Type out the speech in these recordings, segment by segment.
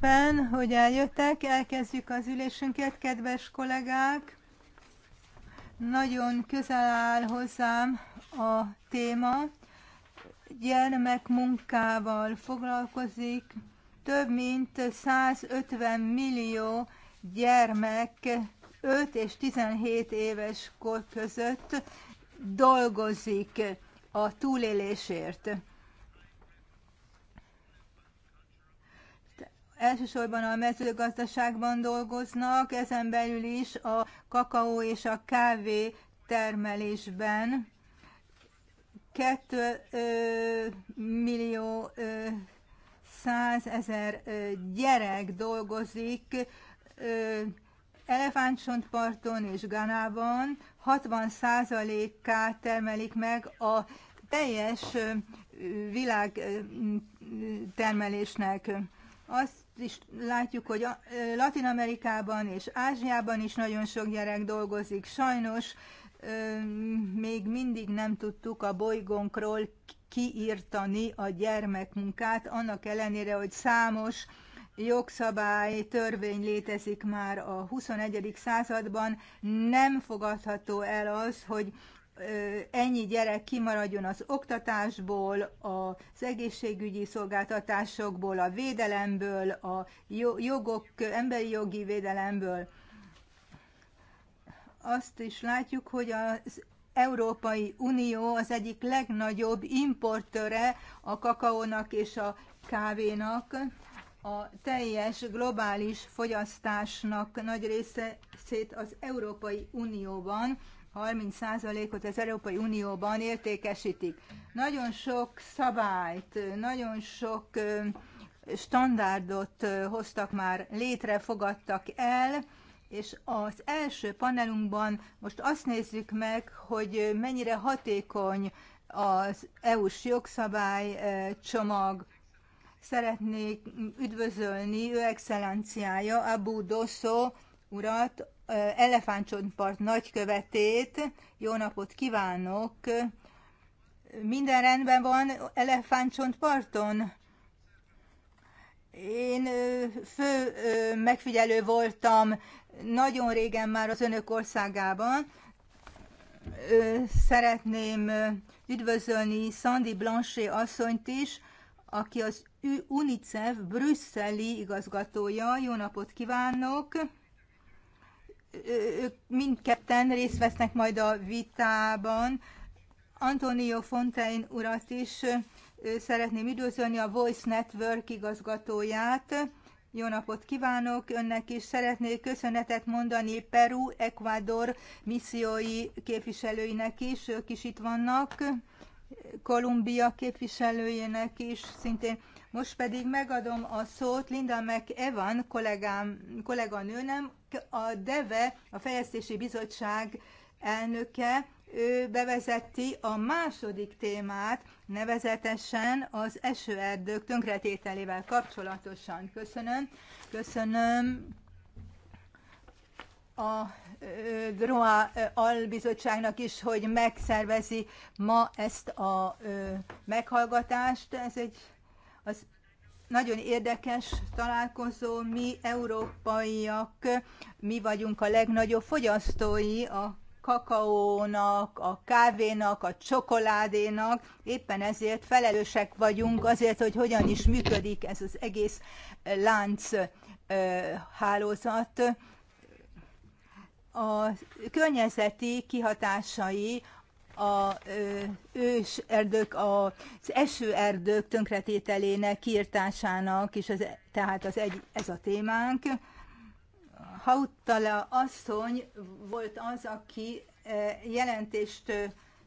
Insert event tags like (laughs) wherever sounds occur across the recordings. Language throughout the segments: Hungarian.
szépen, hogy eljöttek. Elkezdjük az ülésünket, kedves kollégák. Nagyon közel áll hozzám a téma. Gyermekmunkával foglalkozik. Több mint 150 millió gyermek 5 és 17 éves kor között dolgozik a túlélésért. elsősorban a mezőgazdaságban dolgoznak, ezen belül is a kakaó és a kávé termelésben. 2 millió 100 ezer gyerek dolgozik Elefántsontparton és Ganában 60%-át termelik meg a teljes világtermelésnek. Azt is látjuk, hogy Latin Amerikában és Ázsiában is nagyon sok gyerek dolgozik. Sajnos még mindig nem tudtuk a bolygónkról kiírtani a gyermekmunkát, annak ellenére, hogy számos jogszabály, törvény létezik már a 21. században, nem fogadható el az, hogy ennyi gyerek kimaradjon az oktatásból, az egészségügyi szolgáltatásokból, a védelemből, a jogok, emberi jogi védelemből. Azt is látjuk, hogy az Európai Unió az egyik legnagyobb importőre a kakaónak és a kávénak. A teljes globális fogyasztásnak nagy része szét az Európai Unióban 30%-ot az Európai Unióban értékesítik. Nagyon sok szabályt, nagyon sok standardot hoztak már létre, fogadtak el, és az első panelunkban most azt nézzük meg, hogy mennyire hatékony az EU-s jogszabály csomag. Szeretnék üdvözölni ő excellenciája Abu Dosso urat, Elefántcsontpart nagykövetét. Jó napot kívánok! Minden rendben van Elefántcsontparton? Én fő megfigyelő voltam nagyon régen már az önök országában. Szeretném üdvözölni Szandi Blanché asszonyt is, aki az UNICEF brüsszeli igazgatója. Jó napot kívánok! ők mindketten részt vesznek majd a vitában. Antonio Fontaine urat is szeretném üdvözölni, a Voice Network igazgatóját. Jó napot kívánok önnek is. Szeretnék köszönetet mondani Peru, Ecuador missziói képviselőinek is, ők is itt vannak, Kolumbia képviselőjének is szintén most pedig megadom a szót Linda McEvan kollégám, kolléganőnem, a DEVE, a Fejlesztési Bizottság elnöke, ő bevezeti a második témát, nevezetesen az esőerdők tönkretételével kapcsolatosan. Köszönöm. Köszönöm a DROA albizottságnak is, hogy megszervezi ma ezt a meghallgatást. Ez egy az nagyon érdekes találkozó, mi európaiak, mi vagyunk a legnagyobb fogyasztói a kakaónak, a kávénak, a csokoládénak, éppen ezért felelősek vagyunk azért, hogy hogyan is működik ez az egész eh, lánc eh, hálózat. A környezeti kihatásai a ős erdők, az esőerdők tönkretételének, kiirtásának, és ez, tehát az egy, ez a témánk. Hautala asszony volt az, aki jelentést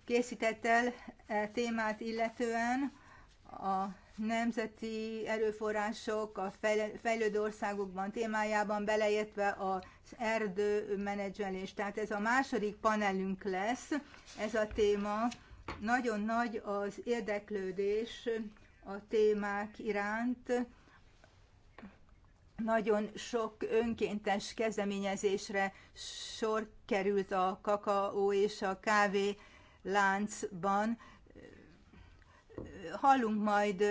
készített el e témát illetően, a nemzeti erőforrások a fejlődő országokban témájában, beleértve az erdőmenedzselés. Tehát ez a második panelünk lesz, ez a téma. Nagyon nagy az érdeklődés a témák iránt. Nagyon sok önkéntes kezdeményezésre sor került a kakaó és a kávé láncban hallunk majd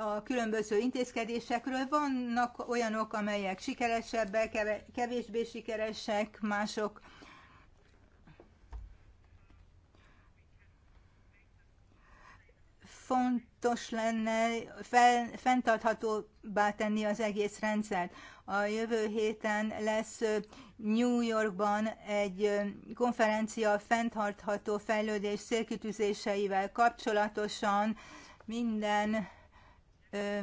a különböző intézkedésekről. Vannak olyanok, amelyek sikeresebbek, kevésbé sikeresek, mások fontos lenne fel, fenntarthatóbbá tenni az egész rendszert. A jövő héten lesz New Yorkban egy konferencia a fenntartható fejlődés célkitűzéseivel kapcsolatosan minden ö,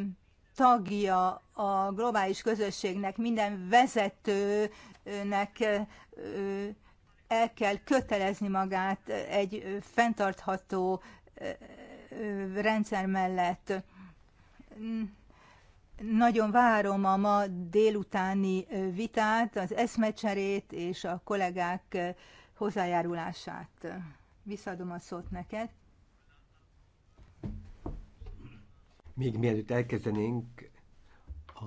tagja a globális közösségnek, minden vezetőnek ö, el kell kötelezni magát egy fenntartható rendszer mellett nagyon várom a ma délutáni vitát, az eszmecserét és a kollégák hozzájárulását. Visszadom a szót neked. Még mielőtt elkezdenénk a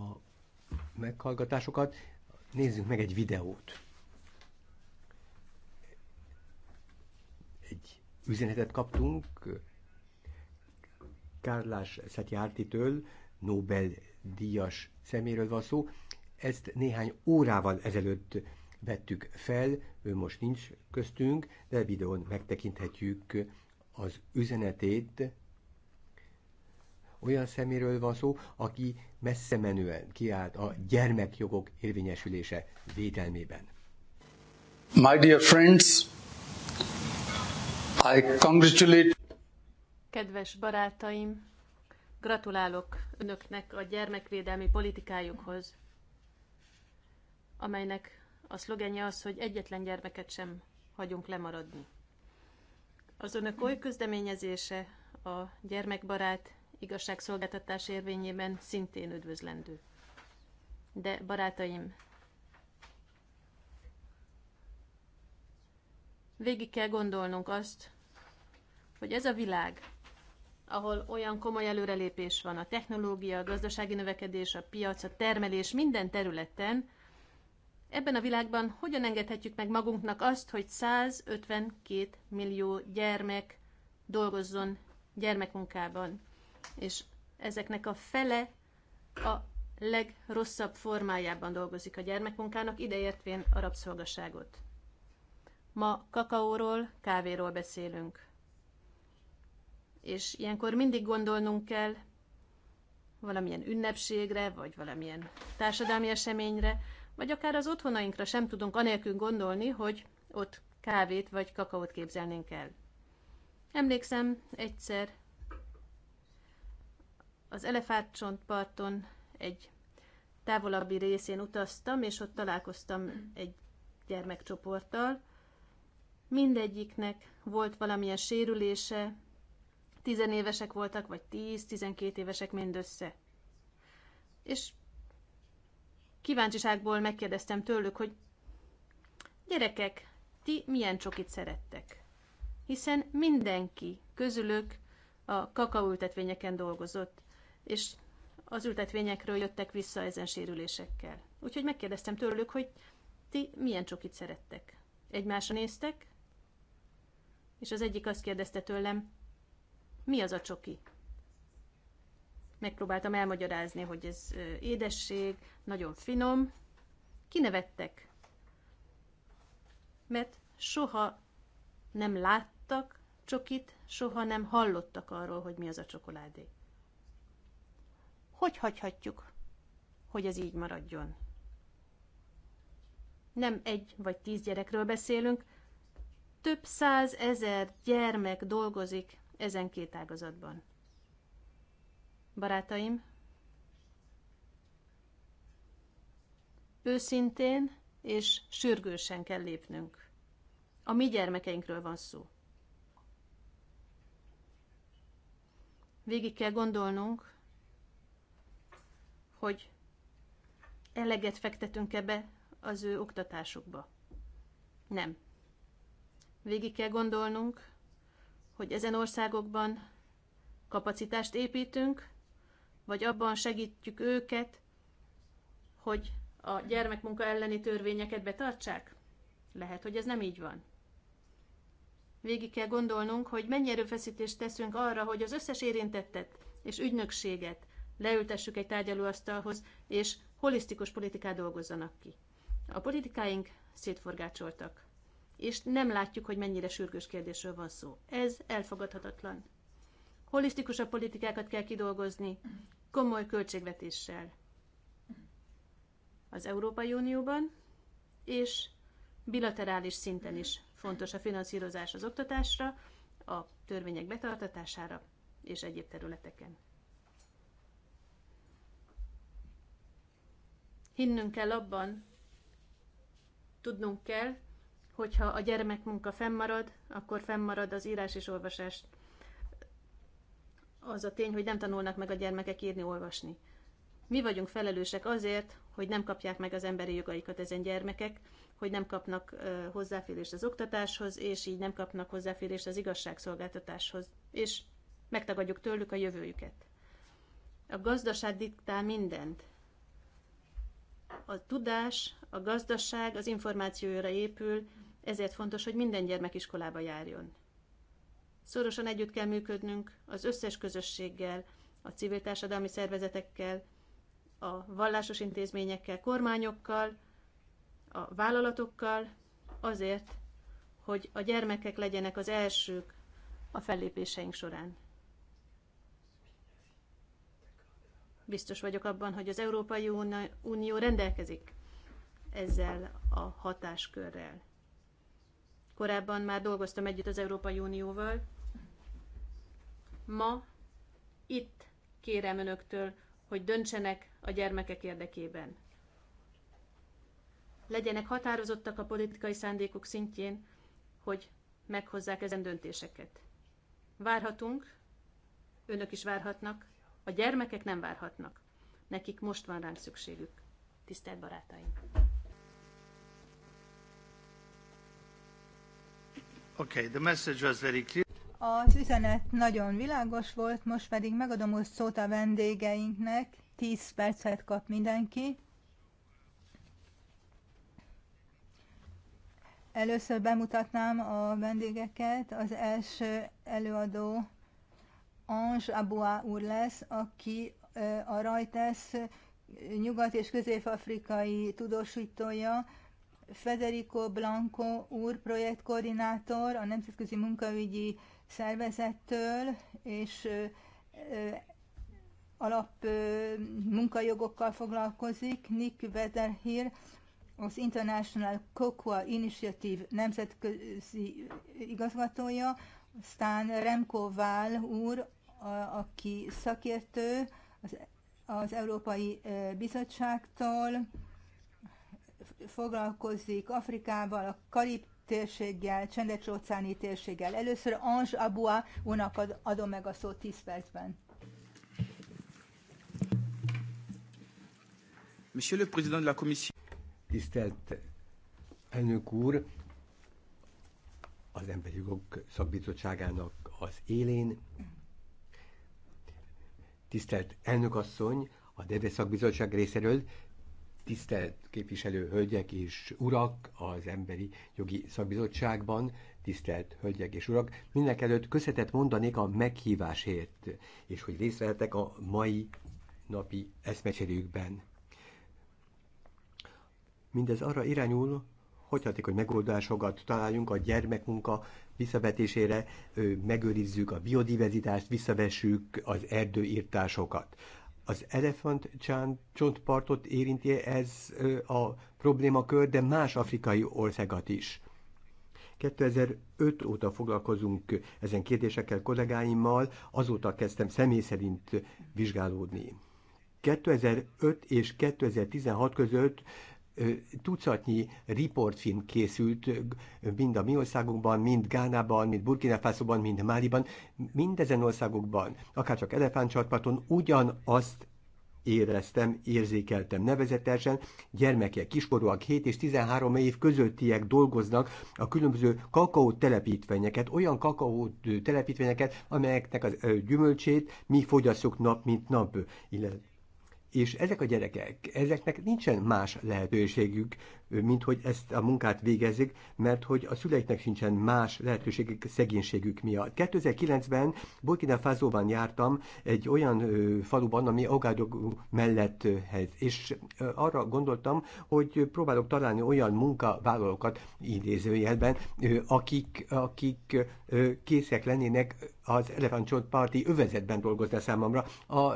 meghallgatásokat, nézzünk meg egy videót. Egy üzenetet kaptunk Kárlás Szetjártitől, Nobel díjas szeméről van szó. Ezt néhány órával ezelőtt vettük fel, ő most nincs köztünk, de videón megtekinthetjük az üzenetét. Olyan szeméről van szó, aki messze menően kiállt a gyermekjogok érvényesülése védelmében. My dear friends, I congratulate Kedves barátaim, Gratulálok önöknek a gyermekvédelmi politikájukhoz, amelynek a szlogenje az, hogy egyetlen gyermeket sem hagyunk lemaradni. Az önök oly közdeményezése a gyermekbarát igazságszolgáltatás érvényében szintén üdvözlendő. De barátaim, végig kell gondolnunk azt, hogy ez a világ, ahol olyan komoly előrelépés van a technológia, a gazdasági növekedés, a piac, a termelés, minden területen, ebben a világban hogyan engedhetjük meg magunknak azt, hogy 152 millió gyermek dolgozzon gyermekmunkában, és ezeknek a fele a legrosszabb formájában dolgozik a gyermekmunkának, ideértvén a rabszolgaságot. Ma kakaóról, kávéról beszélünk és ilyenkor mindig gondolnunk kell valamilyen ünnepségre, vagy valamilyen társadalmi eseményre, vagy akár az otthonainkra sem tudunk anélkül gondolni, hogy ott kávét vagy kakaót képzelnénk el. Emlékszem, egyszer az elefántcsontparton egy távolabbi részén utaztam, és ott találkoztam egy gyermekcsoporttal. Mindegyiknek volt valamilyen sérülése, tizenévesek voltak, vagy 10-12 évesek mindössze. És kíváncsiságból megkérdeztem tőlük, hogy gyerekek, ti milyen csokit szerettek? Hiszen mindenki közülük a kakaóültetvényeken dolgozott, és az ültetvényekről jöttek vissza ezen sérülésekkel. Úgyhogy megkérdeztem tőlük, hogy ti milyen csokit szerettek? Egymásra néztek, és az egyik azt kérdezte tőlem, mi az a csoki? Megpróbáltam elmagyarázni, hogy ez édesség, nagyon finom. Kinevettek. Mert soha nem láttak csokit, soha nem hallottak arról, hogy mi az a csokoládé. Hogy hagyhatjuk, hogy ez így maradjon? Nem egy vagy tíz gyerekről beszélünk, több száz ezer gyermek dolgozik ezen két ágazatban. Barátaim, őszintén és sürgősen kell lépnünk. A mi gyermekeinkről van szó. Végig kell gondolnunk, hogy eleget fektetünk be az ő oktatásukba. Nem. Végig kell gondolnunk, hogy ezen országokban kapacitást építünk, vagy abban segítjük őket, hogy a gyermekmunka elleni törvényeket betartsák? Lehet, hogy ez nem így van. Végig kell gondolnunk, hogy mennyi erőfeszítést teszünk arra, hogy az összes érintettet és ügynökséget leültessük egy tárgyalóasztalhoz, és holisztikus politikát dolgozzanak ki. A politikáink szétforgácsoltak és nem látjuk, hogy mennyire sürgős kérdésről van szó. Ez elfogadhatatlan. Holisztikusabb politikákat kell kidolgozni, komoly költségvetéssel az Európai Unióban, és bilaterális szinten is fontos a finanszírozás az oktatásra, a törvények betartatására és egyéb területeken. Hinnünk kell abban, tudnunk kell, hogyha a gyermekmunka fennmarad, akkor fennmarad az írás és olvasás. Az a tény, hogy nem tanulnak meg a gyermekek írni, olvasni. Mi vagyunk felelősek azért, hogy nem kapják meg az emberi jogaikat ezen gyermekek, hogy nem kapnak hozzáférést az oktatáshoz, és így nem kapnak hozzáférést az igazságszolgáltatáshoz, és megtagadjuk tőlük a jövőjüket. A gazdaság diktál mindent. A tudás, a gazdaság az információra épül, ezért fontos, hogy minden gyermek iskolába járjon. Szorosan együtt kell működnünk az összes közösséggel, a civil társadalmi szervezetekkel, a vallásos intézményekkel, kormányokkal, a vállalatokkal, azért, hogy a gyermekek legyenek az elsők a fellépéseink során. Biztos vagyok abban, hogy az Európai Unió rendelkezik ezzel a hatáskörrel. Korábban már dolgoztam együtt az Európai Unióval. Ma itt kérem önöktől, hogy döntsenek a gyermekek érdekében. Legyenek határozottak a politikai szándékok szintjén, hogy meghozzák ezen döntéseket. Várhatunk, önök is várhatnak, a gyermekek nem várhatnak. Nekik most van ránk szükségük, tisztelt barátaim! Okay, the message was very clear. Az üzenet nagyon világos volt, most pedig megadom a szót a vendégeinknek, 10 percet kap mindenki. Először bemutatnám a vendégeket. Az első előadó Ange Aboua úr lesz, aki a Reuters nyugat- és közép-afrikai tudósítója, Federico Blanco úr projektkoordinátor a Nemzetközi Munkaügyi Szervezettől, és alap munkajogokkal foglalkozik, Nick Wetherhill, az International COCOA Initiative nemzetközi igazgatója, aztán Remco Vál úr, a, aki szakértő az, az Európai Bizottságtól, foglalkozik Afrikával, a Karib térséggel, csendes óceáni térséggel. Először Ange Abua úrnak adom meg a szót 10 percben. Monsieur le Président de la Commission. Tisztelt elnök úr, az Emberi Jogok Szakbizottságának az élén, tisztelt elnök asszony, a Deve Szakbizottság részéről, tisztelt képviselő hölgyek és urak az Emberi Jogi Szakbizottságban, tisztelt hölgyek és urak, mindenek előtt köszönetet mondanék a meghívásért, és hogy részt vehetek a mai napi eszmecserőkben. Mindez arra irányul, hogy hogy megoldásokat találjunk a gyermekmunka visszavetésére, megőrizzük a biodiverzitást, visszavessük az erdőírtásokat az elefant csontpartot érinti ez a problémakör, de más afrikai országat is. 2005 óta foglalkozunk ezen kérdésekkel kollégáimmal, azóta kezdtem személy szerint vizsgálódni. 2005 és 2016 között tucatnyi riportfilm készült mind a mi országunkban, mind Gánában, mind Burkina Faso-ban, mind Máliban, mindezen országokban, akárcsak elefántcsartparton ugyanazt éreztem, érzékeltem nevezetesen. Gyermekek, kiskorúak, 7 és 13 év közöttiek dolgoznak a különböző kakaó telepítvényeket, olyan kakaó telepítvényeket, amelyeknek a gyümölcsét mi fogyasszuk nap, mint nap, illetve és ezek a gyerekek, ezeknek nincsen más lehetőségük, mint hogy ezt a munkát végezzük, mert hogy a szüleiknek sincsen más lehetőségük szegénységük miatt. 2009-ben Burkina Faso-ban jártam egy olyan ö, faluban, ami Ogádogu mellett hez, és ö, arra gondoltam, hogy próbálok találni olyan munkavállalókat idézőjelben, ö, akik, akik ö, készek lennének az elefántcsontparti övezetben dolgozni számomra. A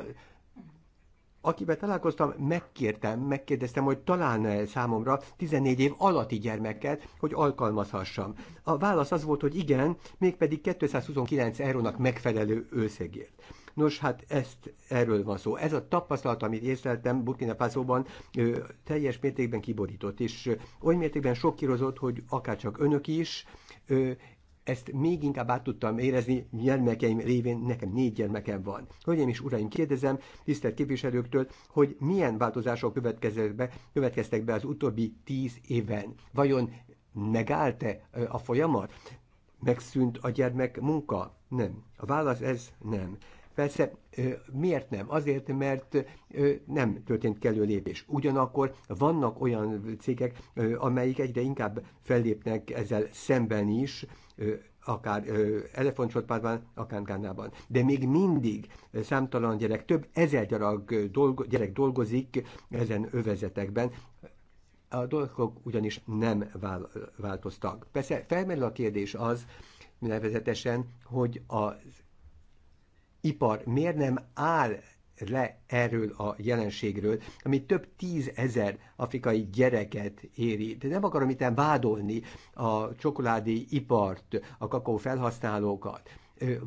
akivel találkoztam, megkértem, megkérdeztem, hogy találna-e eh, számomra 14 év alatti gyermeket, hogy alkalmazhassam. A válasz az volt, hogy igen, mégpedig 229 eurónak megfelelő összegért. Nos, hát ezt erről van szó. Ez a tapasztalat, amit észleltem Burkina Faso-ban, teljes mértékben kiborított, és oly mértékben sokkirozott, hogy csak önök is, ezt még inkább át tudtam érezni gyermekeim révén, nekem négy gyermekem van. Hölgyeim és uraim, kérdezem tisztelt képviselőktől, hogy milyen változások következtek be, következtek be az utóbbi tíz éven. Vajon megállt-e a folyamat? Megszűnt a gyermek munka? Nem. A válasz ez nem. Persze, miért nem? Azért, mert nem történt kellő lépés. Ugyanakkor vannak olyan cégek, amelyik egyre inkább fellépnek ezzel szemben is, akár elefantcsontpárban, akár Gánában. De még mindig számtalan gyerek, több ezer gyerek, dolgo, gyerek dolgozik ezen övezetekben, a dolgok ugyanis nem vál, változtak. Persze felmerül a kérdés az, nevezetesen, hogy az ipar miért nem áll le erről a jelenségről, ami több tízezer afrikai gyereket éri. De nem akarom itt vádolni a csokoládé ipart, a kakó felhasználókat,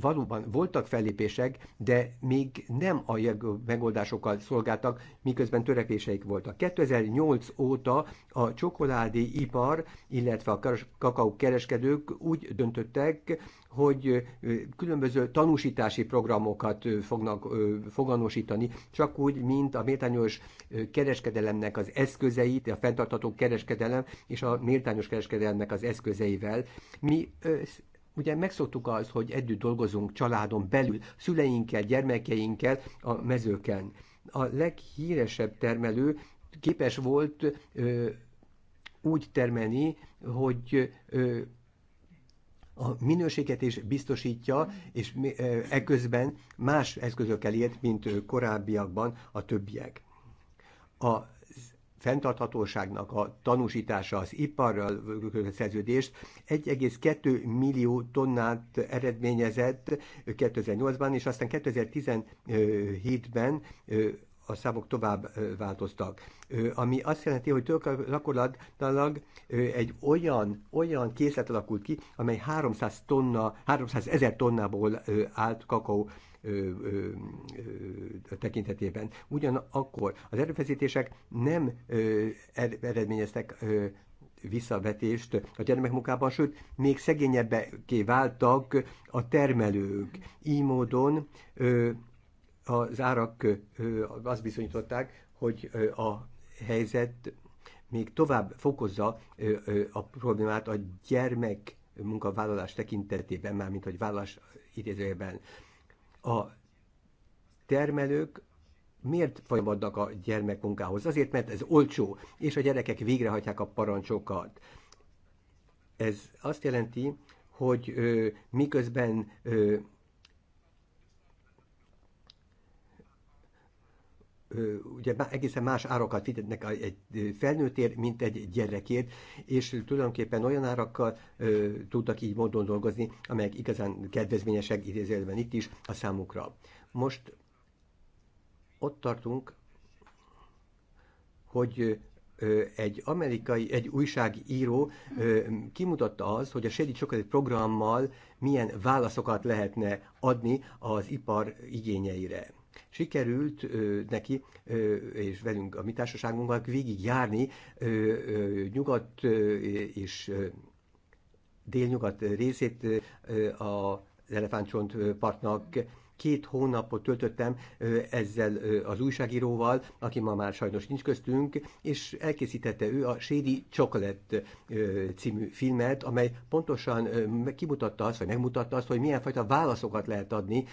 valóban voltak fellépések, de még nem a megoldásokkal szolgáltak, miközben törekvéseik voltak. 2008 óta a csokoládi ipar, illetve a kakaó kereskedők úgy döntöttek, hogy különböző tanúsítási programokat fognak foganosítani, csak úgy, mint a méltányos kereskedelemnek az eszközeit, a fenntartható kereskedelem és a méltányos kereskedelemnek az eszközeivel. Mi Ugye megszoktuk az, hogy együtt dolgozunk családon belül, szüleinkkel, gyermekeinkkel a mezőken. A leghíresebb termelő képes volt ö, úgy termelni, hogy ö, a minőséget is biztosítja, és eközben más eszközökkel élt, mint korábbiakban a többiek. A fenntarthatóságnak a tanúsítása, az iparral szerződést 1,2 millió tonnát eredményezett 2008-ban, és aztán 2017-ben a számok tovább változtak. Ami azt jelenti, hogy gyakorlatilag egy olyan, olyan készlet alakult ki, amely 300 tonna, 300 ezer tonnából állt kakaó tekintetében. Ugyanakkor az erőfeszítések nem eredményeztek visszavetést a gyermekmunkában, sőt, még szegényebbeké váltak a termelők. Így módon az árak azt bizonyították, hogy a helyzet még tovább fokozza a problémát a gyermek munkavállalás tekintetében, mármint hogy vállalás idézőjében a termelők miért folyamodnak a gyermekmunkához? Azért, mert ez olcsó, és a gyerekek végrehajtják a parancsokat. Ez azt jelenti, hogy ö, miközben ö, ugye egészen más árakat fizetnek egy felnőttért, mint egy gyerekért, és tulajdonképpen olyan árakkal ö, tudtak így módon dolgozni, amelyek igazán kedvezményesek idézőjelben itt is a számukra. Most ott tartunk, hogy egy amerikai, egy újságíró kimutatta az, hogy a Shady Chocolate programmal milyen válaszokat lehetne adni az ipar igényeire sikerült ö, neki ö, és velünk a mi társaságunknak járni ö, ö, nyugat ö, és ö, délnyugat részét ö, a elefántcsont partnak, két hónapot töltöttem ezzel az újságíróval, aki ma már sajnos nincs köztünk, és elkészítette ő a Shady Chocolate című filmet, amely pontosan kimutatta azt, vagy megmutatta azt, hogy milyen fajta válaszokat lehet adni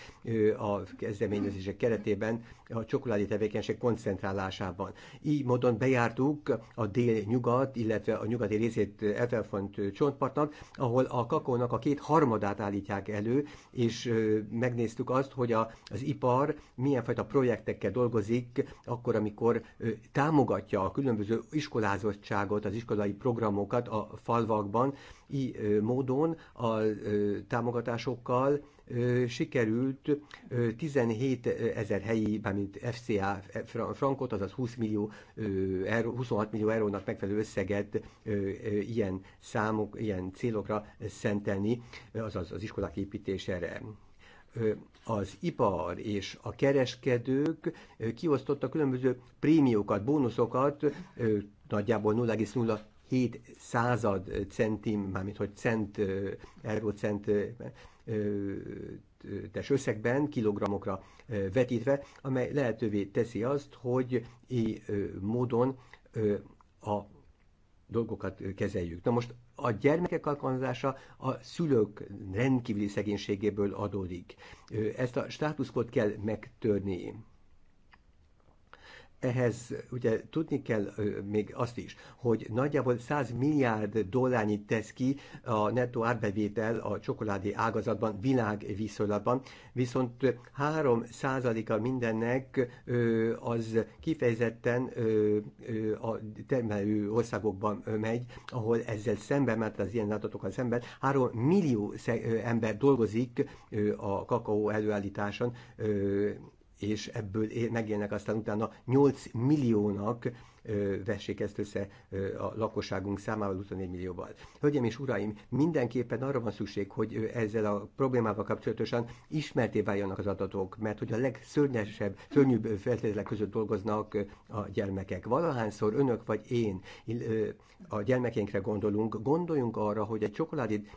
a kezdeményezések keretében a csokoládé tevékenység koncentrálásában. Így módon bejártuk a dél-nyugat, illetve a nyugati részét elfelfont csontpartnak, ahol a kakónak a két harmadát állítják elő, és megnéztük azt, azt, hogy a, az ipar milyen fajta projektekkel dolgozik, akkor, amikor támogatja a különböző iskolázottságot, az iskolai programokat a falvakban, így módon a támogatásokkal sikerült 17 ezer helyi, bármint FCA frankot, azaz 20 millió euró, 26 millió eurónak megfelelő összeget ilyen számok, ilyen célokra szentelni, azaz az iskolák építésére az ipar és a kereskedők kiosztotta különböző prémiókat, bónuszokat, nagyjából 0,07 század centim, mármint hogy cent, eurocent tes összegben, kilogramokra vetítve, amely lehetővé teszi azt, hogy így módon a dolgokat kezeljük. Na most a gyermekek alkalmazása a szülők rendkívüli szegénységéből adódik. Ezt a státuszkot kell megtörni ehhez ugye tudni kell még azt is, hogy nagyjából 100 milliárd dollárnyit tesz ki a nettó árbevétel a csokoládé ágazatban, világviszonylatban, viszont 3 százaléka mindennek az kifejezetten a termelő országokban megy, ahol ezzel szemben, mert az ilyen látatokkal szemben 3 millió ember dolgozik a kakaó előállításon, és ebből megélnek aztán utána 8 milliónak vessék ezt össze a lakosságunk számával, 24 millióval. Hölgyeim és uraim, mindenképpen arra van szükség, hogy ezzel a problémával kapcsolatosan ismerté váljanak az adatok, mert hogy a legszörnyesebb, szörnyűbb feltételek között dolgoznak a gyermekek. Valahányszor önök vagy én a gyermekénkre gondolunk, gondoljunk arra, hogy egy csokoládét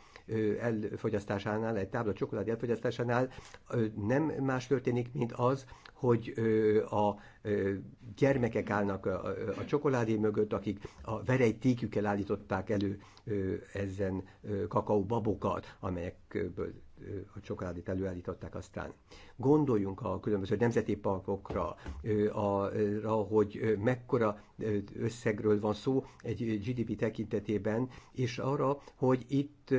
elfogyasztásánál, egy tábla csokoládé elfogyasztásánál nem más történik, mint az, hogy a gyermekek állnak a, csokoládé mögött, akik a verejtékükkel állították elő ezen kakaóbabokat, amelyekből a csokoládét előállították aztán. Gondoljunk a különböző nemzeti parkokra, arra, hogy mekkora összegről van szó egy GDP tekintetében, és arra, hogy itt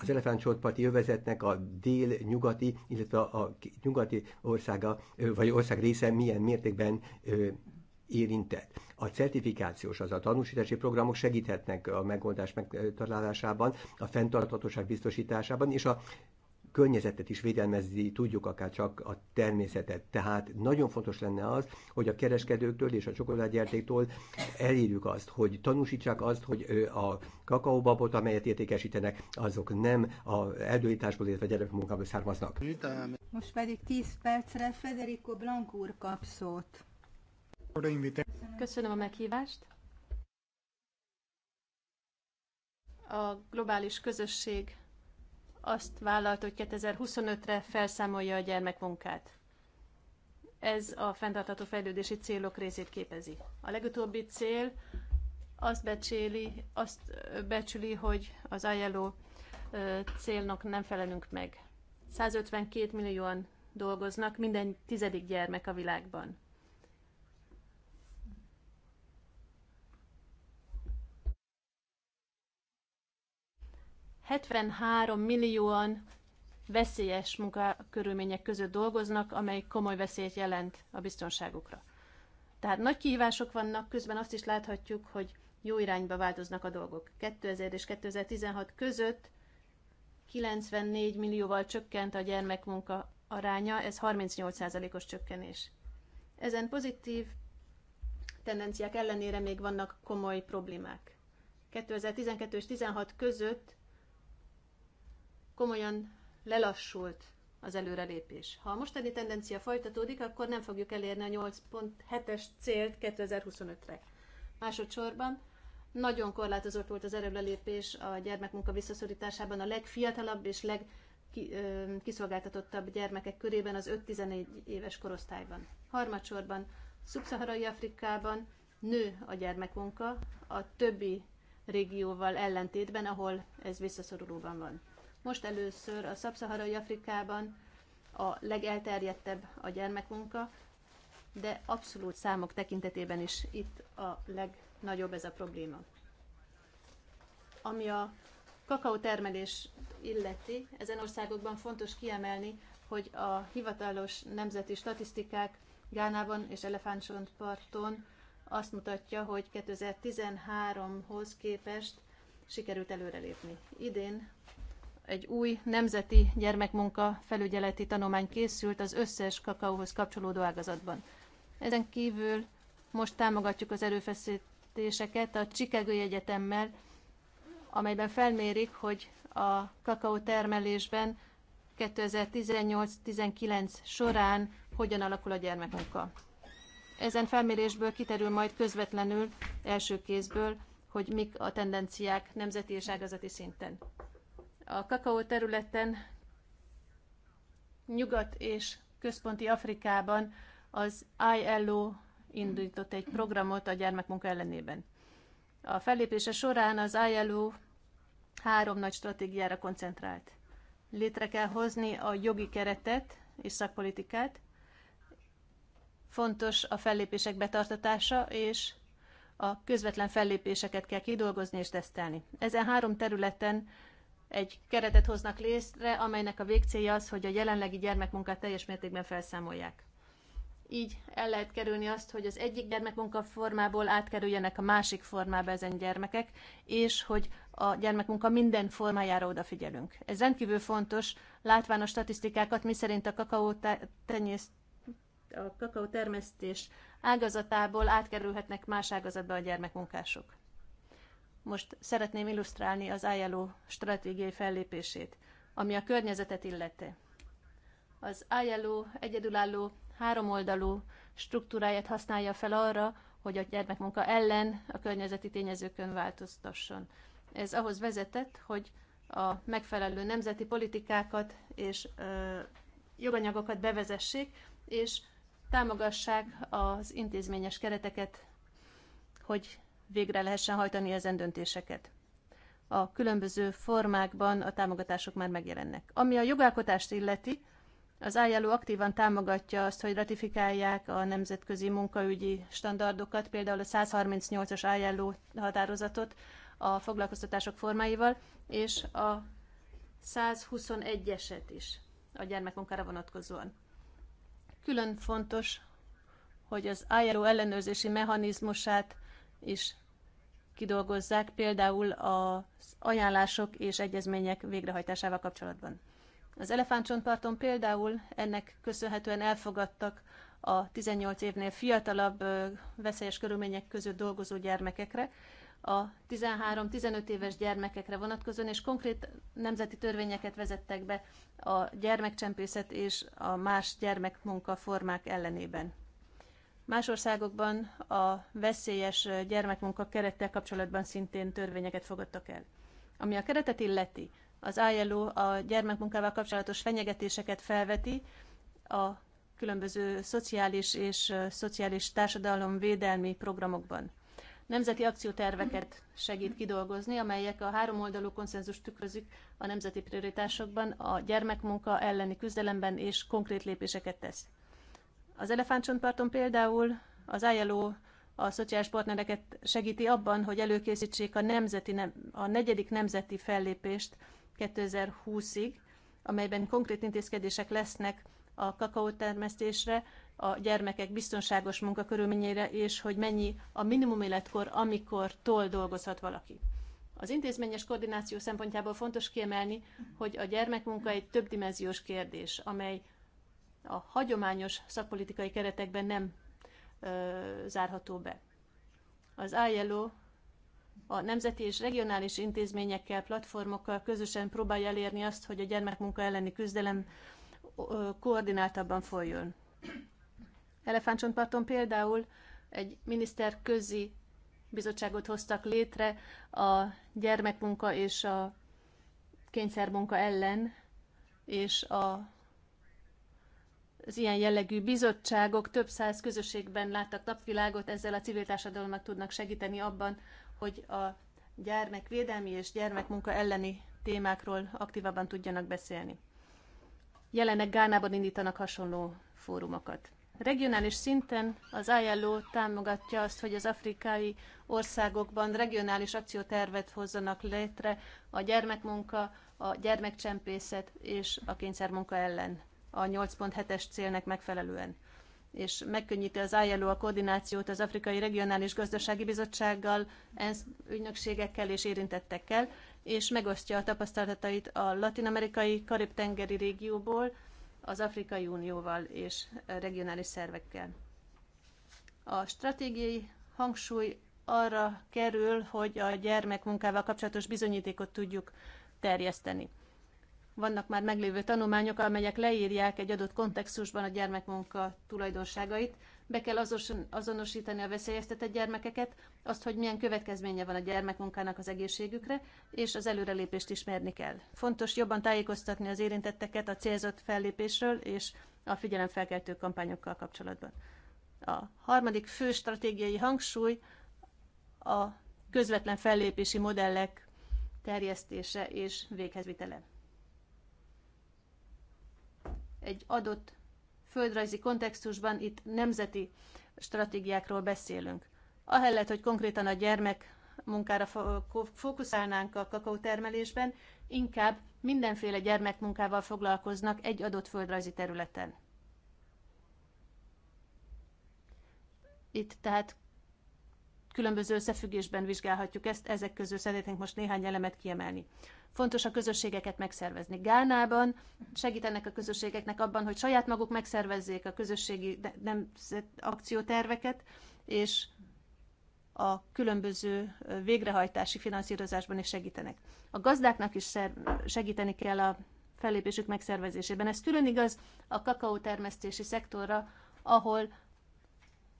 az elefántcsontparti övezetnek a dél-nyugati, illetve a nyugati országa, vagy ország része milyen mértékben érintett. A certifikációs, az a tanúsítási programok segíthetnek a megoldás megtalálásában, a fenntarthatóság biztosításában, és a környezetet is védelmezni tudjuk, akár csak a természetet. Tehát nagyon fontos lenne az, hogy a kereskedőktől és a csokoládgyártéktól elérjük azt, hogy tanúsítsák azt, hogy a kakaobabot, amelyet értékesítenek, azok nem a erdőításból, illetve gyermekmunkából származnak. Most pedig 10 percre Federico Blanc úr kap szót. Köszönöm a meghívást. A globális közösség azt vállalt, hogy 2025-re felszámolja a gyermekmunkát. Ez a fenntartható fejlődési célok részét képezi. A legutóbbi cél azt becséli, azt becsüli, hogy az ajánló célnak nem felelünk meg. 152 millióan dolgoznak, minden tizedik gyermek a világban. 73 millióan veszélyes munkakörülmények között dolgoznak, amely komoly veszélyt jelent a biztonságukra. Tehát nagy kihívások vannak, közben azt is láthatjuk, hogy jó irányba változnak a dolgok. 2000 és 2016 között 94 millióval csökkent a gyermekmunka aránya, ez 38%-os csökkenés. Ezen pozitív tendenciák ellenére még vannak komoly problémák. 2012 és 2016 között komolyan lelassult az előrelépés. Ha a mostani tendencia folytatódik, akkor nem fogjuk elérni a 8.7-es célt 2025-re. Másodszorban nagyon korlátozott volt az előrelépés a gyermekmunka visszaszorításában a legfiatalabb és legkiszolgáltatottabb gyermekek körében az 5-14 éves korosztályban. Harmadsorban szubszaharai Afrikában nő a gyermekmunka a többi régióval ellentétben, ahol ez visszaszorulóban van. Most először a szabszaharai Afrikában a legelterjedtebb a gyermekmunka, de abszolút számok tekintetében is itt a legnagyobb ez a probléma. Ami a kakaótermelés illeti, ezen országokban fontos kiemelni, hogy a hivatalos nemzeti statisztikák Gánában és Elefántcsontparton azt mutatja, hogy 2013-hoz képest sikerült előrelépni. Idén egy új nemzeti gyermekmunka felügyeleti tanulmány készült az összes kakaóhoz kapcsolódó ágazatban. Ezen kívül most támogatjuk az erőfeszítéseket a Chicagói Egyetemmel, amelyben felmérik, hogy a kakaó termelésben 2018-19 során hogyan alakul a gyermekmunka. Ezen felmérésből kiterül majd közvetlenül első kézből, hogy mik a tendenciák nemzeti és ágazati szinten. A kakaó területen Nyugat és Központi Afrikában az ILO indított egy programot a gyermekmunka ellenében. A fellépése során az ILO három nagy stratégiára koncentrált. Létre kell hozni a jogi keretet és szakpolitikát, fontos a fellépések betartatása, és a közvetlen fellépéseket kell kidolgozni és tesztelni. Ezen három területen egy keretet hoznak létre, amelynek a végcélja az, hogy a jelenlegi gyermekmunkát teljes mértékben felszámolják. Így el lehet kerülni azt, hogy az egyik gyermekmunka formából átkerüljenek a másik formába ezen gyermekek, és hogy a gyermekmunka minden formájára odafigyelünk. Ez rendkívül fontos, látván a statisztikákat, miszerint a kakaó tenyészt a termesztés ágazatából átkerülhetnek más ágazatba a gyermekmunkások. Most szeretném illusztrálni az ILO stratégiai fellépését, ami a környezetet illeti. Az ILO egyedülálló háromoldalú struktúráját használja fel arra, hogy a gyermekmunka ellen a környezeti tényezőkön változtasson. Ez ahhoz vezetett, hogy a megfelelő nemzeti politikákat és ö, joganyagokat bevezessék, és támogassák az intézményes kereteket, hogy végre lehessen hajtani ezen döntéseket. A különböző formákban a támogatások már megjelennek. Ami a jogalkotást illeti, az ILO aktívan támogatja azt, hogy ratifikálják a nemzetközi munkaügyi standardokat, például a 138-as ILO határozatot a foglalkoztatások formáival, és a 121-eset is a gyermekmunkára vonatkozóan. Külön fontos, hogy az ILO ellenőrzési mechanizmusát is kidolgozzák, például az ajánlások és egyezmények végrehajtásával kapcsolatban. Az elefántcsontparton például ennek köszönhetően elfogadtak a 18 évnél fiatalabb veszélyes körülmények között dolgozó gyermekekre, a 13-15 éves gyermekekre vonatkozóan, és konkrét nemzeti törvényeket vezettek be a gyermekcsempészet és a más gyermekmunka formák ellenében. Más országokban a veszélyes gyermekmunka kerettel kapcsolatban szintén törvényeket fogadtak el. Ami a keretet illeti, az ILO a gyermekmunkával kapcsolatos fenyegetéseket felveti, a különböző szociális és szociális társadalom védelmi programokban. Nemzeti akcióterveket segít kidolgozni, amelyek a háromoldalú konszenzus tükrözik a nemzeti prioritásokban, a gyermekmunka elleni küzdelemben és konkrét lépéseket tesz. Az elefántcsontparton például az ILO a szociális partnereket segíti abban, hogy előkészítsék a, nemzeti, a negyedik nemzeti fellépést 2020-ig, amelyben konkrét intézkedések lesznek a kakaótermesztésre, a gyermekek biztonságos munkakörülményére, és hogy mennyi a minimum életkor, amikor tol dolgozhat valaki. Az intézményes koordináció szempontjából fontos kiemelni, hogy a gyermekmunka egy többdimenziós kérdés, amely a hagyományos szakpolitikai keretekben nem ö, zárható be. Az ILO a nemzeti és regionális intézményekkel, platformokkal közösen próbálja elérni azt, hogy a gyermekmunka elleni küzdelem ö, koordináltabban folyjon. Elefántcsontparton például egy miniszter közi bizottságot hoztak létre a gyermekmunka és a kényszermunka ellen, és a az ilyen jellegű bizottságok több száz közösségben láttak napvilágot, ezzel a civil társadalomnak tudnak segíteni abban, hogy a gyermekvédelmi és gyermekmunka elleni témákról aktívabban tudjanak beszélni. Jelenleg Gánában indítanak hasonló fórumokat. Regionális szinten az ILO támogatja azt, hogy az afrikai országokban regionális akciótervet hozzanak létre a gyermekmunka, a gyermekcsempészet és a kényszermunka ellen a 8.7-es célnek megfelelően és megkönnyíti az ILO a koordinációt az Afrikai Regionális Gazdasági Bizottsággal, ENSZ ügynökségekkel és érintettekkel, és megosztja a tapasztalatait a latin-amerikai, karib-tengeri régióból, az Afrikai Unióval és regionális szervekkel. A stratégiai hangsúly arra kerül, hogy a gyermekmunkával kapcsolatos bizonyítékot tudjuk terjeszteni. Vannak már meglévő tanulmányok, amelyek leírják egy adott kontextusban a gyermekmunka tulajdonságait. Be kell azonosítani a veszélyeztetett gyermekeket, azt, hogy milyen következménye van a gyermekmunkának az egészségükre, és az előrelépést ismerni kell. Fontos jobban tájékoztatni az érintetteket a célzott fellépésről és a figyelemfelkeltő kampányokkal kapcsolatban. A harmadik fő stratégiai hangsúly a közvetlen fellépési modellek terjesztése és véghezvitele egy adott földrajzi kontextusban itt nemzeti stratégiákról beszélünk. Ahelyett, hogy konkrétan a gyermek munkára fókuszálnánk a kakaótermelésben, inkább mindenféle gyermekmunkával foglalkoznak egy adott földrajzi területen. Itt tehát különböző összefüggésben vizsgálhatjuk ezt, ezek közül szeretnénk most néhány elemet kiemelni. Fontos a közösségeket megszervezni. Gánában segítenek a közösségeknek abban, hogy saját maguk megszervezzék a közösségi nemzet akcióterveket, és a különböző végrehajtási finanszírozásban is segítenek. A gazdáknak is segíteni kell a fellépésük megszervezésében. Ez külön igaz a kakaótermesztési szektorra, ahol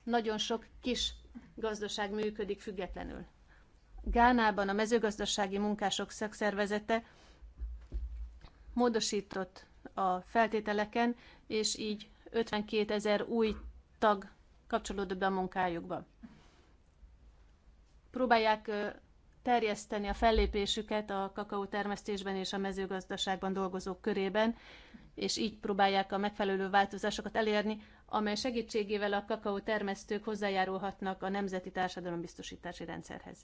nagyon sok kis gazdaság működik függetlenül. Gánában a mezőgazdasági munkások szakszervezete módosított a feltételeken, és így 52 ezer új tag kapcsolódott be a munkájukba. Próbálják terjeszteni a fellépésüket a kakaótermesztésben és a mezőgazdaságban dolgozók körében, és így próbálják a megfelelő változásokat elérni, amely segítségével a kakaótermesztők hozzájárulhatnak a nemzeti társadalombiztosítási rendszerhez.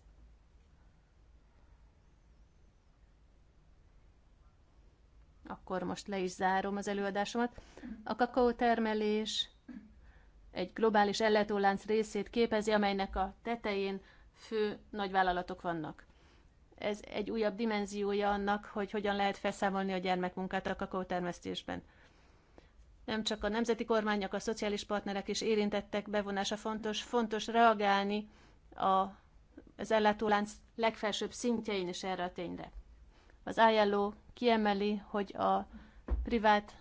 akkor most le is zárom az előadásomat. A kakaótermelés egy globális ellátólánc részét képezi, amelynek a tetején fő nagyvállalatok vannak. Ez egy újabb dimenziója annak, hogy hogyan lehet felszámolni a gyermekmunkát a kakaótermesztésben. Nem csak a nemzeti kormányok, a szociális partnerek is érintettek bevonása fontos, fontos reagálni a, az ellátólánc legfelsőbb szintjein is erre a tényre. Az ajánló kiemeli, hogy a privát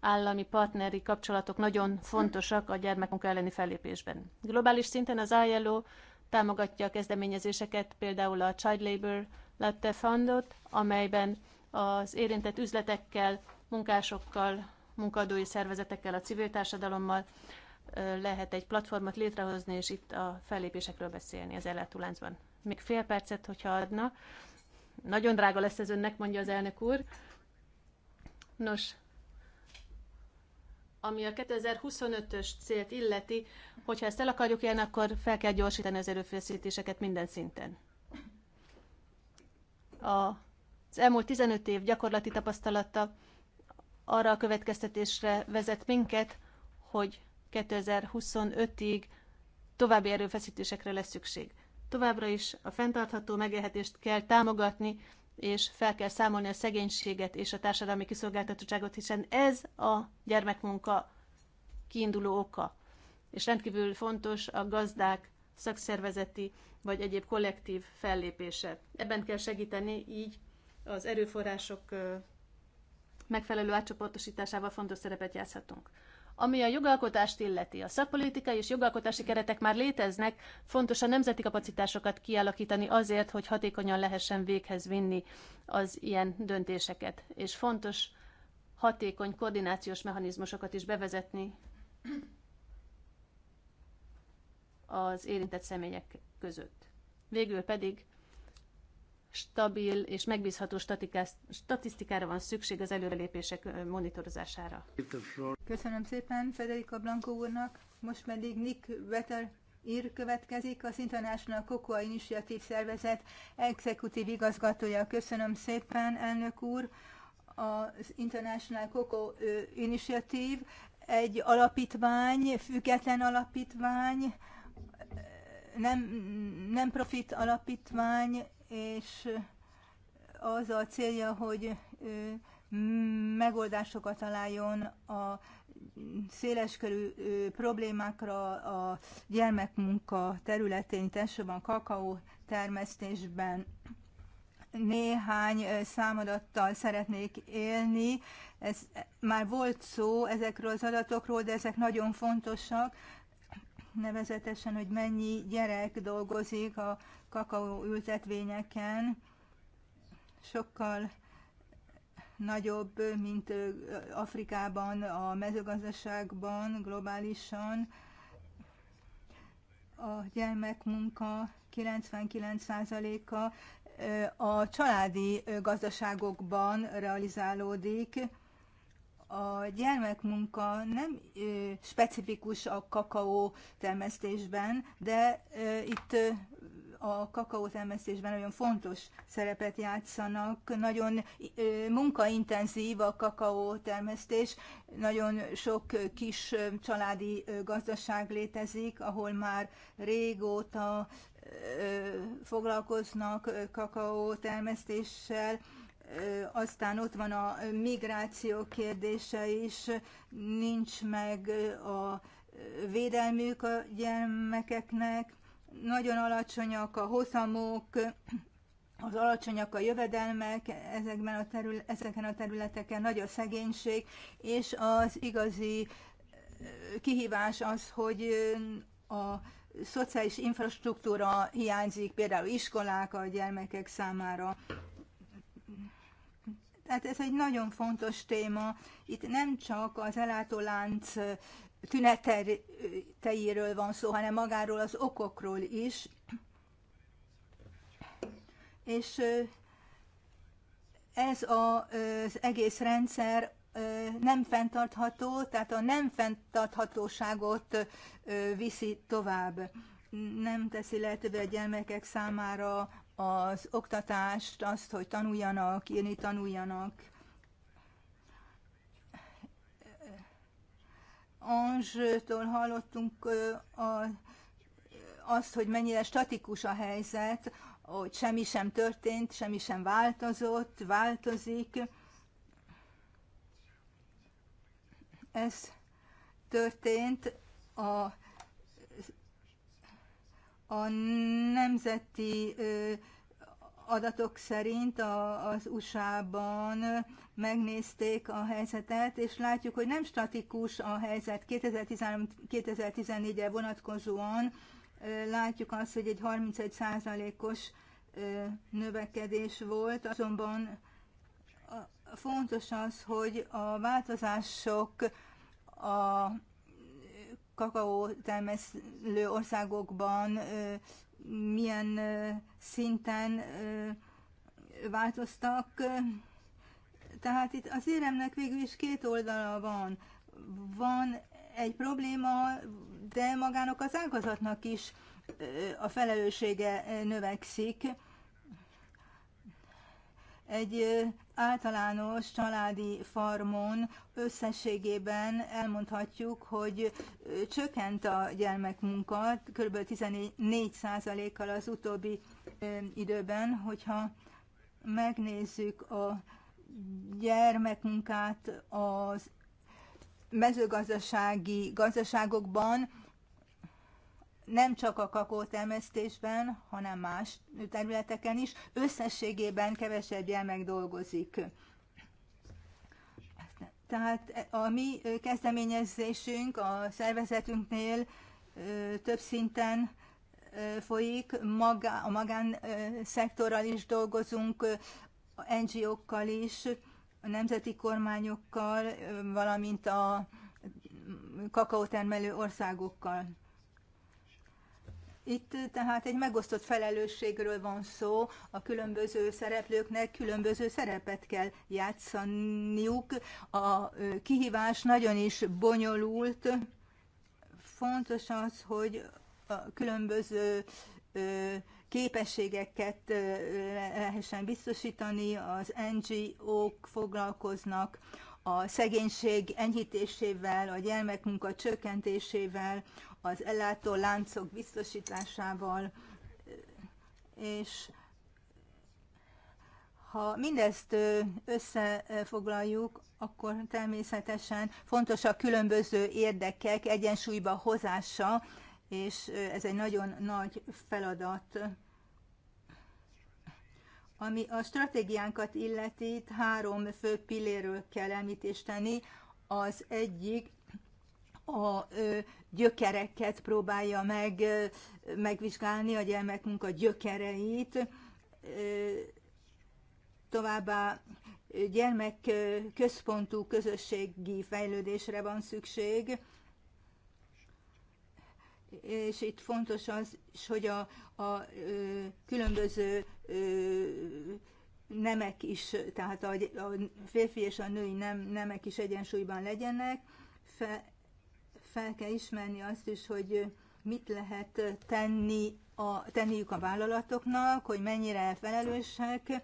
állami partneri kapcsolatok nagyon fontosak a gyermekmunka elleni fellépésben. Globális szinten az ILO támogatja a kezdeményezéseket, például a Child Labor Latte Fundot, amelyben az érintett üzletekkel, munkásokkal, munkadói szervezetekkel, a civil társadalommal lehet egy platformot létrehozni, és itt a fellépésekről beszélni az ellátuláncban. Még fél percet, hogyha adna. Nagyon drága lesz ez önnek, mondja az elnök úr. Nos, ami a 2025-ös célt illeti, hogyha ezt el akarjuk élni, akkor fel kell gyorsítani az erőfeszítéseket minden szinten. Az elmúlt 15 év gyakorlati tapasztalata arra a következtetésre vezet minket, hogy 2025-ig további erőfeszítésekre lesz szükség. Továbbra is a fenntartható megélhetést kell támogatni, és fel kell számolni a szegénységet és a társadalmi kiszolgáltatottságot, hiszen ez a gyermekmunka kiinduló oka. És rendkívül fontos a gazdák szakszervezeti vagy egyéb kollektív fellépése. Ebben kell segíteni, így az erőforrások megfelelő átcsoportosításával fontos szerepet játszhatunk. Ami a jogalkotást illeti, a szakpolitikai és jogalkotási keretek már léteznek, fontos a nemzeti kapacitásokat kialakítani azért, hogy hatékonyan lehessen véghez vinni az ilyen döntéseket. És fontos hatékony koordinációs mechanizmusokat is bevezetni az érintett személyek között. Végül pedig stabil és megbízható statisztikára van szükség az előrelépések monitorozására. Köszönöm szépen Federica Blanco úrnak, most pedig Nick Wetter ír következik, az International Cocoa Initiative Szervezet exekutív igazgatója. Köszönöm szépen, elnök úr! Az International Cocoa Initiative egy alapítvány, független alapítvány, nem, nem profit alapítvány, és az a célja, hogy megoldásokat találjon a széleskörű problémákra a gyermekmunka területén, elsősorban kakaó termesztésben. Néhány számadattal szeretnék élni. Ez, már volt szó ezekről az adatokról, de ezek nagyon fontosak nevezetesen, hogy mennyi gyerek dolgozik a kakaó ültetvényeken, sokkal nagyobb, mint Afrikában, a mezőgazdaságban, globálisan. A gyermekmunka 99%-a a családi gazdaságokban realizálódik, a gyermekmunka nem ö, specifikus a kakaó termesztésben, de ö, itt ö, a kakaó termesztésben nagyon fontos szerepet játszanak. Nagyon ö, munkaintenzív a kakaó termesztés, nagyon sok kis családi gazdaság létezik, ahol már régóta foglalkoznak kakaó termesztéssel, aztán ott van a migráció kérdése is, nincs meg a védelmük a gyermekeknek, nagyon alacsonyak a hozamok, az alacsonyak a jövedelmek ezekben a terül, ezeken a területeken, nagy a szegénység, és az igazi kihívás az, hogy a szociális infrastruktúra hiányzik, például iskolák a gyermekek számára. Tehát ez egy nagyon fontos téma. Itt nem csak az elátolánc tüneteiről van szó, hanem magáról az okokról is. És ez az egész rendszer nem fenntartható, tehát a nem fenntarthatóságot viszi tovább. Nem teszi lehetővé a gyermekek számára az oktatást, azt, hogy tanuljanak, írni tanuljanak. Anzsőtől hallottunk azt, hogy mennyire statikus a helyzet, hogy semmi sem történt, semmi sem változott, változik. Ez történt a a nemzeti adatok szerint a, az USA-ban megnézték a helyzetet, és látjuk, hogy nem statikus a helyzet 2013-2014-re vonatkozóan. Látjuk azt, hogy egy 31%-os növekedés volt, azonban fontos az, hogy a változások a kakaó termesztő országokban milyen szinten változtak. Tehát itt az éremnek végül is két oldala van. Van egy probléma, de magának az ágazatnak is a felelőssége növekszik. Egy általános családi farmon összességében elmondhatjuk, hogy csökkent a gyermekmunka kb. 14%-kal az utóbbi időben, hogyha megnézzük a gyermekmunkát az mezőgazdasági gazdaságokban, nem csak a kakótermesztésben, hanem más területeken is, összességében kevesebb gyermek dolgozik. Tehát a mi kezdeményezésünk a szervezetünknél több szinten folyik, maga a magánszektorral is dolgozunk, NGO-kkal is, a nemzeti kormányokkal, valamint a kakaótermelő országokkal. Itt tehát egy megosztott felelősségről van szó, a különböző szereplőknek különböző szerepet kell játszaniuk. A kihívás nagyon is bonyolult. Fontos az, hogy a különböző képességeket lehessen biztosítani, az NGO-k foglalkoznak a szegénység enyhítésével, a gyermekmunka csökkentésével, az ellátó láncok biztosításával, és ha mindezt összefoglaljuk, akkor természetesen fontos a különböző érdekek egyensúlyba hozása, és ez egy nagyon nagy feladat. Ami a stratégiánkat illeti, itt három fő pilléről kell említést tenni. Az egyik a gyökereket próbálja meg, megvizsgálni, a gyermekmunka gyökereit, továbbá gyermekközpontú közösségi fejlődésre van szükség, és itt fontos az, hogy a, a különböző nemek is, tehát a, a férfi és a női nem, nemek is egyensúlyban legyenek, fe, fel kell ismerni azt is, hogy mit lehet tenni a, tenniük a vállalatoknak, hogy mennyire felelősek,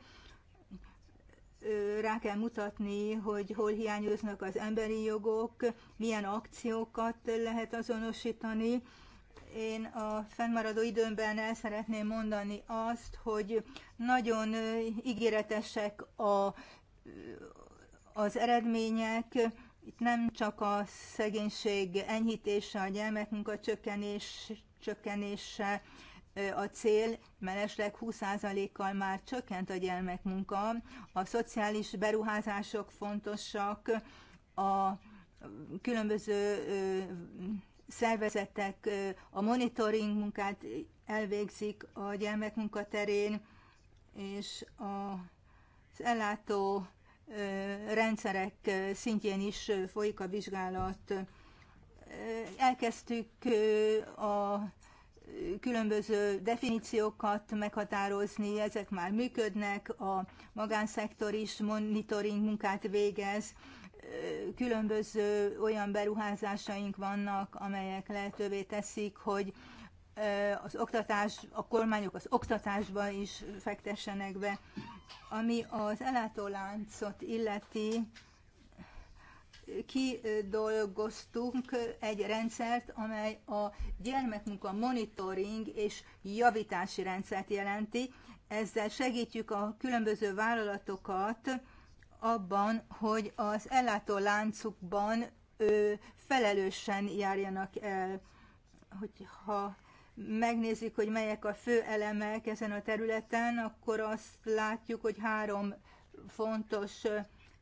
rá kell mutatni, hogy hol hiányoznak az emberi jogok, milyen akciókat lehet azonosítani. Én a fennmaradó időmben el szeretném mondani azt, hogy nagyon ígéretesek a, az eredmények, itt nem csak a szegénység enyhítése, a gyermekmunka csökkenés, csökkenése a cél, mellesleg 20%-kal már csökkent a gyermekmunka. A szociális beruházások fontosak, a különböző szervezetek a monitoring munkát elvégzik a gyermekmunka terén, és az ellátó rendszerek szintjén is folyik a vizsgálat. Elkezdtük a különböző definíciókat meghatározni, ezek már működnek, a magánszektor is monitoring munkát végez, különböző olyan beruházásaink vannak, amelyek lehetővé teszik, hogy az oktatás, a kormányok az oktatásban is fektessenek be. Ami az ellátóláncot illeti, kidolgoztunk egy rendszert, amely a gyermekmunka monitoring és javítási rendszert jelenti. Ezzel segítjük a különböző vállalatokat abban, hogy az ellátó láncukban felelősen járjanak el, hogyha megnézzük, hogy melyek a fő elemek ezen a területen, akkor azt látjuk, hogy három fontos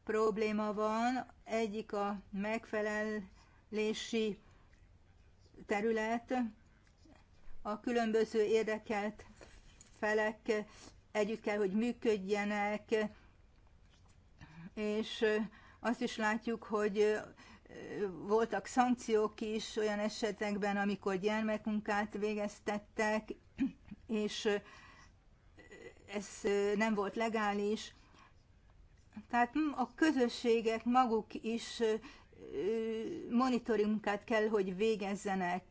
probléma van. Egyik a megfelelési terület, a különböző érdekelt felek együtt kell, hogy működjenek, és azt is látjuk, hogy voltak szankciók is olyan esetekben, amikor gyermekmunkát végeztettek, és ez nem volt legális. Tehát a közösségek maguk is monitoringunkat kell, hogy végezzenek.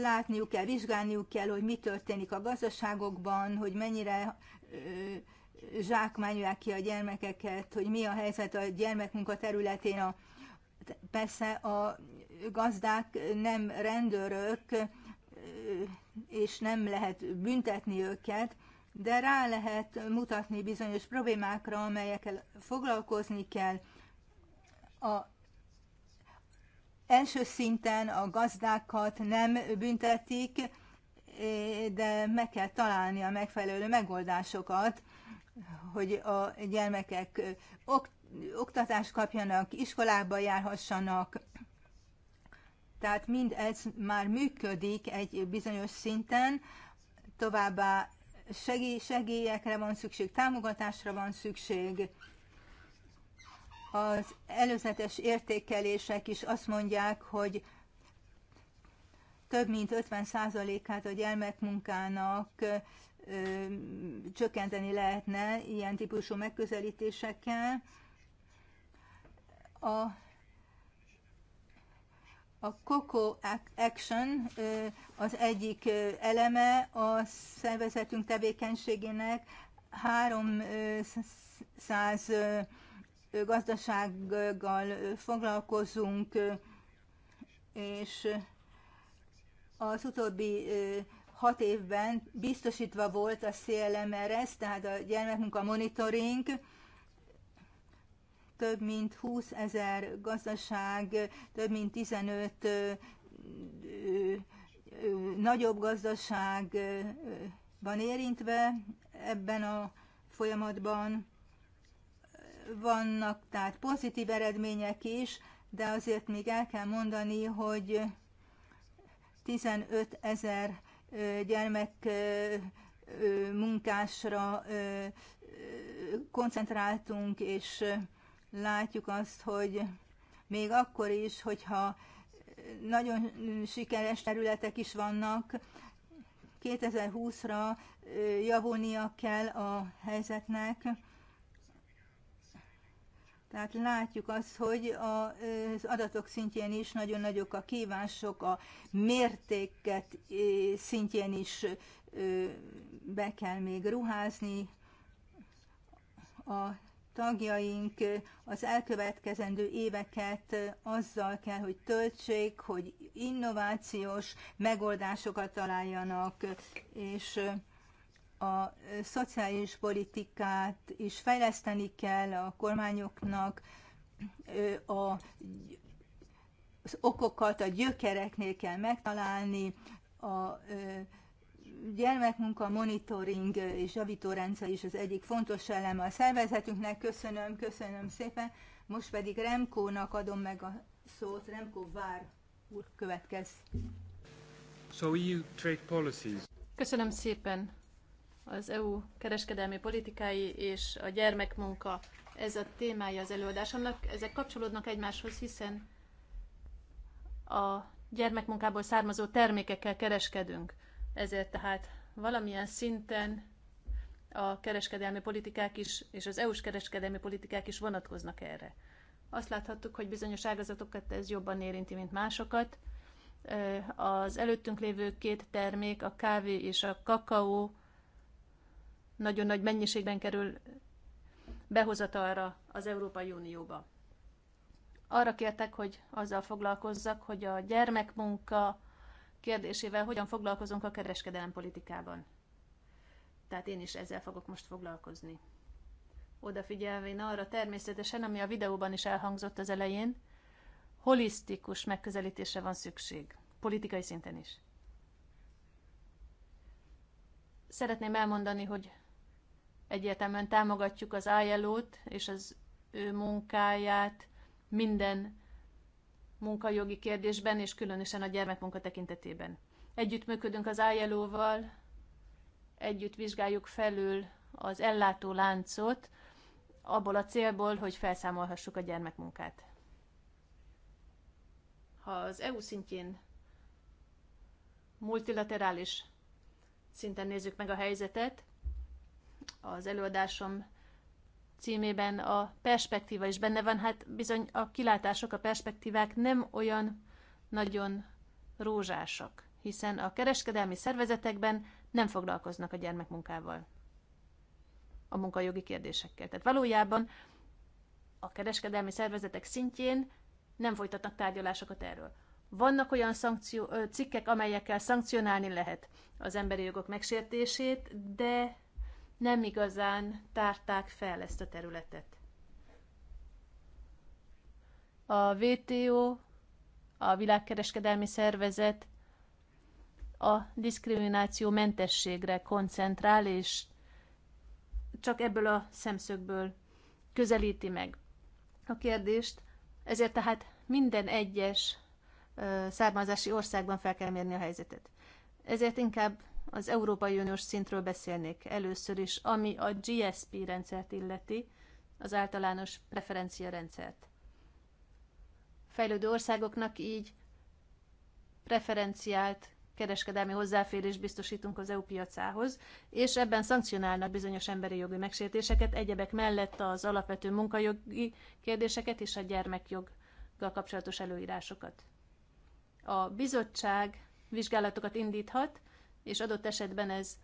Látniuk kell, vizsgálniuk kell, hogy mi történik a gazdaságokban, hogy mennyire zsákmányolják ki a gyermekeket, hogy mi a helyzet a gyermekmunka területén. A, persze a gazdák nem rendőrök, és nem lehet büntetni őket, de rá lehet mutatni bizonyos problémákra, amelyekkel foglalkozni kell. A első szinten a gazdákat nem büntetik, de meg kell találni a megfelelő megoldásokat hogy a gyermekek oktatást kapjanak, iskolába járhassanak. Tehát mind ez már működik egy bizonyos szinten, továbbá segély, segélyekre van szükség, támogatásra van szükség. Az előzetes értékelések is azt mondják, hogy több mint 50%-át a gyermekmunkának csökkenteni lehetne ilyen típusú megközelítésekkel. A, a COCO Action az egyik eleme a szervezetünk tevékenységének 300 gazdasággal foglalkozunk, és az utóbbi hat évben biztosítva volt a CLMRS, tehát a gyermekmunka monitoring, több mint 20 ezer gazdaság, több mint 15 ö, ö, ö, nagyobb gazdaság van érintve ebben a folyamatban. Vannak tehát pozitív eredmények is, de azért még el kell mondani, hogy 15 ezer gyermek munkásra koncentráltunk, és látjuk azt, hogy még akkor is, hogyha nagyon sikeres területek is vannak, 2020-ra javulnia kell a helyzetnek, tehát látjuk azt, hogy az adatok szintjén is nagyon nagyok a kívások, a mértéket szintjén is be kell még ruházni. A tagjaink az elkövetkezendő éveket azzal kell, hogy töltsék, hogy innovációs megoldásokat találjanak, és a szociális politikát is fejleszteni kell a kormányoknak, a, az okokat a gyökereknél kell megtalálni, a gyermekmunka monitoring és javítórendszer is az egyik fontos eleme a szervezetünknek. Köszönöm, köszönöm szépen. Most pedig Remkónak adom meg a szót. Remkó Vár úr következ. So EU trade policies. Köszönöm szépen az EU kereskedelmi politikái és a gyermekmunka, ez a témája az előadásomnak. Ezek kapcsolódnak egymáshoz, hiszen a gyermekmunkából származó termékekkel kereskedünk. Ezért tehát valamilyen szinten a kereskedelmi politikák is, és az EU-s kereskedelmi politikák is vonatkoznak erre. Azt láthattuk, hogy bizonyos ágazatokat ez jobban érinti, mint másokat. Az előttünk lévő két termék, a kávé és a kakaó nagyon nagy mennyiségben kerül behozatalra az Európai Unióba. Arra kértek, hogy azzal foglalkozzak, hogy a gyermekmunka kérdésével hogyan foglalkozunk a kereskedelem politikában. Tehát én is ezzel fogok most foglalkozni. Odafigyelvén arra természetesen, ami a videóban is elhangzott az elején, holisztikus megközelítésre van szükség, politikai szinten is. Szeretném elmondani, hogy Egyértelműen támogatjuk az ilo és az ő munkáját minden munkajogi kérdésben, és különösen a gyermekmunka tekintetében. Együttműködünk az ILO-val, együtt vizsgáljuk felül az ellátó láncot, abból a célból, hogy felszámolhassuk a gyermekmunkát. Ha az EU szintjén multilaterális szinten nézzük meg a helyzetet, az előadásom címében a perspektíva is benne van. Hát bizony a kilátások, a perspektívák nem olyan nagyon rózsásak, hiszen a kereskedelmi szervezetekben nem foglalkoznak a gyermekmunkával, a munkajogi kérdésekkel. Tehát valójában a kereskedelmi szervezetek szintjén nem folytatnak tárgyalásokat erről. Vannak olyan szankció, cikkek, amelyekkel szankcionálni lehet az emberi jogok megsértését, de nem igazán tárták fel ezt a területet. A WTO, a világkereskedelmi szervezet a diszkrimináció mentességre koncentrál, és csak ebből a szemszögből közelíti meg a kérdést. Ezért tehát minden egyes származási országban fel kell mérni a helyzetet. Ezért inkább az Európai Uniós szintről beszélnék először is, ami a GSP rendszert illeti, az általános preferencia rendszert. Fejlődő országoknak így preferenciált kereskedelmi hozzáférést biztosítunk az EU piacához, és ebben szankcionálnak bizonyos emberi jogi megsértéseket, egyebek mellett az alapvető munkajogi kérdéseket és a gyermekjoggal kapcsolatos előírásokat. A bizottság vizsgálatokat indíthat, és adott esetben ez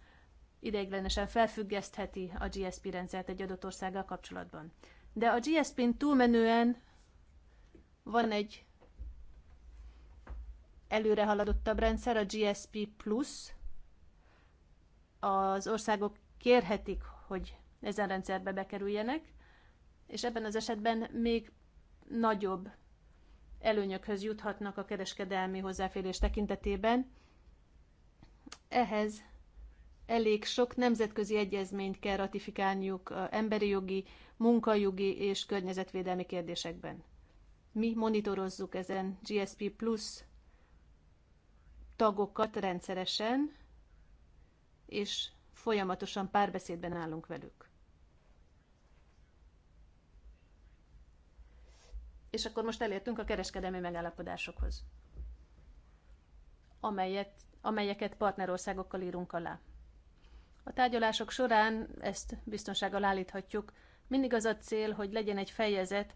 ideiglenesen felfüggesztheti a GSP rendszert egy adott országgal kapcsolatban. De a GSP-n túlmenően van egy előre haladottabb rendszer, a GSP Plus. Az országok kérhetik, hogy ezen rendszerbe bekerüljenek, és ebben az esetben még nagyobb előnyökhöz juthatnak a kereskedelmi hozzáférés tekintetében, ehhez elég sok nemzetközi egyezményt kell ratifikálniuk emberi jogi, munkajogi és környezetvédelmi kérdésekben. Mi monitorozzuk ezen GSP Plus tagokat rendszeresen, és folyamatosan párbeszédben állunk velük. És akkor most elértünk a kereskedelmi megállapodásokhoz, amelyet amelyeket partnerországokkal írunk alá. A tárgyalások során ezt biztonsággal állíthatjuk. Mindig az a cél, hogy legyen egy fejezet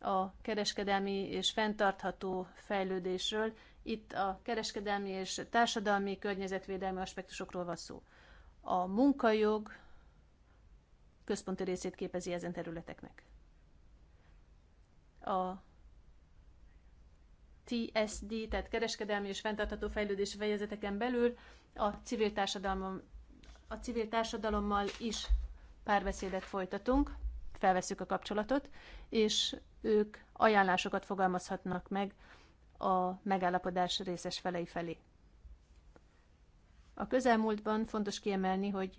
a kereskedelmi és fenntartható fejlődésről. Itt a kereskedelmi és társadalmi környezetvédelmi aspektusokról van szó. A munkajog központi részét képezi ezen területeknek. A TSD, tehát kereskedelmi és fenntartható fejlődés fejezeteken belül a civil, a civil társadalommal is párbeszédet folytatunk, felveszük a kapcsolatot, és ők ajánlásokat fogalmazhatnak meg a megállapodás részes felei felé. A közelmúltban fontos kiemelni, hogy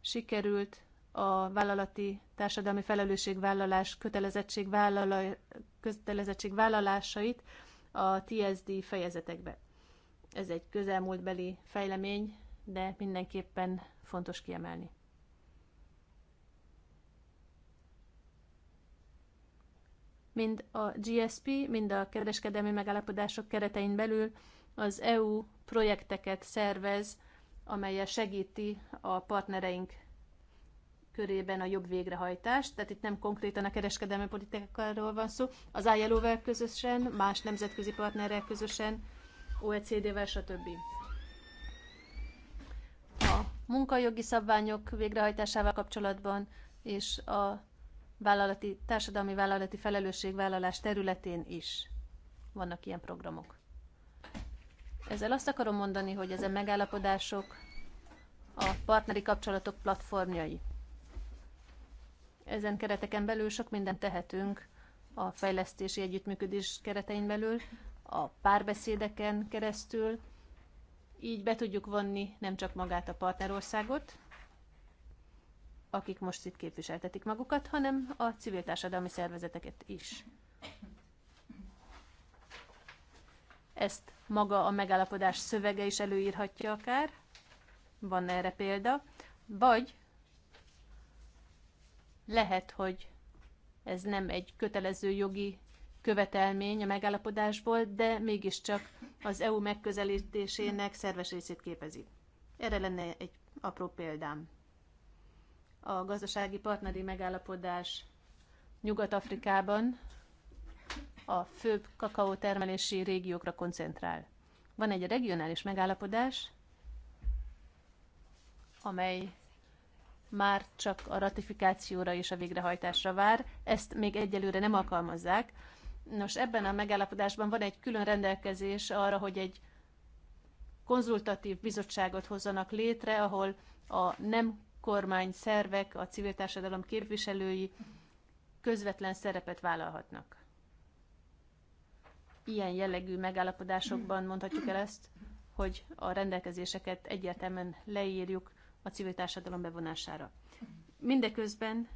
sikerült a vállalati társadalmi felelősségvállalás kötelezettségvállala, kötelezettségvállalásait a TSD fejezetekbe. Ez egy közelmúltbeli fejlemény, de mindenképpen fontos kiemelni. Mind a GSP, mind a kereskedelmi megállapodások keretein belül az EU projekteket szervez, amelyel segíti a partnereink körében a jobb végrehajtást, tehát itt nem konkrétan a kereskedelmi politikáról van szó, az ilo közösen, más nemzetközi partnerrel közösen, OECD-vel, stb. A munkajogi szabványok végrehajtásával kapcsolatban és a vállalati, társadalmi vállalati felelősségvállalás területén is vannak ilyen programok. Ezzel azt akarom mondani, hogy ezen megállapodások a partneri kapcsolatok platformjai. Ezen kereteken belül sok mindent tehetünk a fejlesztési együttműködés keretein belül, a párbeszédeken keresztül, így be tudjuk vonni nem csak magát a partnerországot, akik most itt képviseltetik magukat, hanem a civil társadalmi szervezeteket is. Ezt maga a megállapodás szövege is előírhatja akár, van erre példa, vagy lehet, hogy ez nem egy kötelező jogi követelmény a megállapodásból, de mégiscsak az EU megközelítésének szerves részét képezi. Erre lenne egy apró példám. A gazdasági partneri megállapodás Nyugat-Afrikában a főbb kakaótermelési régiókra koncentrál. Van egy regionális megállapodás, amely már csak a ratifikációra és a végrehajtásra vár, ezt még egyelőre nem alkalmazzák. Nos, ebben a megállapodásban van egy külön rendelkezés arra, hogy egy konzultatív bizottságot hozzanak létre, ahol a nem kormány szervek, a civil társadalom képviselői közvetlen szerepet vállalhatnak. Ilyen jellegű megállapodásokban mondhatjuk el ezt, hogy a rendelkezéseket egyértelműen leírjuk a civil társadalom bevonására. Mindeközben,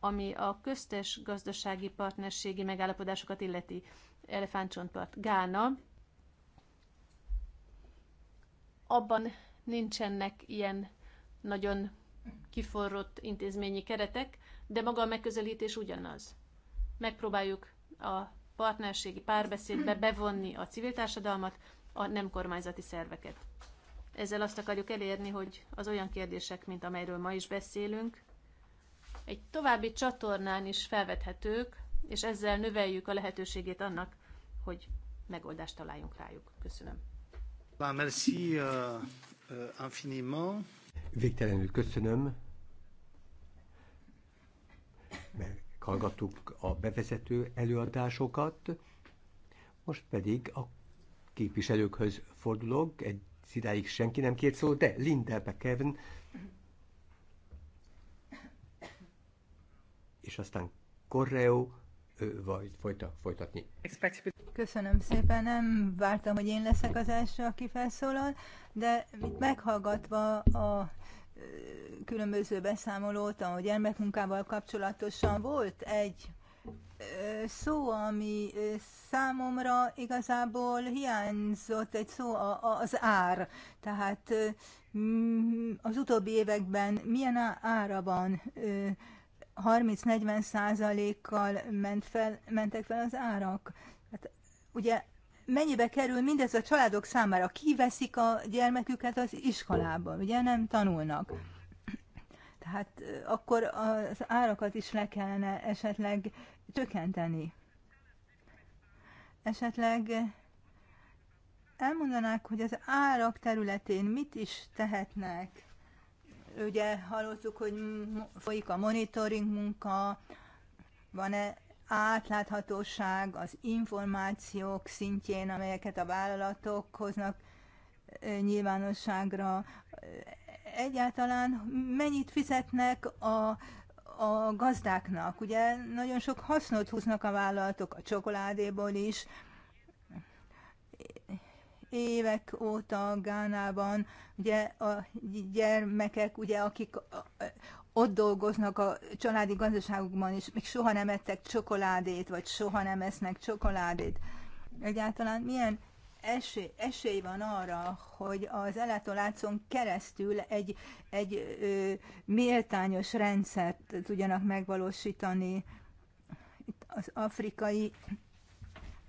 ami a köztes gazdasági partnerségi megállapodásokat illeti, elefántcsontpart Gána, abban nincsenek ilyen nagyon kiforrott intézményi keretek, de maga a megközelítés ugyanaz. Megpróbáljuk a partnerségi párbeszédbe bevonni a civil társadalmat, a nem kormányzati szerveket. Ezzel azt akarjuk elérni, hogy az olyan kérdések, mint amelyről ma is beszélünk, egy további csatornán is felvethetők, és ezzel növeljük a lehetőségét annak, hogy megoldást találjunk rájuk. Köszönöm. Merci euh, euh, infiniment. Végtelenül köszönöm, hallgattuk a bevezető előadásokat, most pedig a képviselőkhöz fordulok, egy idáig senki nem kért szó, de Linda Bekeven, és aztán Correo, vagy folyta, folytatni. Köszönöm szépen, nem vártam, hogy én leszek az első, aki felszólal, de itt meghallgatva a különböző beszámolót a gyermekmunkával kapcsolatosan volt egy szó, ami számomra igazából hiányzott egy szó, az ár. Tehát az utóbbi években milyen ára van? 30-40 százalékkal ment fel, mentek fel az árak. Hát, ugye mennyibe kerül mindez a családok számára? Kiveszik a gyermeküket az iskolába, ugye nem tanulnak hát akkor az árakat is le kellene esetleg csökkenteni. Esetleg elmondanák, hogy az árak területén mit is tehetnek. Ugye hallottuk, hogy folyik a monitoring munka, van-e átláthatóság az információk szintjén, amelyeket a vállalatok hoznak nyilvánosságra, egyáltalán mennyit fizetnek a, a gazdáknak. Ugye nagyon sok hasznot húznak a vállalatok a csokoládéból is. Évek óta Gánában ugye a gyermekek, ugye akik ott dolgoznak a családi gazdaságukban, is még soha nem ettek csokoládét, vagy soha nem esznek csokoládét. Egyáltalán milyen esély, esély van arra, hogy az ellátolácon keresztül egy, egy ö, méltányos rendszert tudjanak megvalósítani. Itt az afrikai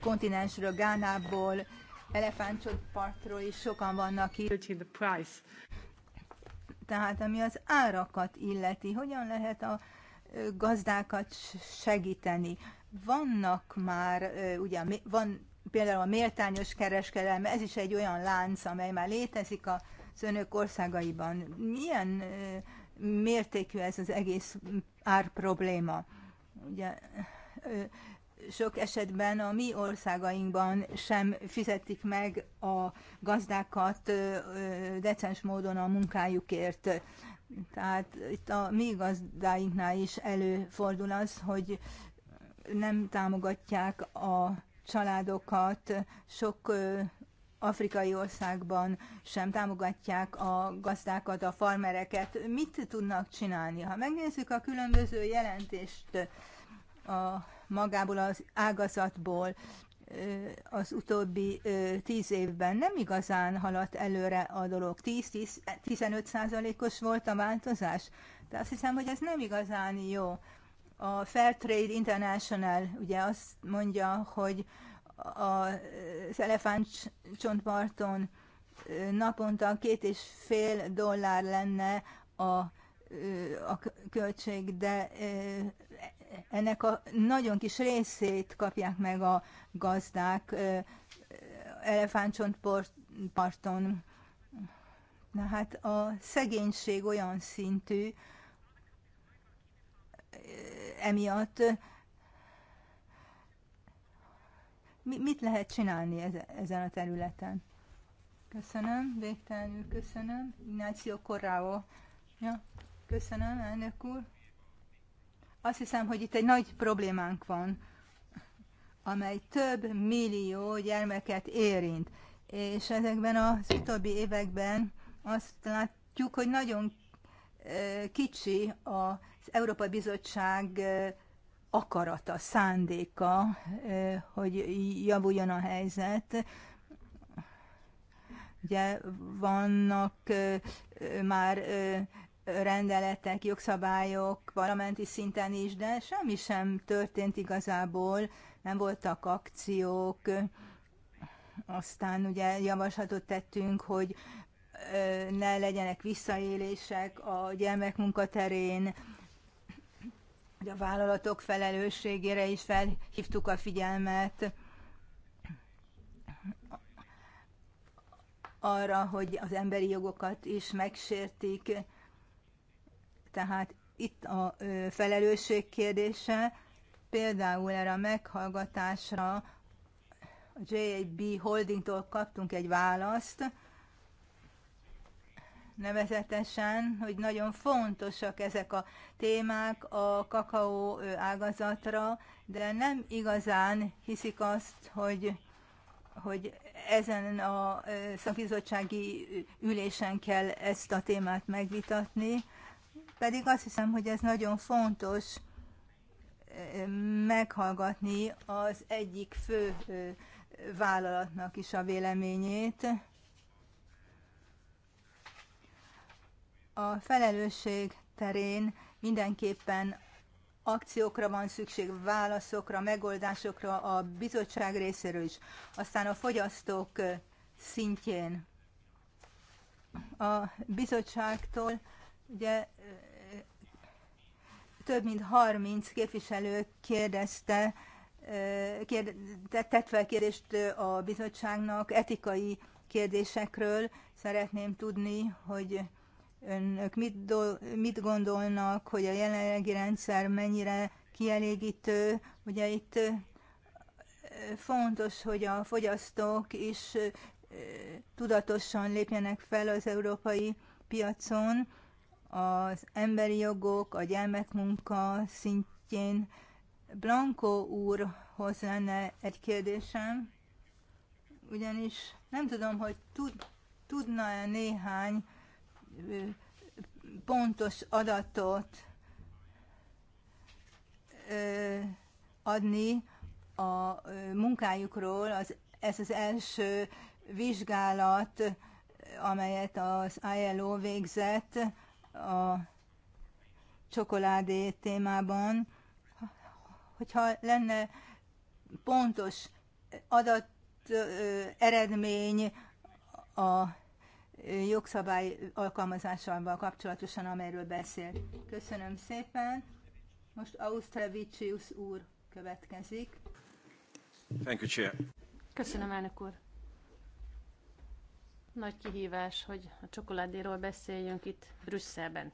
kontinensről, Gánából, partról is sokan vannak itt. Tehát ami az árakat illeti, hogyan lehet a gazdákat segíteni? Vannak már, ugye van például a méltányos kereskedelme, ez is egy olyan lánc, amely már létezik az önök országaiban. Milyen mértékű ez az egész ár probléma? Ugye, sok esetben a mi országainkban sem fizetik meg a gazdákat decens módon a munkájukért. Tehát itt a mi gazdáinknál is előfordul az, hogy nem támogatják a családokat, sok afrikai országban sem támogatják a gazdákat, a farmereket. Mit tudnak csinálni? Ha megnézzük a különböző jelentést a magából az ágazatból, az utóbbi tíz évben nem igazán haladt előre a dolog. 10-15 százalékos volt a változás, de azt hiszem, hogy ez nem igazán jó. A Fairtrade International ugye azt mondja, hogy az elefántcsontparton naponta két és fél dollár lenne a, a költség, de ennek a nagyon kis részét kapják meg a gazdák elefántcsontparton. Na hát a szegénység olyan szintű, emiatt. Mi, mit lehet csinálni ezen a területen? Köszönöm, végtelenül köszönöm. Ignácio Corrao. Ja, köszönöm, elnök úr. Azt hiszem, hogy itt egy nagy problémánk van, amely több millió gyermeket érint. És ezekben az utóbbi években azt látjuk, hogy nagyon kicsi a az Európa Bizottság akarata, szándéka, hogy javuljon a helyzet. Ugye vannak már rendeletek, jogszabályok parlamenti szinten is, de semmi sem történt igazából, nem voltak akciók, aztán ugye javaslatot tettünk, hogy ne legyenek visszaélések a gyermekmunkaterén, hogy a vállalatok felelősségére is felhívtuk a figyelmet, arra, hogy az emberi jogokat is megsértik. Tehát itt a felelősség kérdése, például erre a meghallgatásra a JAB Holdingtól kaptunk egy választ, nevezetesen, hogy nagyon fontosak ezek a témák a kakaó ágazatra, de nem igazán hiszik azt, hogy, hogy ezen a szakbizottsági ülésen kell ezt a témát megvitatni, pedig azt hiszem, hogy ez nagyon fontos meghallgatni az egyik fő vállalatnak is a véleményét, A felelősség terén mindenképpen akciókra van szükség, válaszokra, megoldásokra a bizottság részéről is. Aztán a fogyasztók szintjén a bizottságtól ugye több mint 30 képviselő kérdezte, kérde, tett fel kérdést a bizottságnak etikai kérdésekről. Szeretném tudni, hogy Önök mit, do, mit gondolnak, hogy a jelenlegi rendszer mennyire kielégítő? Ugye itt fontos, hogy a fogyasztók is tudatosan lépjenek fel az európai piacon, az emberi jogok, a gyermekmunka szintjén. Blanco úrhoz lenne egy kérdésem, ugyanis nem tudom, hogy tud, tudna-e néhány pontos adatot adni a munkájukról. ez az első vizsgálat, amelyet az ILO végzett a csokoládé témában. Hogyha lenne pontos adat eredmény a jogszabály alkalmazásával kapcsolatosan, amelyről beszél. Köszönöm szépen. Most Ausztrevicius úr következik. Thank you, Chair. Köszönöm, elnök úr. Nagy kihívás, hogy a csokoládéról beszéljünk itt Brüsszelben.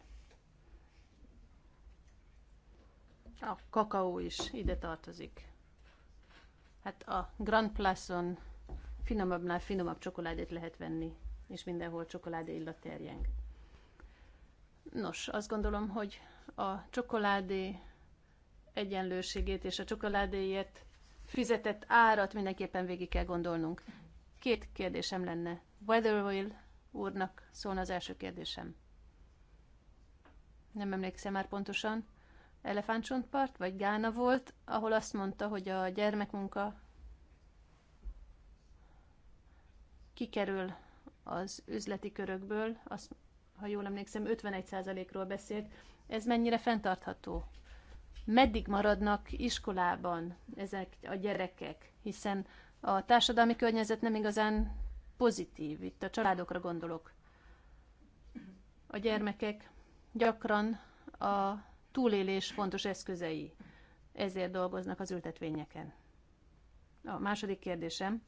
A kakaó is ide tartozik. Hát a Grand Place-on finomabbnál finomabb csokoládét lehet venni és mindenhol csokoládé illat terjeng. Nos, azt gondolom, hogy a csokoládé egyenlőségét és a csokoládéért fizetett árat mindenképpen végig kell gondolnunk. Két kérdésem lenne. Weatherwill úrnak szólna az első kérdésem. Nem emlékszem már pontosan. Elefántcsontpart vagy Gána volt, ahol azt mondta, hogy a gyermekmunka kikerül az üzleti körökből, az, ha jól emlékszem, 51%-ról beszélt. Ez mennyire fenntartható? Meddig maradnak iskolában ezek a gyerekek? Hiszen a társadalmi környezet nem igazán pozitív, itt a családokra gondolok. A gyermekek gyakran a túlélés fontos eszközei, ezért dolgoznak az ültetvényeken. A második kérdésem,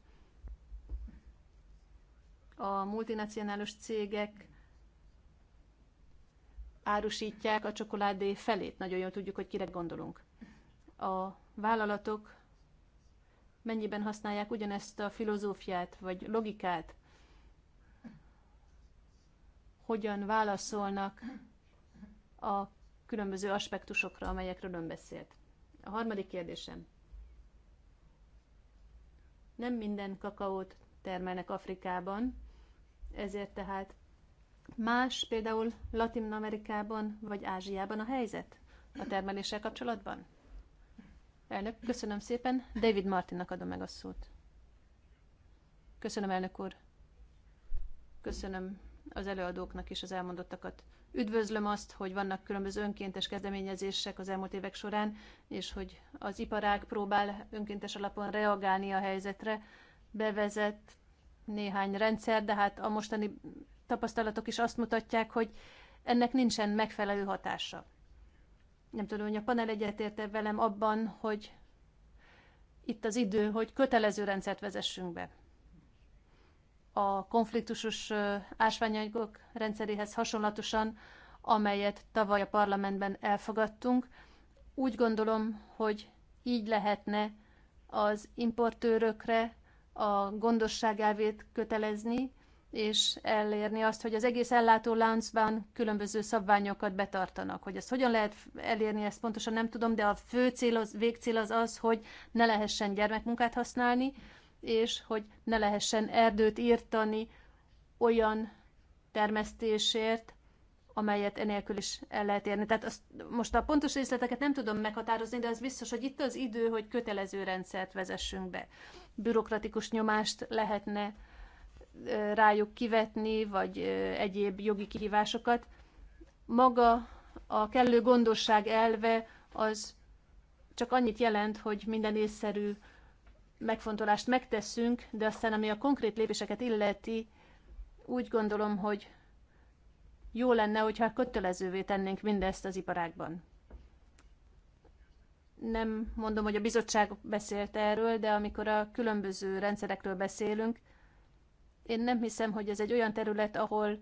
a multinacionális cégek árusítják a csokoládé felét. Nagyon jól tudjuk, hogy kire gondolunk. A vállalatok mennyiben használják ugyanezt a filozófiát vagy logikát, hogyan válaszolnak a különböző aspektusokra, amelyekről ön beszélt. A harmadik kérdésem. Nem minden kakaót termelnek Afrikában, ezért tehát más például Latin Amerikában vagy Ázsiában a helyzet a termeléssel kapcsolatban? Elnök, köszönöm szépen. David Martinnak adom meg a szót. Köszönöm, elnök úr. Köszönöm az előadóknak is az elmondottakat. Üdvözlöm azt, hogy vannak különböző önkéntes kezdeményezések az elmúlt évek során, és hogy az iparág próbál önkéntes alapon reagálni a helyzetre, bevezet néhány rendszer, de hát a mostani tapasztalatok is azt mutatják, hogy ennek nincsen megfelelő hatása. Nem tudom, hogy a panel egyetérte velem abban, hogy itt az idő, hogy kötelező rendszert vezessünk be. A konfliktusos ásványanyagok rendszeréhez hasonlatosan, amelyet tavaly a parlamentben elfogadtunk, úgy gondolom, hogy így lehetne az importőrökre a gondosság elvét kötelezni, és elérni azt, hogy az egész ellátó láncban különböző szabványokat betartanak. Hogy ezt hogyan lehet elérni, ezt pontosan nem tudom, de a fő cél, az, végcél az az, hogy ne lehessen gyermekmunkát használni, és hogy ne lehessen erdőt írtani olyan termesztésért, amelyet enélkül is el lehet érni. Tehát azt, most a pontos részleteket nem tudom meghatározni, de az biztos, hogy itt az idő, hogy kötelező rendszert vezessünk be bürokratikus nyomást lehetne rájuk kivetni, vagy egyéb jogi kihívásokat. Maga a kellő gondosság elve az csak annyit jelent, hogy minden észszerű megfontolást megteszünk, de aztán ami a konkrét lépéseket illeti, úgy gondolom, hogy jó lenne, hogyha kötelezővé tennénk mindezt az iparágban nem mondom, hogy a bizottság beszélt erről, de amikor a különböző rendszerekről beszélünk, én nem hiszem, hogy ez egy olyan terület, ahol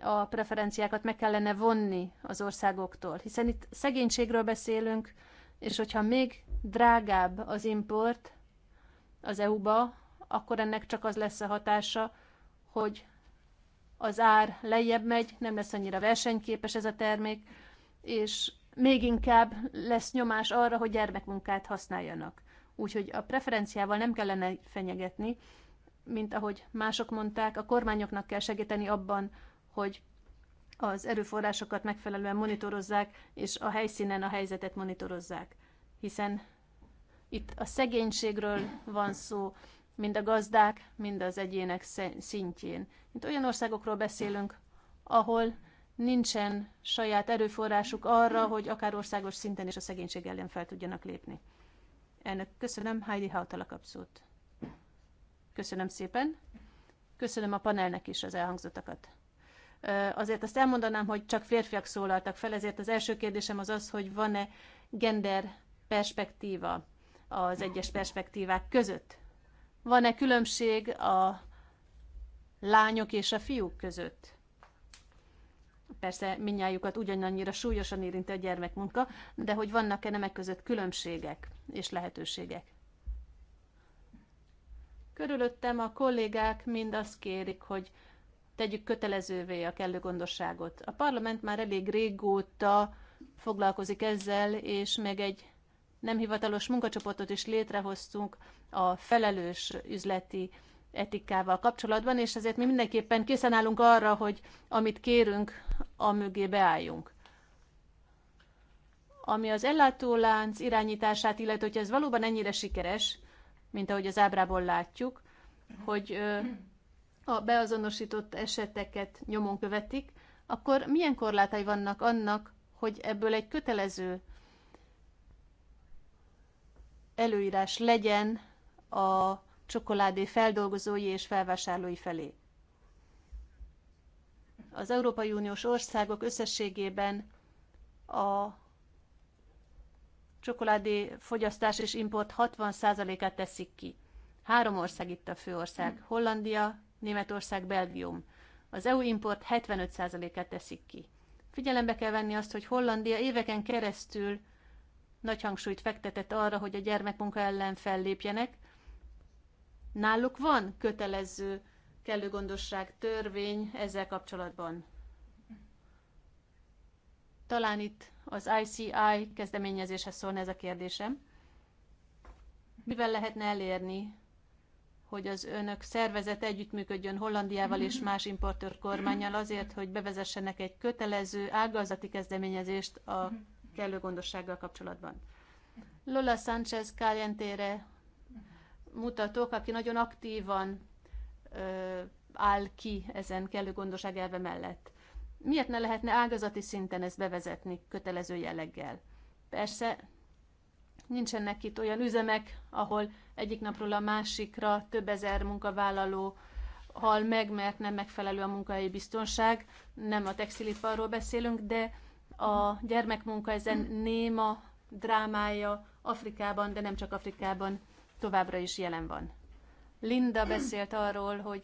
a preferenciákat meg kellene vonni az országoktól, hiszen itt szegénységről beszélünk, és hogyha még drágább az import az EU-ba, akkor ennek csak az lesz a hatása, hogy az ár lejjebb megy, nem lesz annyira versenyképes ez a termék, és még inkább lesz nyomás arra, hogy gyermekmunkát használjanak. Úgyhogy a preferenciával nem kellene fenyegetni, mint ahogy mások mondták, a kormányoknak kell segíteni abban, hogy az erőforrásokat megfelelően monitorozzák, és a helyszínen a helyzetet monitorozzák. Hiszen itt a szegénységről van szó, mind a gazdák, mind az egyének szintjén. Itt olyan országokról beszélünk, ahol nincsen saját erőforrásuk arra, hogy akár országos szinten is a szegénység ellen fel tudjanak lépni. Elnök, köszönöm, Heidi Hautala kapszót. Köszönöm szépen. Köszönöm a panelnek is az elhangzottakat. Azért azt elmondanám, hogy csak férfiak szólaltak fel, ezért az első kérdésem az az, hogy van-e gender perspektíva az egyes perspektívák között? Van-e különbség a lányok és a fiúk között? Persze minnyájukat ugyanannyira súlyosan érinti a gyermekmunka, de hogy vannak-e nemek között különbségek és lehetőségek. Körülöttem a kollégák mind azt kérik, hogy tegyük kötelezővé a kellő gondosságot. A parlament már elég régóta foglalkozik ezzel, és meg egy nem hivatalos munkacsoportot is létrehoztunk a felelős üzleti etikával kapcsolatban, és ezért mi mindenképpen készen állunk arra, hogy amit kérünk, a mögé beálljunk. Ami az ellátólánc irányítását illetve, hogy ez valóban ennyire sikeres, mint ahogy az ábrából látjuk, hogy a beazonosított eseteket nyomon követik, akkor milyen korlátai vannak annak, hogy ebből egy kötelező előírás legyen a csokoládé feldolgozói és felvásárlói felé. Az Európai Uniós országok összességében a csokoládé fogyasztás és import 60%-át teszik ki. Három ország itt a főország, Hollandia, Németország, Belgium. Az EU import 75%-át teszik ki. Figyelembe kell venni azt, hogy Hollandia éveken keresztül nagy hangsúlyt fektetett arra, hogy a gyermekmunka ellen fellépjenek, Náluk van kötelező kellő gondosság törvény ezzel kapcsolatban. Talán itt az ICI kezdeményezéshez szólna ez a kérdésem. Mivel lehetne elérni, hogy az önök szervezet együttműködjön Hollandiával és (laughs) más importőr kormányjal azért, hogy bevezessenek egy kötelező ágazati kezdeményezést a (laughs) kellő gondossággal kapcsolatban? Lola Sánchez Calientére mutatók, aki nagyon aktívan ö, áll ki ezen kellő gondoság elve mellett. Miért ne lehetne ágazati szinten ezt bevezetni kötelező jelleggel? Persze nincsenek itt olyan üzemek, ahol egyik napról a másikra több ezer munkavállaló hal meg, mert nem megfelelő a munkahelyi biztonság. Nem a textiliparról beszélünk, de a gyermekmunka ezen néma drámája Afrikában, de nem csak Afrikában továbbra is jelen van. Linda beszélt arról, hogy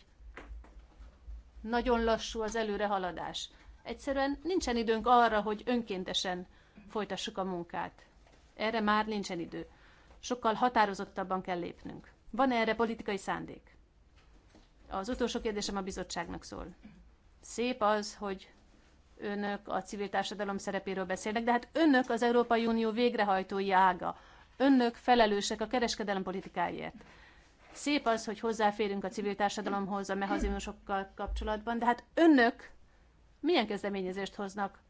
nagyon lassú az előrehaladás. Egyszerűen nincsen időnk arra, hogy önkéntesen folytassuk a munkát. Erre már nincsen idő. Sokkal határozottabban kell lépnünk. Van -e erre politikai szándék? Az utolsó kérdésem a bizottságnak szól. Szép az, hogy önök a civil társadalom szerepéről beszélnek, de hát önök az Európai Unió végrehajtói ága önök felelősek a kereskedelem politikáért. Szép az, hogy hozzáférünk a civil társadalomhoz a mechanizmusokkal kapcsolatban, de hát önök milyen kezdeményezést hoznak,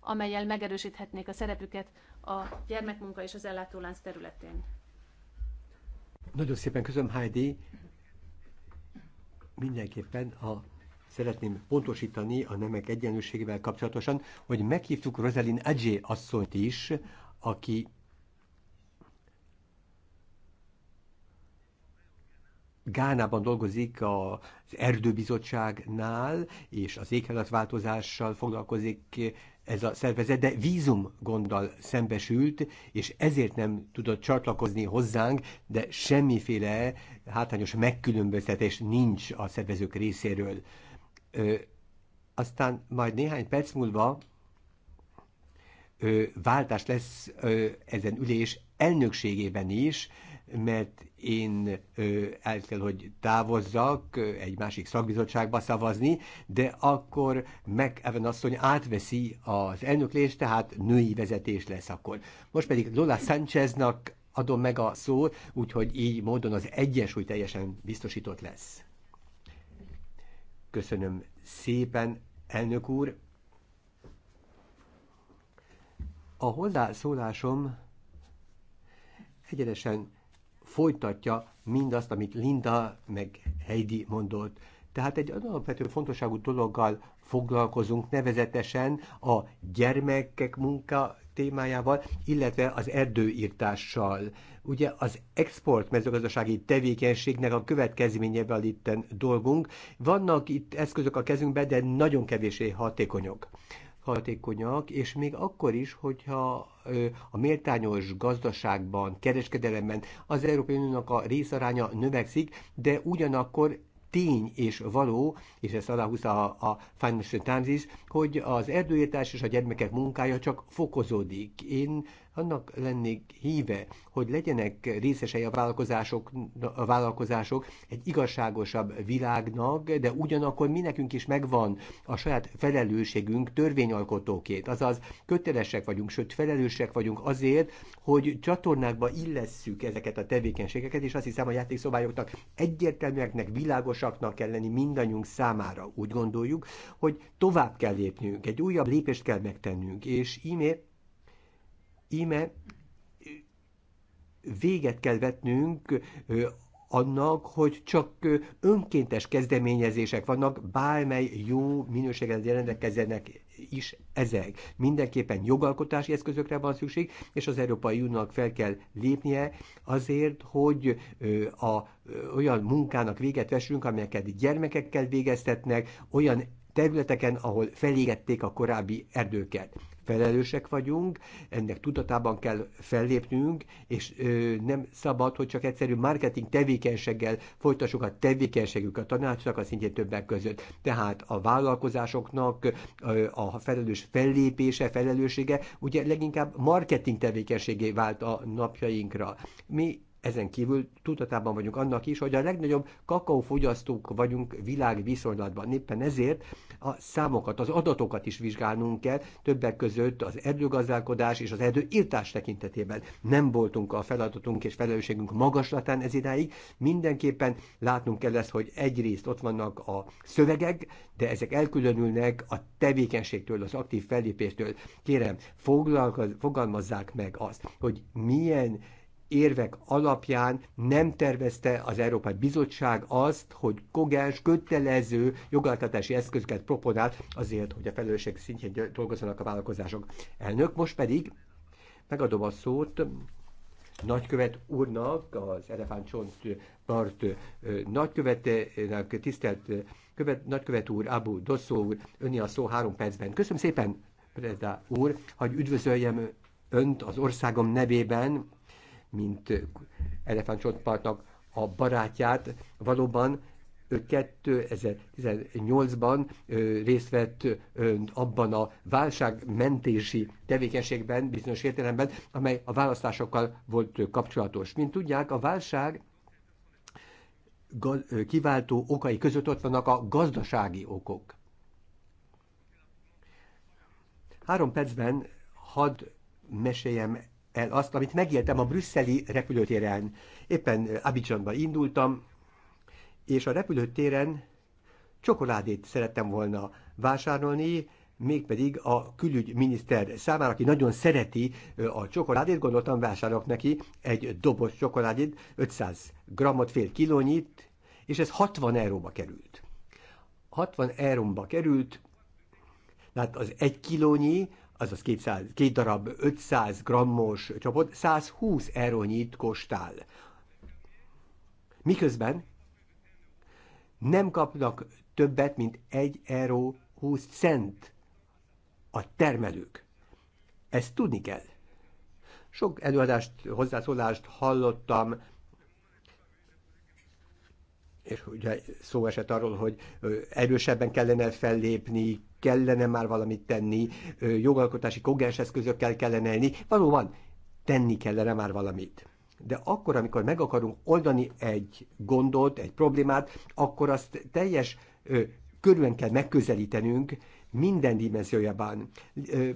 amelyel megerősíthetnék a szerepüket a gyermekmunka és az ellátólánc területén? Nagyon szépen köszönöm, Heidi. Mindenképpen a szeretném pontosítani a nemek egyenlőségével kapcsolatosan, hogy meghívtuk Rosalind Adjé asszonyt is, aki Gánában dolgozik az erdőbizottságnál, és az éghajlatváltozással foglalkozik ez a szervezet, de vízum gonddal szembesült, és ezért nem tudott csatlakozni hozzánk, de semmiféle hátrányos megkülönböztetés nincs a szervezők részéről. Ö, aztán majd néhány perc múlva ö, váltás lesz ö, ezen ülés elnökségében is, mert én el kell, hogy távozzak egy másik szakbizottságba szavazni, de akkor meg Evan asszony átveszi az elnöklést, tehát női vezetés lesz akkor. Most pedig Lola Sáncheznak adom meg a szót, úgyhogy így módon az egyensúly teljesen biztosított lesz. Köszönöm szépen, elnök úr. A hozzászólásom egyenesen folytatja mindazt, amit Linda meg Heidi mondott. Tehát egy alapvető fontosságú dologgal foglalkozunk, nevezetesen a gyermekek munka témájával, illetve az erdőírtással. Ugye az export mezőgazdasági tevékenységnek a következményevel itten dolgunk. Vannak itt eszközök a kezünkben, de nagyon kevésé hatékonyok hatékonyak, és még akkor is, hogyha a méltányos gazdaságban, kereskedelemben az Európai Uniónak a részaránya növekszik, de ugyanakkor tény és való, és ezt aláhúzta a, a Financial Times is, hogy az erdőírtás és a gyermekek munkája csak fokozódik. Én annak lennék híve, hogy legyenek részesei a vállalkozások, a vállalkozások egy igazságosabb világnak, de ugyanakkor mi nekünk is megvan a saját felelősségünk törvényalkotóként. Azaz kötelesek vagyunk, sőt felelősek vagyunk azért, hogy csatornákba illesszük ezeket a tevékenységeket, és azt hiszem a játékszobályoknak egyértelműeknek, világosaknak kell lenni mindannyiunk számára. Úgy gondoljuk, hogy tovább kell lépnünk, egy újabb lépést kell megtennünk, és ímét íme véget kell vetnünk annak, hogy csak önkéntes kezdeményezések vannak, bármely jó minőséget rendelkezzenek is ezek. Mindenképpen jogalkotási eszközökre van szükség, és az Európai Uniónak fel kell lépnie azért, hogy a, olyan munkának véget vessünk, amelyeket gyermekekkel végeztetnek, olyan területeken, ahol felégették a korábbi erdőket. Felelősek vagyunk, ennek tudatában kell fellépnünk, és ö, nem szabad, hogy csak egyszerű marketing tevékenységgel folytassuk a tevékenységük a tanácsnak a szintén többek között. Tehát a vállalkozásoknak ö, a felelős fellépése, felelőssége ugye leginkább marketing tevékenységé vált a napjainkra. Mi ezen kívül tudatában vagyunk annak is, hogy a legnagyobb kakaófogyasztók vagyunk világviszonylatban. Éppen ezért a számokat, az adatokat is vizsgálnunk kell, többek között az erdőgazdálkodás és az erdőírtás tekintetében. Nem voltunk a feladatunk és felelősségünk magaslatán ez idáig. Mindenképpen látnunk kell ezt, hogy egyrészt ott vannak a szövegek, de ezek elkülönülnek a tevékenységtől, az aktív fellépéstől. Kérem, fogalmazzák meg azt, hogy milyen érvek alapján nem tervezte az Európai Bizottság azt, hogy kogens, kötelező jogaltatási eszközöket proponál azért, hogy a felelősség szintjén dolgozzanak a vállalkozások. Elnök, most pedig megadom a szót nagykövet úrnak, az Csont part nagykövetének tisztelt követ, nagykövet úr, Abu Dosszó úr, önni a szó három percben. Köszönöm szépen, Preda úr, hogy üdvözöljem önt az országom nevében, mint elefántcsontpartnak a barátját, valóban 2018-ban részt vett abban a válságmentési tevékenységben, bizonyos értelemben, amely a választásokkal volt kapcsolatos. Mint tudják, a válság kiváltó okai között ott vannak a gazdasági okok. Három percben hadd meséljem el azt, amit megéltem a brüsszeli repülőtéren. Éppen eh, Abidjanba indultam, és a repülőtéren csokoládét szerettem volna vásárolni, mégpedig a külügyminiszter számára, aki nagyon szereti eh, a csokoládét, gondoltam vásárolok neki egy doboz csokoládét, 500 grammot, fél kilónyit, és ez 60 euróba került. 60 euróba került, tehát az egy kilónyi, azaz 200, két darab 500 grammos csapot 120 eronyit kostál. Miközben nem kapnak többet, mint 1 euró 20 cent a termelők. Ezt tudni kell. Sok előadást, hozzászólást hallottam, és ugye szó esett arról, hogy erősebben kellene fellépni, kellene már valamit tenni, jogalkotási kogens eszközökkel kellene elni. valóban tenni kellene már valamit. De akkor, amikor meg akarunk oldani egy gondot, egy problémát, akkor azt teljes körülön kell megközelítenünk, minden dimenziójában.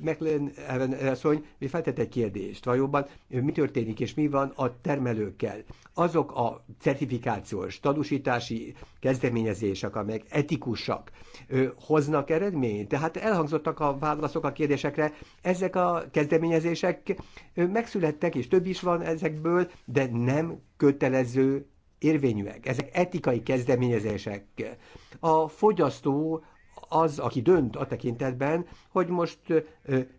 McLaren asszony feltett egy kérdést, valóban mi történik és mi van a termelőkkel. Azok a certifikációs, tanúsítási kezdeményezések, amelyek etikusak, hoznak eredményt? Tehát elhangzottak a válaszok a kérdésekre, ezek a kezdeményezések megszülettek, és több is van ezekből, de nem kötelező érvényűek, ezek etikai kezdeményezések. A fogyasztó az, aki dönt a tekintetben, hogy most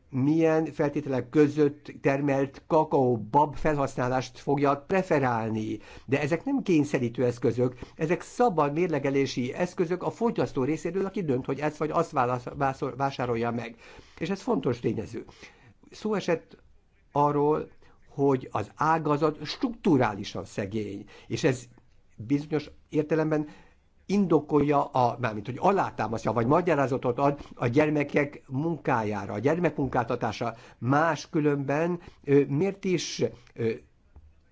milyen feltételek között termelt kakaobab felhasználást fogja preferálni. De ezek nem kényszerítő eszközök, ezek szabad mérlegelési eszközök a fogyasztó részéről, aki dönt, hogy ezt vagy azt válasz, vászor, vásárolja meg. És ez fontos tényező. Szó esett arról, hogy az ágazat strukturálisan szegény, és ez bizonyos értelemben indokolja, a, mármint hogy alátámasztja, vagy magyarázatot ad a gyermekek munkájára, a gyermekmunkáltatása. Máskülönben miért is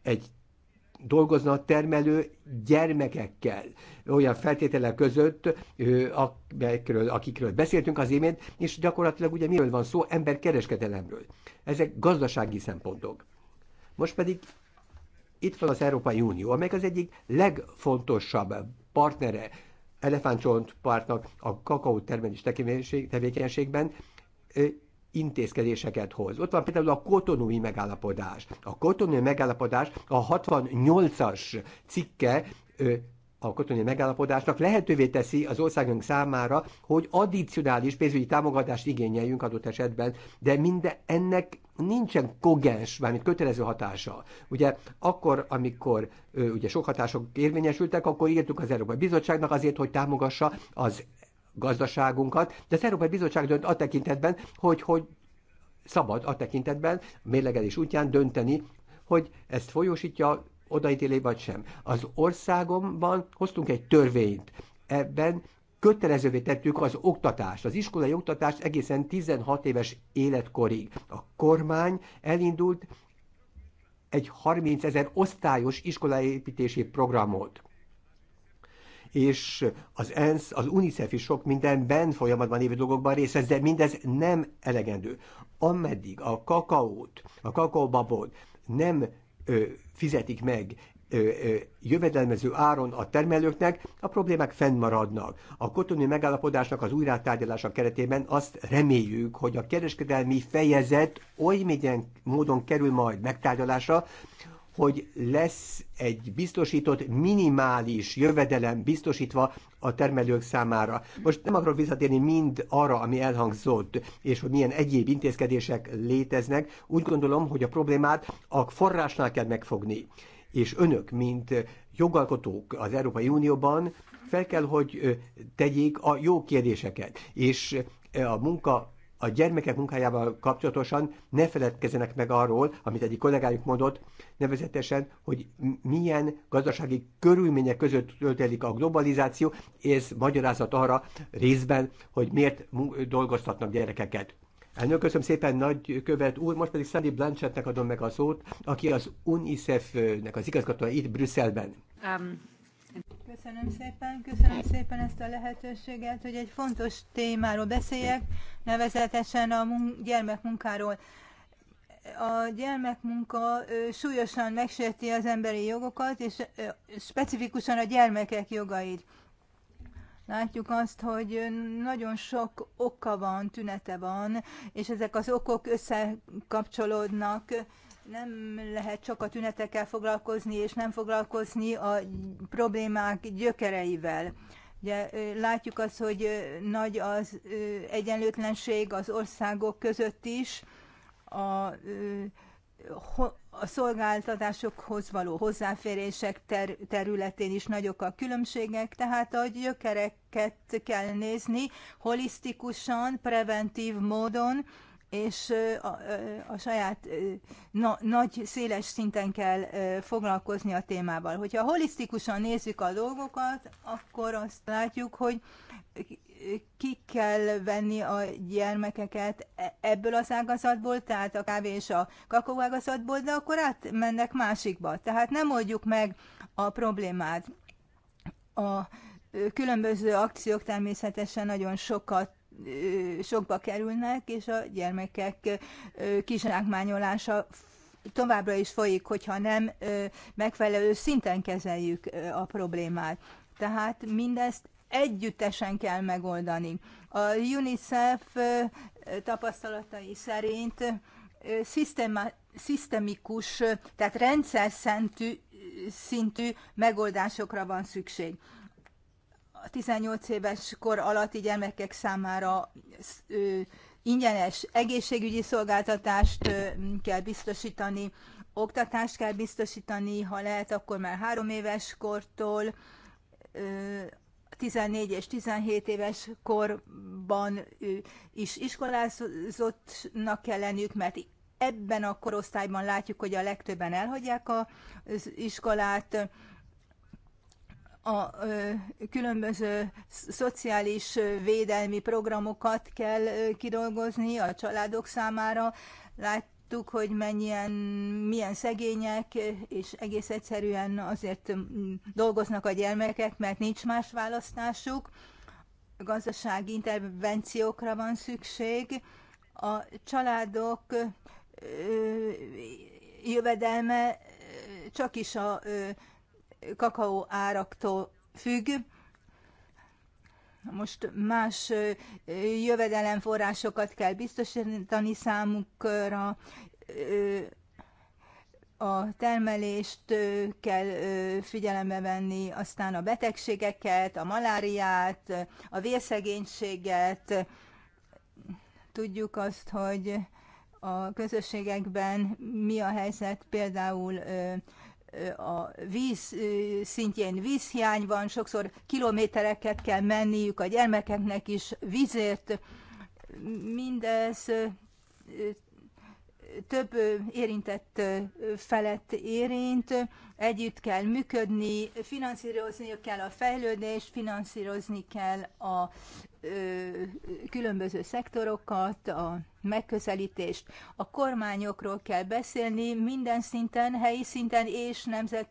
egy dolgozna termelő gyermekekkel, olyan feltételek között, akikről, akikről beszéltünk az imént, és gyakorlatilag ugye miről van szó, emberkereskedelemről. Ezek gazdasági szempontok. Most pedig itt van az Európai Unió, amely az egyik legfontosabb partnere elefántcsont pártnak a kakaó termelés tevékenységben intézkedéseket hoz. Ott van például a kotonói megállapodás. A kotonói megállapodás a 68-as cikke a katonai megállapodásnak lehetővé teszi az országunk számára, hogy addicionális pénzügyi támogatást igényeljünk adott esetben, de minden ennek nincsen kogens, mármint kötelező hatása. Ugye akkor, amikor ö, ugye sok hatások érvényesültek, akkor írtuk az Európai Bizottságnak azért, hogy támogassa az gazdaságunkat, de az Európai Bizottság dönt a tekintetben, hogy, hogy szabad a tekintetben, mérlegelés útján dönteni, hogy ezt folyósítja, odaítélé vagy sem. Az országomban hoztunk egy törvényt, ebben kötelezővé tettük az oktatást, az iskolai oktatást egészen 16 éves életkorig. A kormány elindult egy 30 ezer osztályos iskolaépítési programot és az ENSZ, az UNICEF is sok mindenben folyamatban lévő dolgokban részt de mindez nem elegendő. Ameddig a kakaót, a kakaobabot nem fizetik meg jövedelmező áron a termelőknek, a problémák fennmaradnak. A kotonai megállapodásnak az újrátárgyalása keretében azt reméljük, hogy a kereskedelmi fejezet oly módon kerül majd megtárgyalásra, hogy lesz egy biztosított minimális jövedelem biztosítva a termelők számára. Most nem akarok visszatérni mind arra, ami elhangzott, és hogy milyen egyéb intézkedések léteznek. Úgy gondolom, hogy a problémát a forrásnál kell megfogni. És önök, mint jogalkotók az Európai Unióban fel kell, hogy tegyék a jó kérdéseket, és a munka a gyermekek munkájával kapcsolatosan ne feledkezzenek meg arról, amit egyik kollégájuk mondott, nevezetesen, hogy milyen gazdasági körülmények között töltelik a globalizáció, és magyarázat arra részben, hogy miért dolgoztatnak gyerekeket. Elnök, köszönöm szépen, nagy követ úr, most pedig Sandy Blanchettnek adom meg a szót, aki az UNICEF-nek az igazgatója itt Brüsszelben. Um. Köszönöm szépen, köszönöm szépen ezt a lehetőséget, hogy egy fontos témáról beszéljek, nevezetesen a gyermekmunkáról. A gyermekmunka súlyosan megsérti az emberi jogokat, és specifikusan a gyermekek jogait. Látjuk azt, hogy nagyon sok oka van, tünete van, és ezek az okok összekapcsolódnak nem lehet csak a tünetekkel foglalkozni, és nem foglalkozni a problémák gyökereivel. Ugye látjuk azt, hogy nagy az egyenlőtlenség az országok között is, a, a szolgáltatásokhoz való hozzáférések ter, területén is nagyok a különbségek, tehát a gyökereket kell nézni holisztikusan, preventív módon, és a, a saját na, nagy, széles szinten kell foglalkozni a témával. Hogyha holisztikusan nézzük a dolgokat, akkor azt látjuk, hogy ki kell venni a gyermekeket e, ebből az ágazatból, tehát a kávé és a kakó ágazatból, de akkor átmennek másikba. Tehát nem oldjuk meg a problémát. A különböző akciók természetesen nagyon sokat sokba kerülnek, és a gyermekek kizsákmányolása továbbra is folyik, hogyha nem megfelelő szinten kezeljük a problémát. Tehát mindezt együttesen kell megoldani. A UNICEF tapasztalatai szerint szisztemikus, tehát rendszer szintű, megoldásokra van szükség. 18 éves kor alatti gyermekek számára ingyenes egészségügyi szolgáltatást kell biztosítani, oktatást kell biztosítani, ha lehet, akkor már három éves kortól, 14 és 17 éves korban is iskolázottnak kell lenniük, mert ebben a korosztályban látjuk, hogy a legtöbben elhagyják az iskolát, a különböző szociális védelmi programokat kell kidolgozni a családok számára. Láttuk, hogy mennyien, milyen szegények, és egész egyszerűen azért dolgoznak a gyermekek, mert nincs más választásuk. Gazdasági intervenciókra van szükség. A családok jövedelme csak is a kakaó áraktól függ. Most más jövedelemforrásokat kell biztosítani számukra, a termelést kell figyelembe venni, aztán a betegségeket, a maláriát, a vérszegénységet. Tudjuk azt, hogy a közösségekben mi a helyzet például a víz szintjén vízhiány van, sokszor kilométereket kell menniük a gyermekeknek is vízért. Mindez több érintett felett érint, együtt kell működni, finanszírozni kell a fejlődést, finanszírozni kell a különböző szektorokat, a megközelítést. A kormányokról kell beszélni minden szinten, helyi szinten és nemzet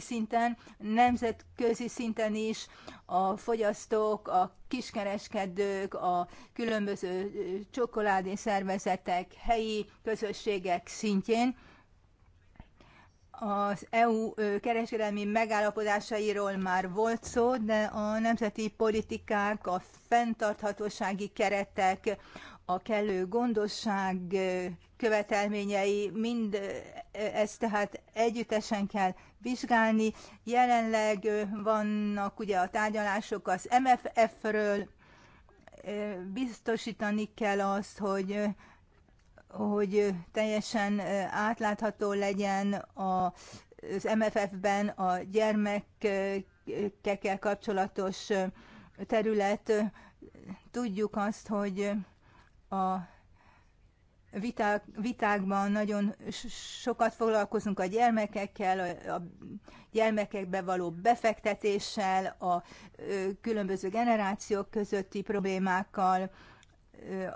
szinten, nemzetközi szinten is a fogyasztók, a kiskereskedők, a különböző csokoládé szervezetek, helyi közösségek szintjén az EU kereskedelmi megállapodásairól már volt szó, de a nemzeti politikák, a fenntarthatósági keretek, a kellő gondosság követelményei, mind ezt tehát együttesen kell vizsgálni. Jelenleg vannak ugye a tárgyalások az MFF-ről, biztosítani kell azt, hogy hogy teljesen átlátható legyen a, az MFF-ben a gyermekekkel kapcsolatos terület. Tudjuk azt, hogy a viták, vitákban nagyon sokat foglalkozunk a gyermekekkel, a, a gyermekekbe való befektetéssel, a ö, különböző generációk közötti problémákkal. Ö,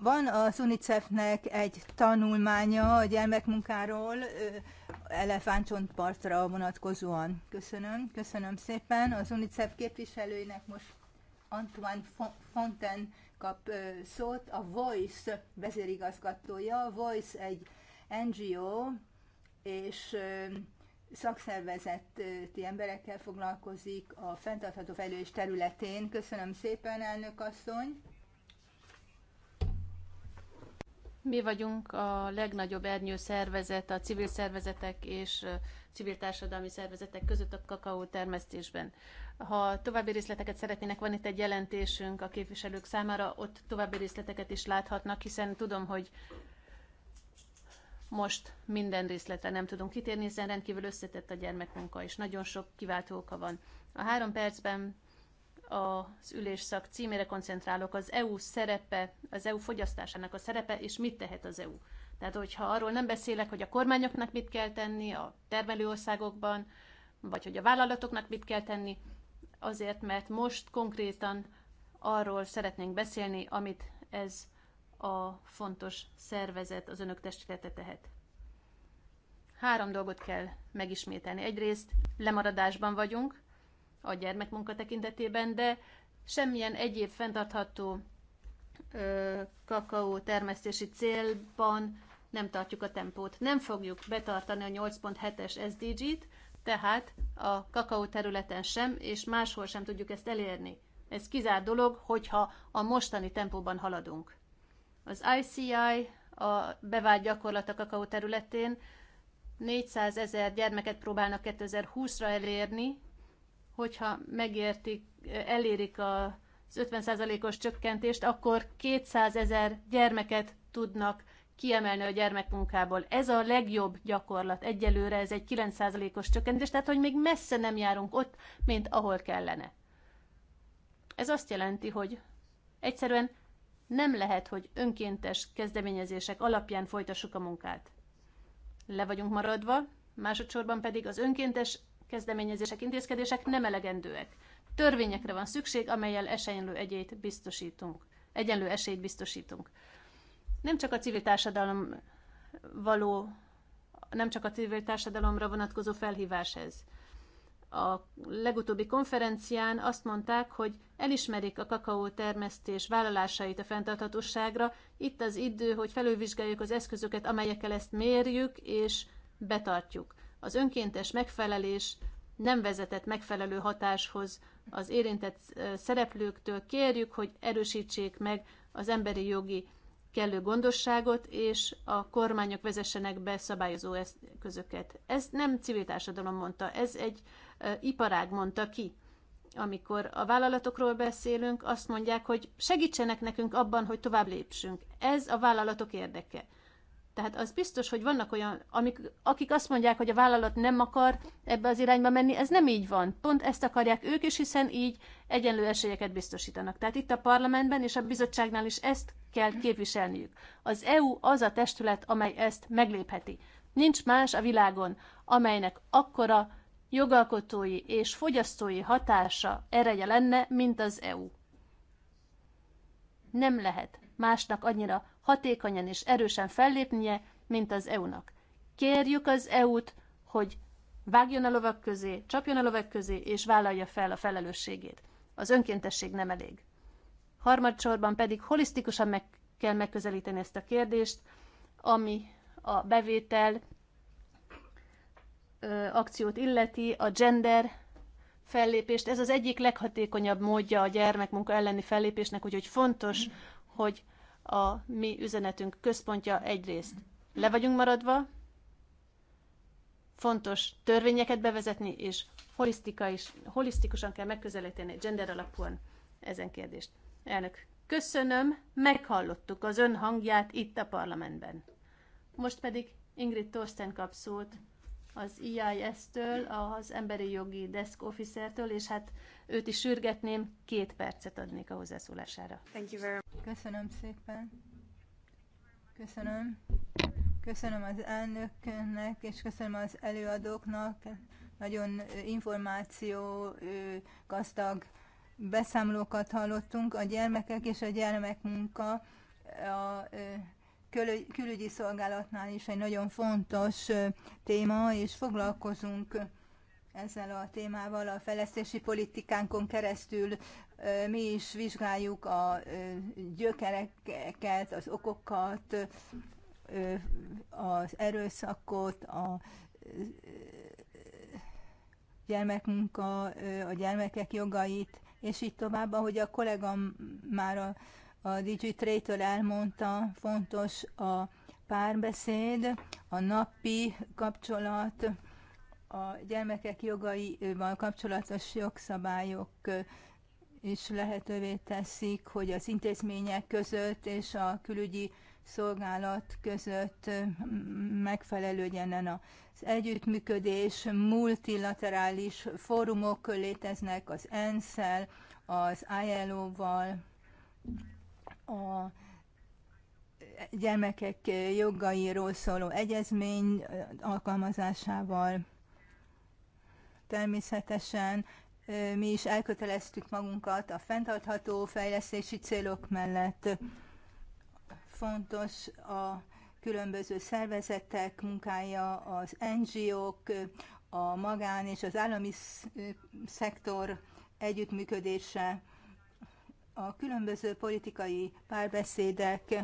van az UNICEF-nek egy tanulmánya a gyermekmunkáról, elefántcsontpartra vonatkozóan. Köszönöm, köszönöm szépen. Az UNICEF képviselőinek most Antoine Fonten kap szót, a Voice vezérigazgatója. A Voice egy NGO, és szakszervezeti emberekkel foglalkozik a fenntartható fejlődés területén. Köszönöm szépen, elnök asszony! Mi vagyunk a legnagyobb ernyő szervezet a civil szervezetek és civil társadalmi szervezetek között a kakaó termesztésben. Ha további részleteket szeretnének, van itt egy jelentésünk a képviselők számára, ott további részleteket is láthatnak, hiszen tudom, hogy most minden részletre nem tudunk kitérni, hiszen rendkívül összetett a gyermekmunka, és nagyon sok kiváltó oka van. A három percben az ülésszak címére koncentrálok, az EU szerepe, az EU fogyasztásának a szerepe, és mit tehet az EU. Tehát, hogyha arról nem beszélek, hogy a kormányoknak mit kell tenni a termelőországokban, vagy hogy a vállalatoknak mit kell tenni, azért, mert most konkrétan arról szeretnénk beszélni, amit ez a fontos szervezet az önök testülete tehet. Három dolgot kell megismételni. Egyrészt lemaradásban vagyunk a gyermekmunka tekintetében, de semmilyen egyéb fenntartható ö, kakaó termesztési célban nem tartjuk a tempót. Nem fogjuk betartani a 8.7-es SDG-t, tehát a kakaó területen sem, és máshol sem tudjuk ezt elérni. Ez kizár dolog, hogyha a mostani tempóban haladunk. Az ICI, a bevált gyakorlat a kakaó területén 400 ezer gyermeket próbálnak 2020-ra elérni, hogyha megértik, elérik az 50%-os csökkentést, akkor 200 ezer gyermeket tudnak kiemelni a gyermekmunkából. Ez a legjobb gyakorlat. Egyelőre ez egy 9%-os csökkentés, tehát hogy még messze nem járunk ott, mint ahol kellene. Ez azt jelenti, hogy egyszerűen nem lehet, hogy önkéntes kezdeményezések alapján folytassuk a munkát. Le vagyunk maradva, másodszorban pedig az önkéntes kezdeményezések, intézkedések nem elegendőek. Törvényekre van szükség, amelyel esenylő egyét biztosítunk. Egyenlő esélyt biztosítunk nem csak a civil társadalom való, nem csak a civil társadalomra vonatkozó felhívás ez. A legutóbbi konferencián azt mondták, hogy elismerik a kakaó termesztés vállalásait a fenntarthatóságra. Itt az idő, hogy felülvizsgáljuk az eszközöket, amelyekkel ezt mérjük és betartjuk. Az önkéntes megfelelés nem vezetett megfelelő hatáshoz az érintett szereplőktől kérjük, hogy erősítsék meg az emberi jogi kellő gondosságot, és a kormányok vezessenek be szabályozó eszközöket. Ez nem civil társadalom mondta, ez egy iparág mondta ki. Amikor a vállalatokról beszélünk, azt mondják, hogy segítsenek nekünk abban, hogy tovább lépsünk. Ez a vállalatok érdeke. Tehát az biztos, hogy vannak olyan, amik, akik azt mondják, hogy a vállalat nem akar ebbe az irányba menni, ez nem így van. Pont ezt akarják ők is, hiszen így egyenlő esélyeket biztosítanak. Tehát itt a parlamentben és a bizottságnál is ezt kell képviselniük. Az EU az a testület, amely ezt meglépheti. Nincs más a világon, amelynek akkora jogalkotói és fogyasztói hatása ereje lenne, mint az EU. Nem lehet másnak annyira hatékonyan és erősen fellépnie, mint az EU-nak. Kérjük az EU-t, hogy vágjon a lovak közé, csapjon a lovak közé, és vállalja fel a felelősségét. Az önkéntesség nem elég. Harmadsorban pedig holisztikusan meg kell megközelíteni ezt a kérdést, ami a bevétel ö, akciót illeti, a gender fellépést. Ez az egyik leghatékonyabb módja a gyermekmunka elleni fellépésnek, úgyhogy fontos, hogy a mi üzenetünk központja egyrészt. Le vagyunk maradva, fontos törvényeket bevezetni, és is, holisztikusan kell megközelíteni gender alapúan ezen kérdést. Elnök, köszönöm, meghallottuk az ön hangját itt a parlamentben. Most pedig Ingrid Torsten kap szót az EIS-től, az Emberi Jogi Desk től és hát Őt is sürgetném, két percet adnék a hozzászólására. Thank you very much. Köszönöm szépen. Köszönöm. Köszönöm az elnöknek, és köszönöm az előadóknak. Nagyon információ gazdag beszámolókat hallottunk. A gyermekek és a gyermekmunka a külügyi szolgálatnál is egy nagyon fontos téma, és foglalkozunk ezzel a témával a fejlesztési politikánkon keresztül mi is vizsgáljuk a gyökereket, az okokat, az erőszakot, a gyermekmunka, a gyermekek jogait, és így tovább, ahogy a kollégám már a, a DigiTrade-től elmondta, fontos a párbeszéd, a napi kapcsolat, a gyermekek jogaival kapcsolatos jogszabályok is lehetővé teszik, hogy az intézmények között és a külügyi szolgálat között megfelelő legyen az együttműködés, multilaterális fórumok léteznek az ensz az ILO-val, a gyermekek jogairól szóló egyezmény alkalmazásával, Természetesen mi is elköteleztük magunkat a fenntartható fejlesztési célok mellett. Fontos a különböző szervezetek munkája, az NGO-k, a magán és az állami szektor együttműködése, a különböző politikai párbeszédek.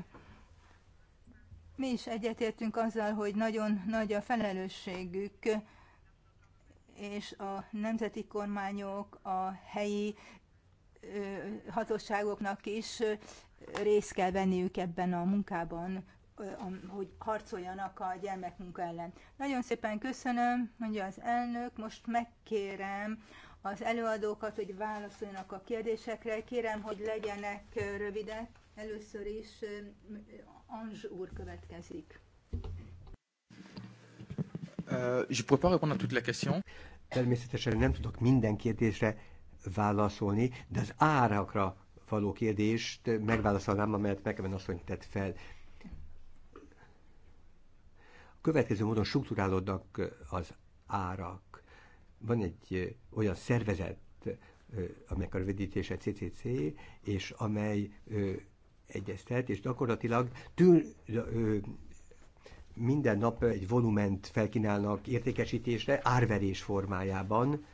Mi is egyetértünk azzal, hogy nagyon nagy a felelősségük és a nemzeti kormányok, a helyi hatóságoknak is részt kell venniük ebben a munkában, hogy harcoljanak a gyermekmunka ellen. Nagyon szépen köszönöm, mondja az elnök, most megkérem az előadókat, hogy válaszoljanak a kérdésekre. Kérem, hogy legyenek rövidek. Először is Anzs úr következik. Euh, je pourrais pas répondre à toute la question. Természetesen nem tudok minden kérdésre válaszolni, de az árakra való kérdést megválaszolnám, amelyet nekem asszony tett fel. A következő módon struktúrálódnak az árak. Van egy olyan szervezet, amelyek a rövidítése CCC, és amely egyeztet, és gyakorlatilag tűr, minden nap egy volument felkínálnak értékesítésre, árverés formájában,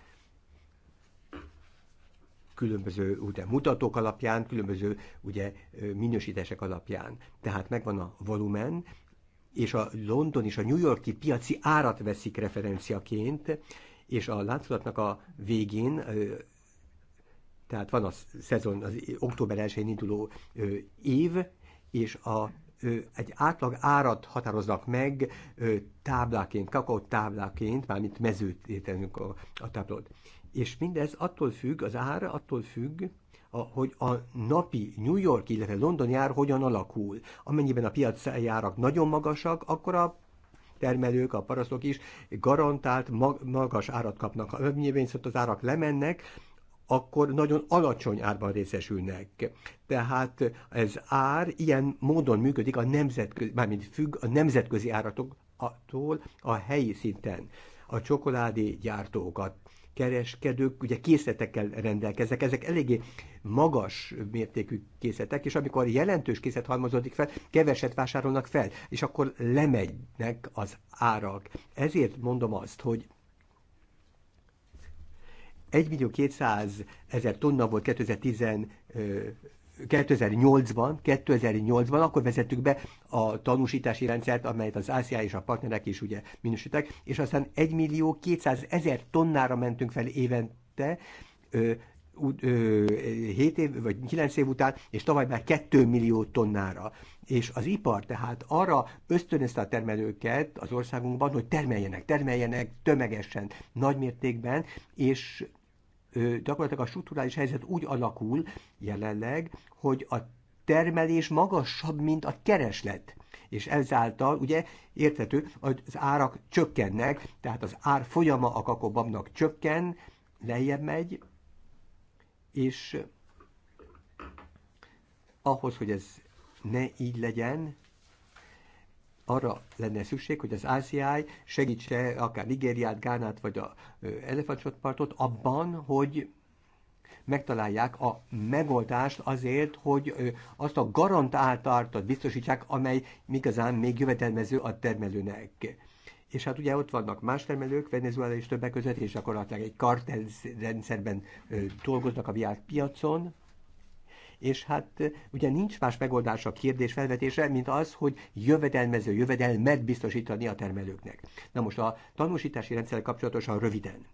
különböző ugye, mutatók alapján, különböző ugye, minősítések alapján. Tehát megvan a volumen, és a London és a New Yorki piaci árat veszik referenciaként, és a láncolatnak a végén, tehát van a szezon, az október 1-én induló év, és a egy átlag árat határoznak meg tábláként, kakaó tábláként, mármint mezőt értenünk a, a táblót. És mindez attól függ, az ár attól függ, a, hogy a napi New York, illetve London jár hogyan alakul. Amennyiben a piac járak nagyon magasak, akkor a termelők, a parasztok is garantált mag- magas árat kapnak. Amennyiben viszont az árak lemennek, akkor nagyon alacsony árban részesülnek. Tehát ez ár ilyen módon működik a nemzetközi, mármint függ a nemzetközi áratoktól a helyi szinten. A csokoládé gyártókat, kereskedők ugye készletekkel rendelkeznek, ezek eléggé magas mértékű készletek, és amikor jelentős készlet halmozódik fel, keveset vásárolnak fel, és akkor lemegynek az árak. Ezért mondom azt, hogy 1 millió 200 ezer tonna volt 2010 2008-ban, 2008-ban akkor vezettük be a tanúsítási rendszert, amelyet az ASZIA és a partnerek is ugye minősítek, és aztán 1 millió 200 ezer tonnára mentünk fel évente, 7 év vagy 9 év után, és tavaly már 2 millió tonnára. És az ipar tehát arra ösztönözte a termelőket az országunkban, hogy termeljenek, termeljenek tömegesen, nagymértékben, és gyakorlatilag a strukturális helyzet úgy alakul jelenleg, hogy a termelés magasabb, mint a kereslet. És ezáltal, ugye, érthető, az árak csökkennek, tehát az ár folyama a kakobabnak csökken, lejjebb megy, és ahhoz, hogy ez ne így legyen, arra lenne szükség, hogy az ACI segítse akár Nigériát, Gánát vagy a elefántcsontpartot abban, hogy megtalálják a megoldást azért, hogy azt a garantált tartat biztosítsák, amely igazán még jövedelmező a termelőnek. És hát ugye ott vannak más termelők, Venezuela és többek között, és gyakorlatilag egy kartelrendszerben dolgoznak a világpiacon, és hát ugye nincs más megoldás a kérdés felvetése, mint az, hogy jövedelmező jövedelmet biztosítani a termelőknek. Na most a tanúsítási rendszer kapcsolatosan röviden.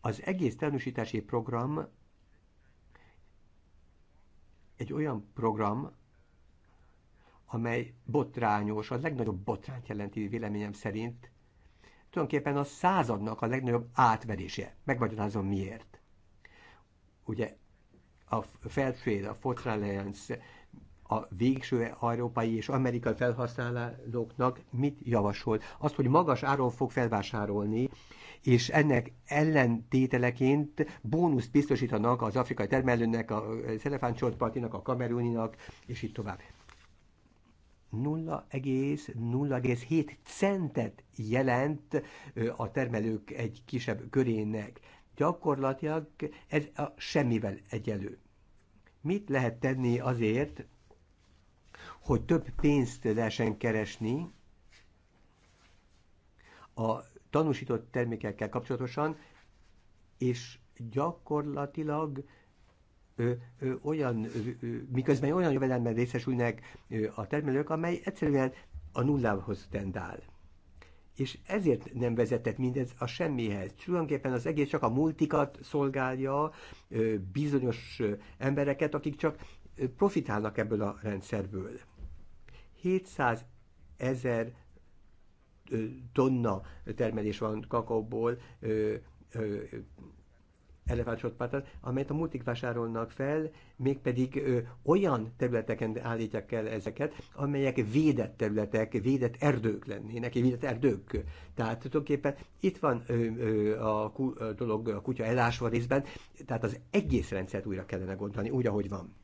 Az egész tanúsítási program egy olyan program, amely botrányos, a legnagyobb botrányt jelenti véleményem szerint, tulajdonképpen a századnak a legnagyobb átverése. Megmagyarázom miért. Ugye a Fairtrade, a Fortralliance, a végső európai és amerikai felhasználóknak mit javasol? Azt, hogy magas áron fog felvásárolni, és ennek ellentételeként bónuszt biztosítanak az afrikai termelőnek, a elefántcsontpartinak, a kameruninak, és így tovább. 0,07 centet jelent a termelők egy kisebb körének gyakorlatilag ez a semmivel egyelő. Mit lehet tenni azért, hogy több pénzt lehessen keresni a tanúsított termékekkel kapcsolatosan, és gyakorlatilag ö, ö, olyan, ö, ö, miközben olyan jövedelemben részesülnek ö, a termelők, amely egyszerűen a nullához tendál és ezért nem vezetett mindez a semmihez. Tulajdonképpen az egész csak a multikat szolgálja, bizonyos embereket, akik csak profitálnak ebből a rendszerből. 700 ezer tonna termelés van kakaóból, elevált pártát, amelyet a multik vásárolnak fel, mégpedig ö, olyan területeken állítják el ezeket, amelyek védett területek, védett erdők lennének, védett erdők. Tehát tulajdonképpen itt van ö, ö, a, ku, a dolog a kutya elásva részben, tehát az egész rendszert újra kellene gondolni, úgy, ahogy van.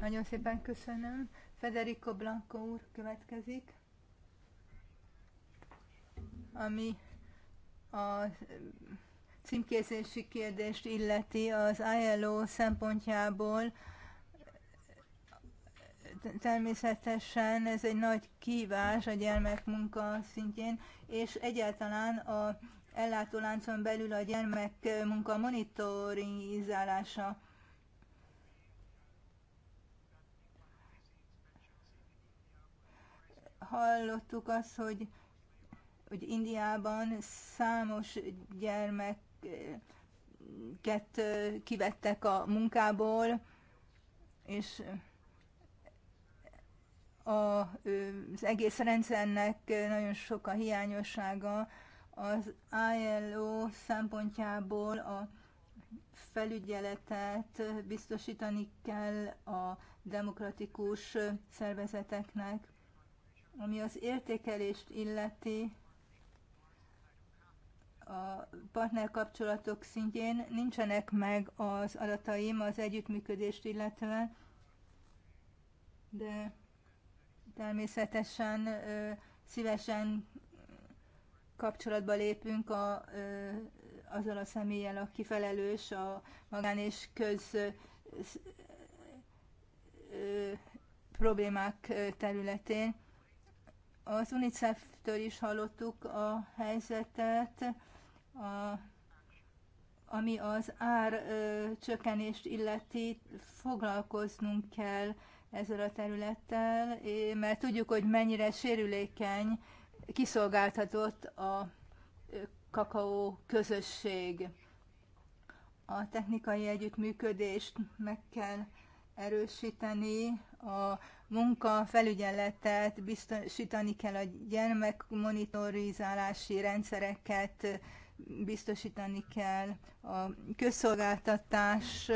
Nagyon szépen köszönöm. Federico Blanco úr következik, ami a címkézési kérdést illeti az ILO szempontjából, természetesen ez egy nagy kívás a gyermekmunka szintjén, és egyáltalán a ellátóláncon belül a gyermekmunka monitorizálása. Hallottuk azt, hogy, hogy Indiában számos gyermek ket kivettek a munkából, és a, az egész rendszernek nagyon sok a hiányossága. Az ILO szempontjából a felügyeletet biztosítani kell a demokratikus szervezeteknek. Ami az értékelést illeti, a partnerkapcsolatok szintjén nincsenek meg az adataim az együttműködést illetve, de természetesen ö, szívesen kapcsolatba lépünk a, ö, azzal a személlyel, aki felelős a magán és köz ö, ö, problémák területén. Az UNICEF-től is hallottuk a helyzetet, a, ami az ár ö, csökkenést illeti, foglalkoznunk kell ezzel a területtel, mert tudjuk, hogy mennyire sérülékeny, kiszolgáltatott a kakaó közösség. A technikai együttműködést meg kell erősíteni, a munka felügyeletet biztosítani kell a gyermekmonitorizálási rendszereket, biztosítani kell, a közszolgáltatás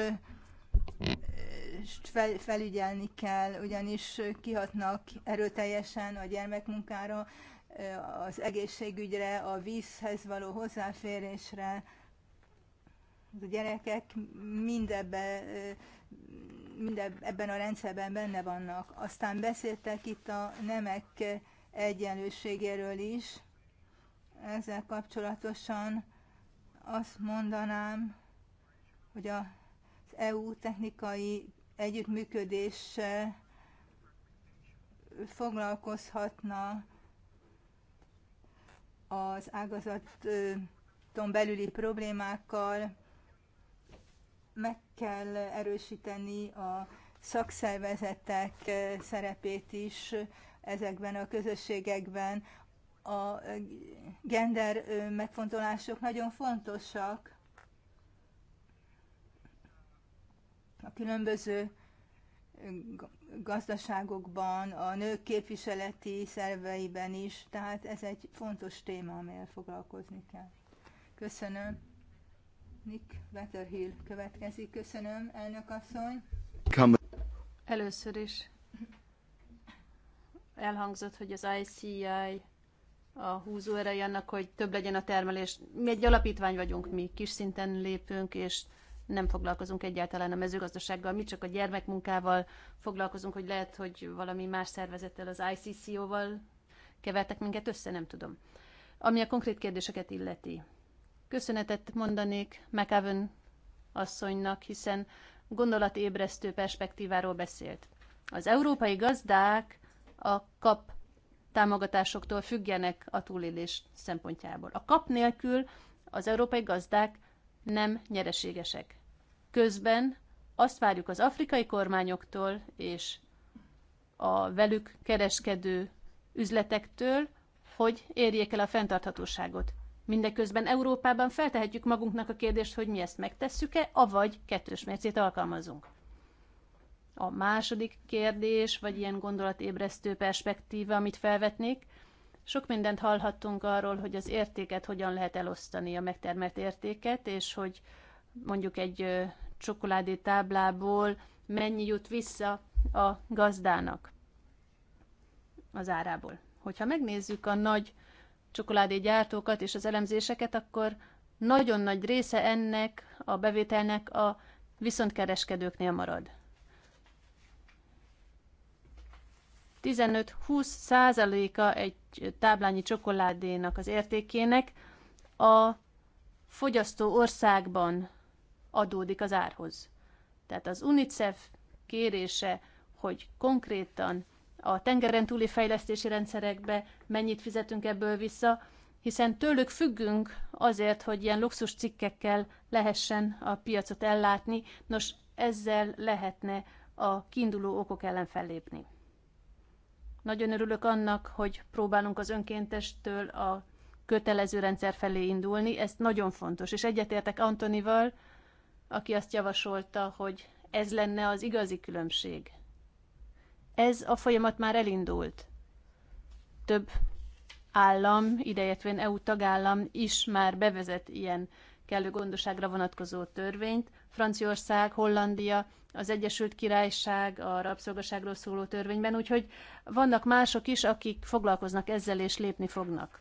felügyelni kell, ugyanis kihatnak erőteljesen a gyermekmunkára, az egészségügyre, a vízhez való hozzáférésre. A gyerekek mindebbe, mindeb, ebben a rendszerben benne vannak. Aztán beszéltek itt a nemek egyenlőségéről is, ezzel kapcsolatosan azt mondanám, hogy az EU technikai együttműködéssel foglalkozhatna az ágazaton belüli problémákkal, meg kell erősíteni a szakszervezetek szerepét is ezekben a közösségekben, a gender megfontolások nagyon fontosak. A különböző gazdaságokban, a nők képviseleti szerveiben is, tehát ez egy fontos téma, amivel foglalkozni kell. Köszönöm. Nick Wetterhill következik. Köszönöm, elnök asszony. Először is elhangzott, hogy az ICI a húzó ereje annak, hogy több legyen a termelés. Mi egy alapítvány vagyunk, mi kis szinten lépünk, és nem foglalkozunk egyáltalán a mezőgazdasággal, mi csak a gyermekmunkával foglalkozunk, hogy lehet, hogy valami más szervezettel, az ICCO-val kevertek minket össze, nem tudom. Ami a konkrét kérdéseket illeti. Köszönetet mondanék McAven asszonynak, hiszen gondolatébresztő perspektíváról beszélt. Az európai gazdák a kap támogatásoktól függenek a túlélés szempontjából. A kap nélkül az európai gazdák nem nyereségesek. Közben azt várjuk az afrikai kormányoktól és a velük kereskedő üzletektől, hogy érjék el a fenntarthatóságot. Mindeközben Európában feltehetjük magunknak a kérdést, hogy mi ezt megtesszük-e, avagy kettős mércét alkalmazunk. A második kérdés, vagy ilyen gondolatébresztő perspektíva, amit felvetnék, sok mindent hallhattunk arról, hogy az értéket hogyan lehet elosztani, a megtermelt értéket, és hogy mondjuk egy csokoládé táblából mennyi jut vissza a gazdának az árából. Hogyha megnézzük a nagy csokoládégyártókat és az elemzéseket, akkor nagyon nagy része ennek a bevételnek a viszontkereskedőknél marad. 15-20 százaléka egy táblányi csokoládénak az értékének a fogyasztó országban adódik az árhoz. Tehát az UNICEF kérése, hogy konkrétan a tengeren túli fejlesztési rendszerekbe mennyit fizetünk ebből vissza, hiszen tőlük függünk azért, hogy ilyen luxus cikkekkel lehessen a piacot ellátni, nos ezzel lehetne a kiinduló okok ellen fellépni. Nagyon örülök annak, hogy próbálunk az önkéntestől a kötelező rendszer felé indulni, ez nagyon fontos. És egyetértek Antonival, aki azt javasolta, hogy ez lenne az igazi különbség. Ez a folyamat már elindult. Több állam, idejetvén EU tagállam is már bevezet ilyen kellő gondosságra vonatkozó törvényt. Franciaország, Hollandia az Egyesült Királyság a rabszolgaságról szóló törvényben, úgyhogy vannak mások is, akik foglalkoznak ezzel és lépni fognak.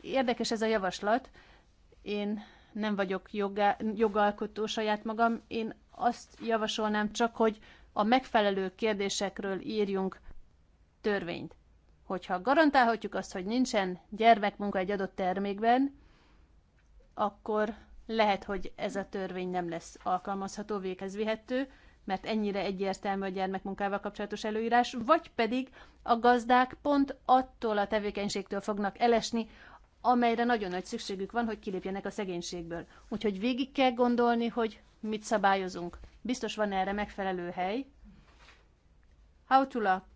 Érdekes ez a javaslat. Én nem vagyok jogá, jogalkotó saját magam, én azt javasolnám csak, hogy a megfelelő kérdésekről írjunk törvényt. Hogyha garantálhatjuk azt, hogy nincsen gyermekmunka egy adott termékben, akkor lehet, hogy ez a törvény nem lesz alkalmazható, véghez vihető, mert ennyire egyértelmű a gyermekmunkával kapcsolatos előírás, vagy pedig a gazdák pont attól a tevékenységtől fognak elesni, amelyre nagyon nagy szükségük van, hogy kilépjenek a szegénységből. Úgyhogy végig kell gondolni, hogy mit szabályozunk. Biztos van erre megfelelő hely. Hautula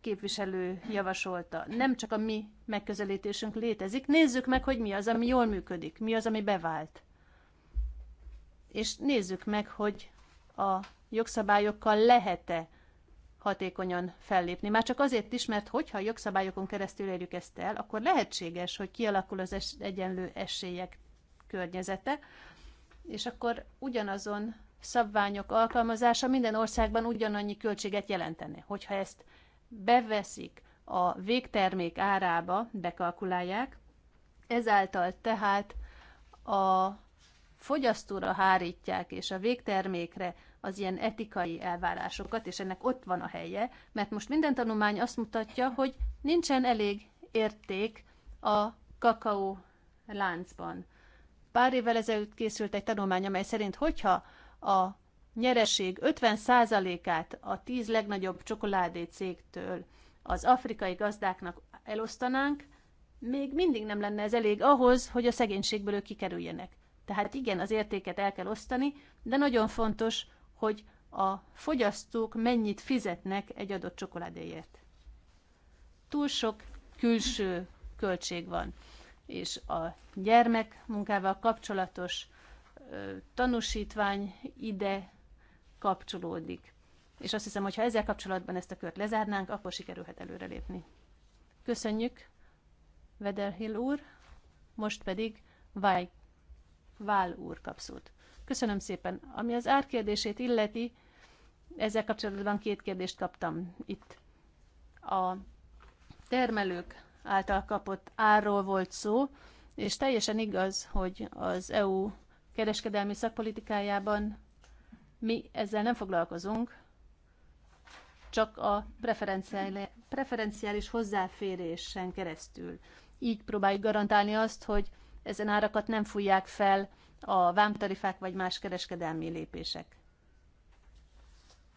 képviselő javasolta. Nem csak a mi megközelítésünk létezik, nézzük meg, hogy mi az, ami jól működik, mi az, ami bevált. És nézzük meg, hogy a jogszabályokkal lehet-e hatékonyan fellépni. Már csak azért is, mert hogyha jogszabályokon keresztül érjük ezt el, akkor lehetséges, hogy kialakul az es- egyenlő esélyek környezete, és akkor ugyanazon szabványok alkalmazása minden országban ugyanannyi költséget jelentene. Hogyha ezt beveszik a végtermék árába, bekalkulálják, ezáltal tehát a fogyasztóra hárítják és a végtermékre az ilyen etikai elvárásokat, és ennek ott van a helye, mert most minden tanulmány azt mutatja, hogy nincsen elég érték a kakaó láncban. Pár évvel ezelőtt készült egy tanulmány, amely szerint, hogyha a nyereség 50%-át a 10 legnagyobb csokoládé cégtől az afrikai gazdáknak elosztanánk, még mindig nem lenne ez elég ahhoz, hogy a szegénységből ők kikerüljenek. Tehát igen, az értéket el kell osztani, de nagyon fontos, hogy a fogyasztók mennyit fizetnek egy adott csokoládéért. Túl sok külső költség van, és a gyermek munkával kapcsolatos tanúsítvány ide kapcsolódik. És azt hiszem, hogy ha ezzel kapcsolatban ezt a kört lezárnánk, akkor sikerülhet előrelépni. Köszönjük, Vederhill úr, most pedig Vaj, Vál úr kap Köszönöm szépen. Ami az árkérdését illeti, ezzel kapcsolatban két kérdést kaptam itt. A termelők által kapott árról volt szó, és teljesen igaz, hogy az EU kereskedelmi szakpolitikájában mi ezzel nem foglalkozunk, csak a preferenciális hozzáférésen keresztül. Így próbáljuk garantálni azt, hogy ezen árakat nem fújják fel a vámtarifák vagy más kereskedelmi lépések.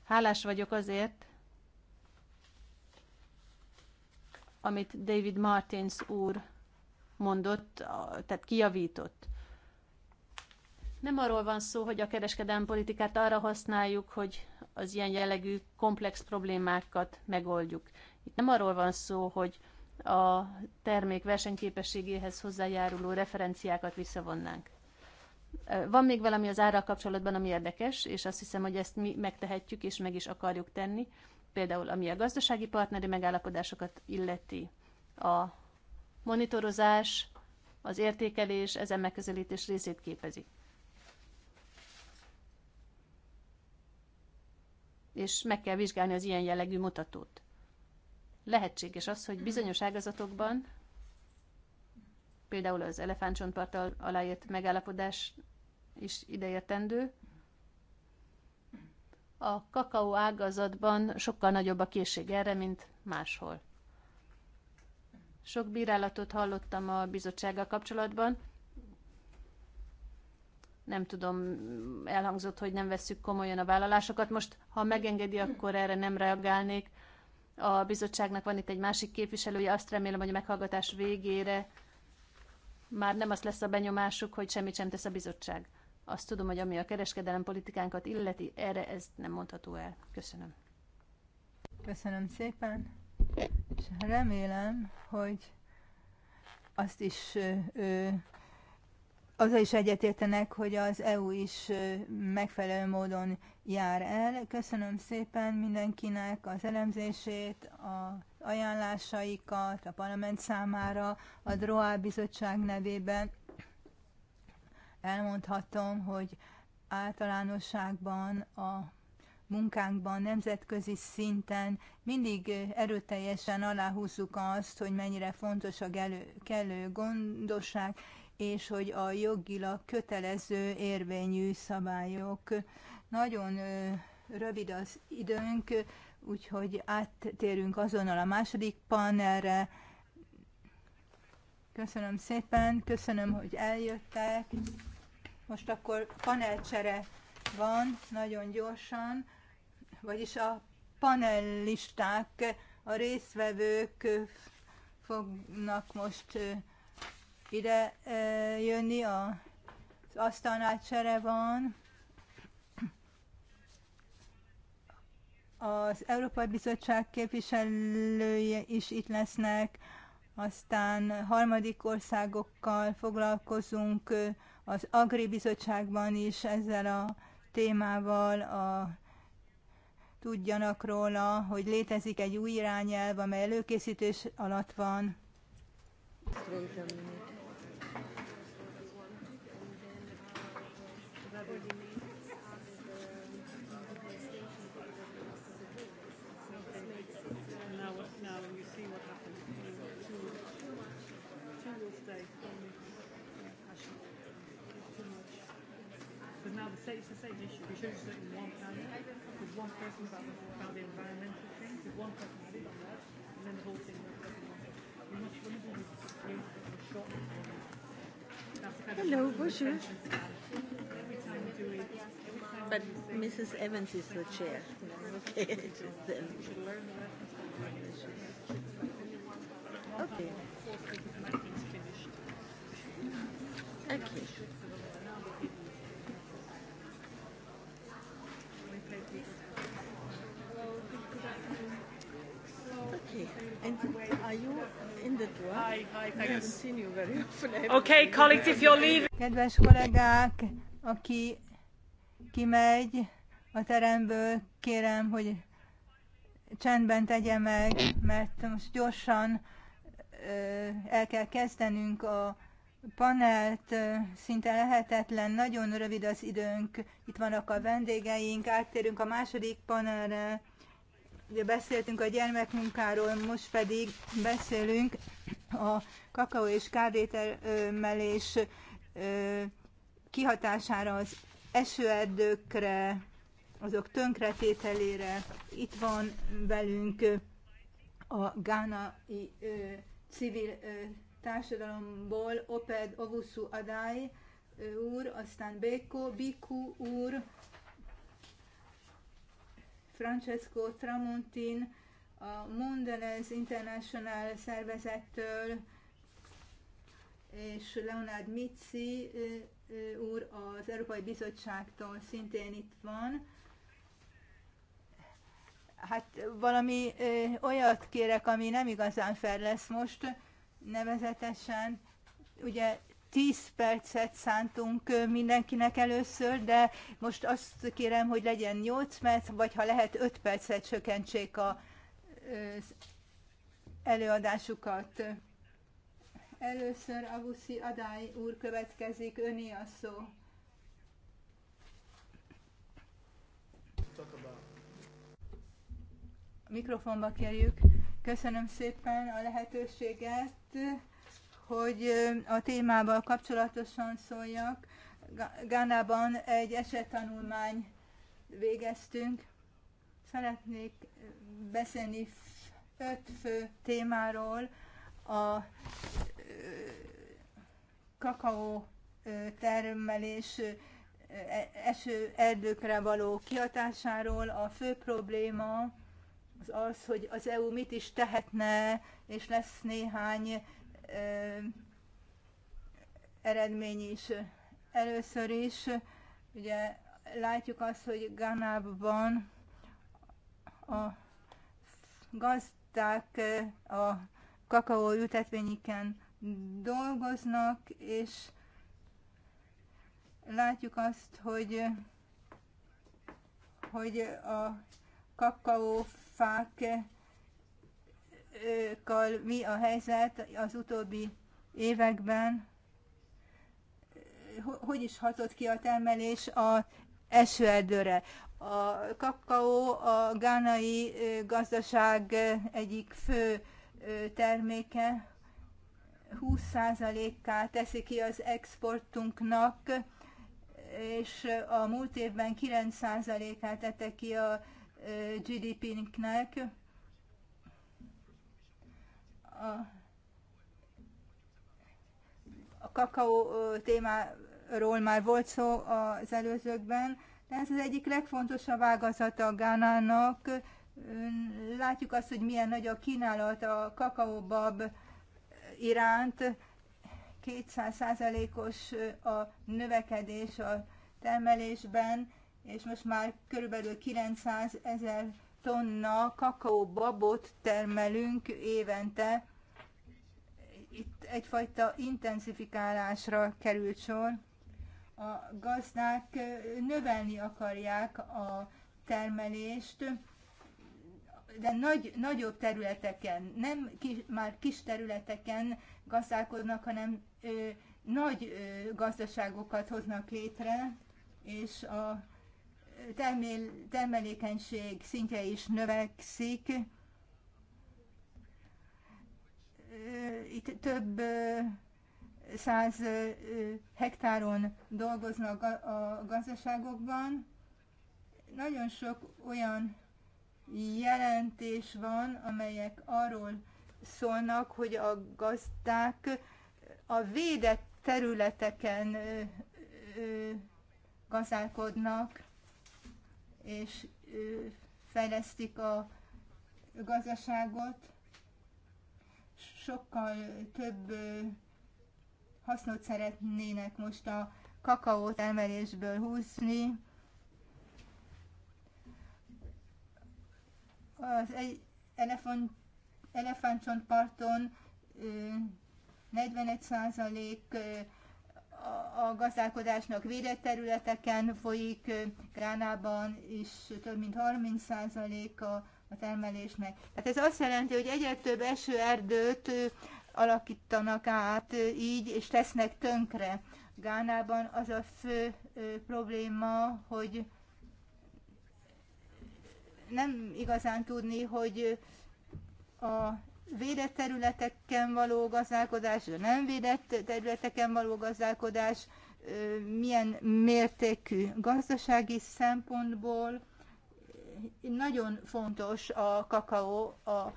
Hálás vagyok azért, amit David Martins úr mondott, tehát kijavított. Nem arról van szó, hogy a kereskedelmi politikát arra használjuk, hogy az ilyen jellegű komplex problémákat megoldjuk. Itt nem arról van szó, hogy a termék versenyképességéhez hozzájáruló referenciákat visszavonnánk. Van még valami az árral kapcsolatban, ami érdekes, és azt hiszem, hogy ezt mi megtehetjük, és meg is akarjuk tenni, például ami a gazdasági partneri megállapodásokat illeti, a monitorozás, az értékelés ezen megközelítés részét képezi. És meg kell vizsgálni az ilyen jellegű mutatót. Lehetséges az, hogy bizonyos ágazatokban például az elefántcsontparttal aláírt megállapodás is ideértendő. A kakaó ágazatban sokkal nagyobb a készség erre, mint máshol. Sok bírálatot hallottam a bizottsággal kapcsolatban. Nem tudom, elhangzott, hogy nem vesszük komolyan a vállalásokat. Most, ha megengedi, akkor erre nem reagálnék. A bizottságnak van itt egy másik képviselője, azt remélem, hogy a meghallgatás végére már nem az lesz a benyomásuk, hogy semmit sem tesz a bizottság. Azt tudom, hogy ami a kereskedelem politikánkat illeti, erre ez nem mondható el. Köszönöm. Köszönöm szépen, és remélem, hogy azt is ö, az is egyetértenek, hogy az EU is megfelelő módon jár el. Köszönöm szépen mindenkinek az elemzését, a ajánlásaikat a parlament számára, a DROA bizottság nevében. Elmondhatom, hogy általánosságban a munkánkban, nemzetközi szinten mindig erőteljesen aláhúzzuk azt, hogy mennyire fontos a gelő, kellő gondosság, és hogy a jogilag kötelező érvényű szabályok. Nagyon rövid az időnk, úgyhogy áttérünk azonnal a második panelre. Köszönöm szépen, köszönöm, hogy eljöttek. Most akkor panelcsere van, nagyon gyorsan, vagyis a panelisták, a résztvevők fognak most ide jönni, az asztalnál csere van. az Európai Bizottság képviselője is itt lesznek, aztán harmadik országokkal foglalkozunk az Agri Bizottságban is ezzel a témával, a, tudjanak róla, hogy létezik egy új irányelv, amely előkészítés alatt van. Köszönöm. same issue. We should have just one panel with one person about the, about the environmental with one person added on and then the whole thing up create a Hello, bonjour. but Mrs. Evans is the chair. Okay, (laughs) Okay. Okay. extended one. Hi, hi, seen you very often. Okay, colleagues, if you're leaving. Kedves kollégák, aki kimegy a teremből, kérem, hogy csendben tegye meg, mert most gyorsan el kell kezdenünk a panelt, szinte lehetetlen, nagyon rövid az időnk, itt vannak a vendégeink, áttérünk a második panelre, Ugye beszéltünk a gyermekmunkáról, most pedig beszélünk a kakaó és kávétermelés kihatására az esőerdőkre, azok tönkretételére. Itt van velünk a gánai ö, civil ö, társadalomból Oped Ovusu Adai úr, aztán Beko Biku úr, Francesco Tramontin, a Mondelez International szervezettől, és Leonard Mitzi úr az Európai Bizottságtól szintén itt van. Hát valami olyat kérek, ami nem igazán fel lesz most, nevezetesen ugye 10 percet szántunk mindenkinek először, de most azt kérem, hogy legyen 8 perc, vagy ha lehet 5 percet csökkentsék a előadásukat. Először Avuszi Adály úr következik, öné a szó. Mikrofonba kérjük. Köszönöm szépen a lehetőséget hogy a témával kapcsolatosan szóljak. Gánában egy esettanulmány végeztünk. Szeretnék beszélni öt fő témáról a kakaó termelés e, eső erdőkre való kihatásáról. A fő probléma az az, hogy az EU mit is tehetne, és lesz néhány eredmény is. Először is ugye látjuk azt, hogy Ganában a gazdák a kakaó ültetvényiken dolgoznak, és látjuk azt, hogy, hogy a kakaófák mi a helyzet az utóbbi években? Hogy is hatott ki a termelés a esőerdőre? A kakaó a gánai gazdaság egyik fő terméke, 20%-á teszi ki az exportunknak, és a múlt évben 9%-át tette ki a GDP-nknek a, a kakaó témáról már volt szó az előzőkben, de ez az egyik legfontosabb ágazata a Gánának. Látjuk azt, hogy milyen nagy a kínálat a kakaóbab iránt. 200%-os a növekedés a termelésben, és most már körülbelül 900 ezer tonna kakaóbabot termelünk évente. Itt egyfajta intenzifikálásra került sor. A gazdák növelni akarják a termelést, de nagy, nagyobb területeken, nem kis, már kis területeken gazdálkodnak, hanem ö, nagy ö, gazdaságokat hoznak létre, és a termél, termelékenység szintje is növekszik. Itt több száz hektáron dolgoznak a gazdaságokban. Nagyon sok olyan jelentés van, amelyek arról szólnak, hogy a gazdák a védett területeken gazdálkodnak és fejlesztik a gazdaságot, sokkal több hasznot szeretnének most a kakaót emelésből húzni. Az egy elefant, elefántcsontparton 41% a gazdálkodásnak védett területeken folyik, Gránában is több mint 30%-a a termelésnek. Tehát ez azt jelenti, hogy egyre több esőerdőt alakítanak át így, és tesznek tönkre. Gánában az a fő probléma, hogy nem igazán tudni, hogy a védett területeken való gazdálkodás, a nem védett területeken való gazdálkodás, milyen mértékű gazdasági szempontból. Nagyon fontos a kakaó a, a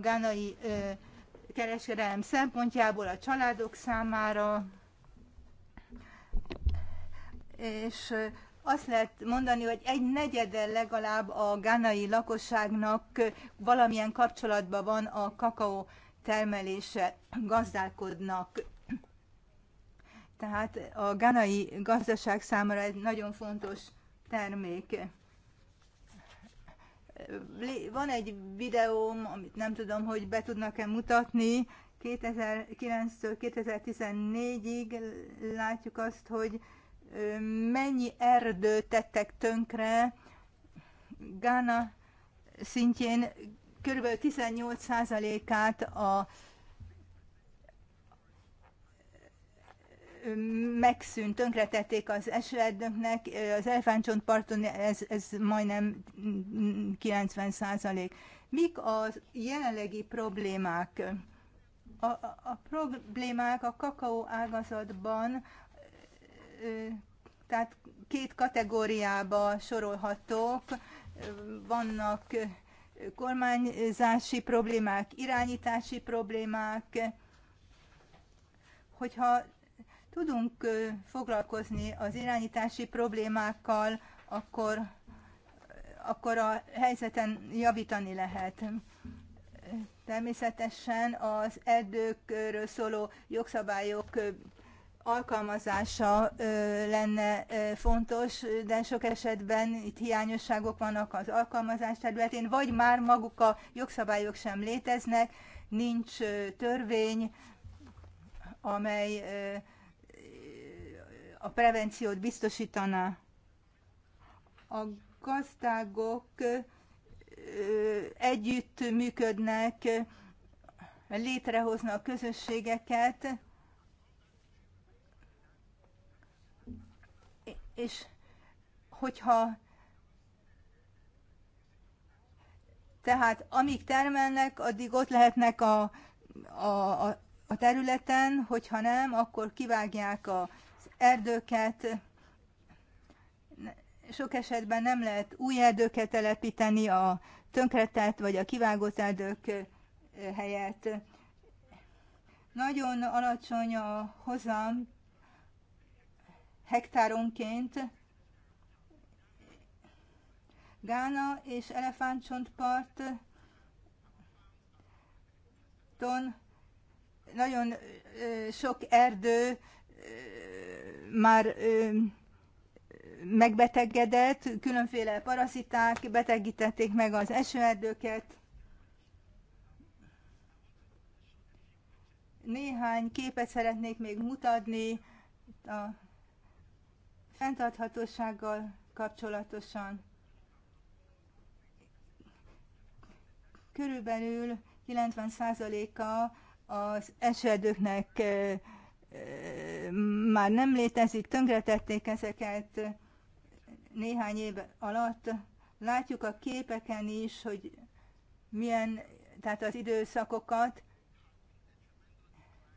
gánai kereskedelem szempontjából a családok számára, és azt lehet mondani, hogy egy negyede legalább a gánai lakosságnak valamilyen kapcsolatban van a kakaó termelése, gazdálkodnak. Tehát a gánai gazdaság számára egy nagyon fontos termék. Van egy videóm, amit nem tudom, hogy be tudnak-e mutatni. 2009-től 2014-ig látjuk azt, hogy mennyi erdő tettek tönkre, Gána szintjén kb. 18%-át a megszűnt, tönkretették az esőerdőknek, az parton ez, ez majdnem 90 százalék. Mik a jelenlegi problémák? A, a problémák a kakaó ágazatban tehát két kategóriába sorolhatók. Vannak kormányzási problémák, irányítási problémák. Hogyha tudunk foglalkozni az irányítási problémákkal, akkor, akkor a helyzeten javítani lehet. Természetesen az erdőkről szóló jogszabályok alkalmazása lenne fontos, de sok esetben itt hiányosságok vannak az alkalmazás területén, vagy már maguk a jogszabályok sem léteznek, nincs törvény, amely a prevenciót biztosítaná. A gazdágok együtt működnek, létrehoznak közösségeket, és hogyha tehát amíg termelnek, addig ott lehetnek a, a, a, a területen, hogyha nem, akkor kivágják az erdőket, sok esetben nem lehet új erdőket telepíteni a tönkretett vagy a kivágott erdők eh, helyett. Nagyon alacsony a hozam hektáronként. Gána és Elefántcsontpart ton nagyon sok erdő már megbetegedett, különféle parasziták betegítették meg az esőerdőket. Néhány képet szeretnék még mutatni a fenntarthatósággal kapcsolatosan körülbelül 90%-a az esedőknek eh, már nem létezik, tönkretették ezeket néhány év alatt. Látjuk a képeken is, hogy milyen, tehát az időszakokat,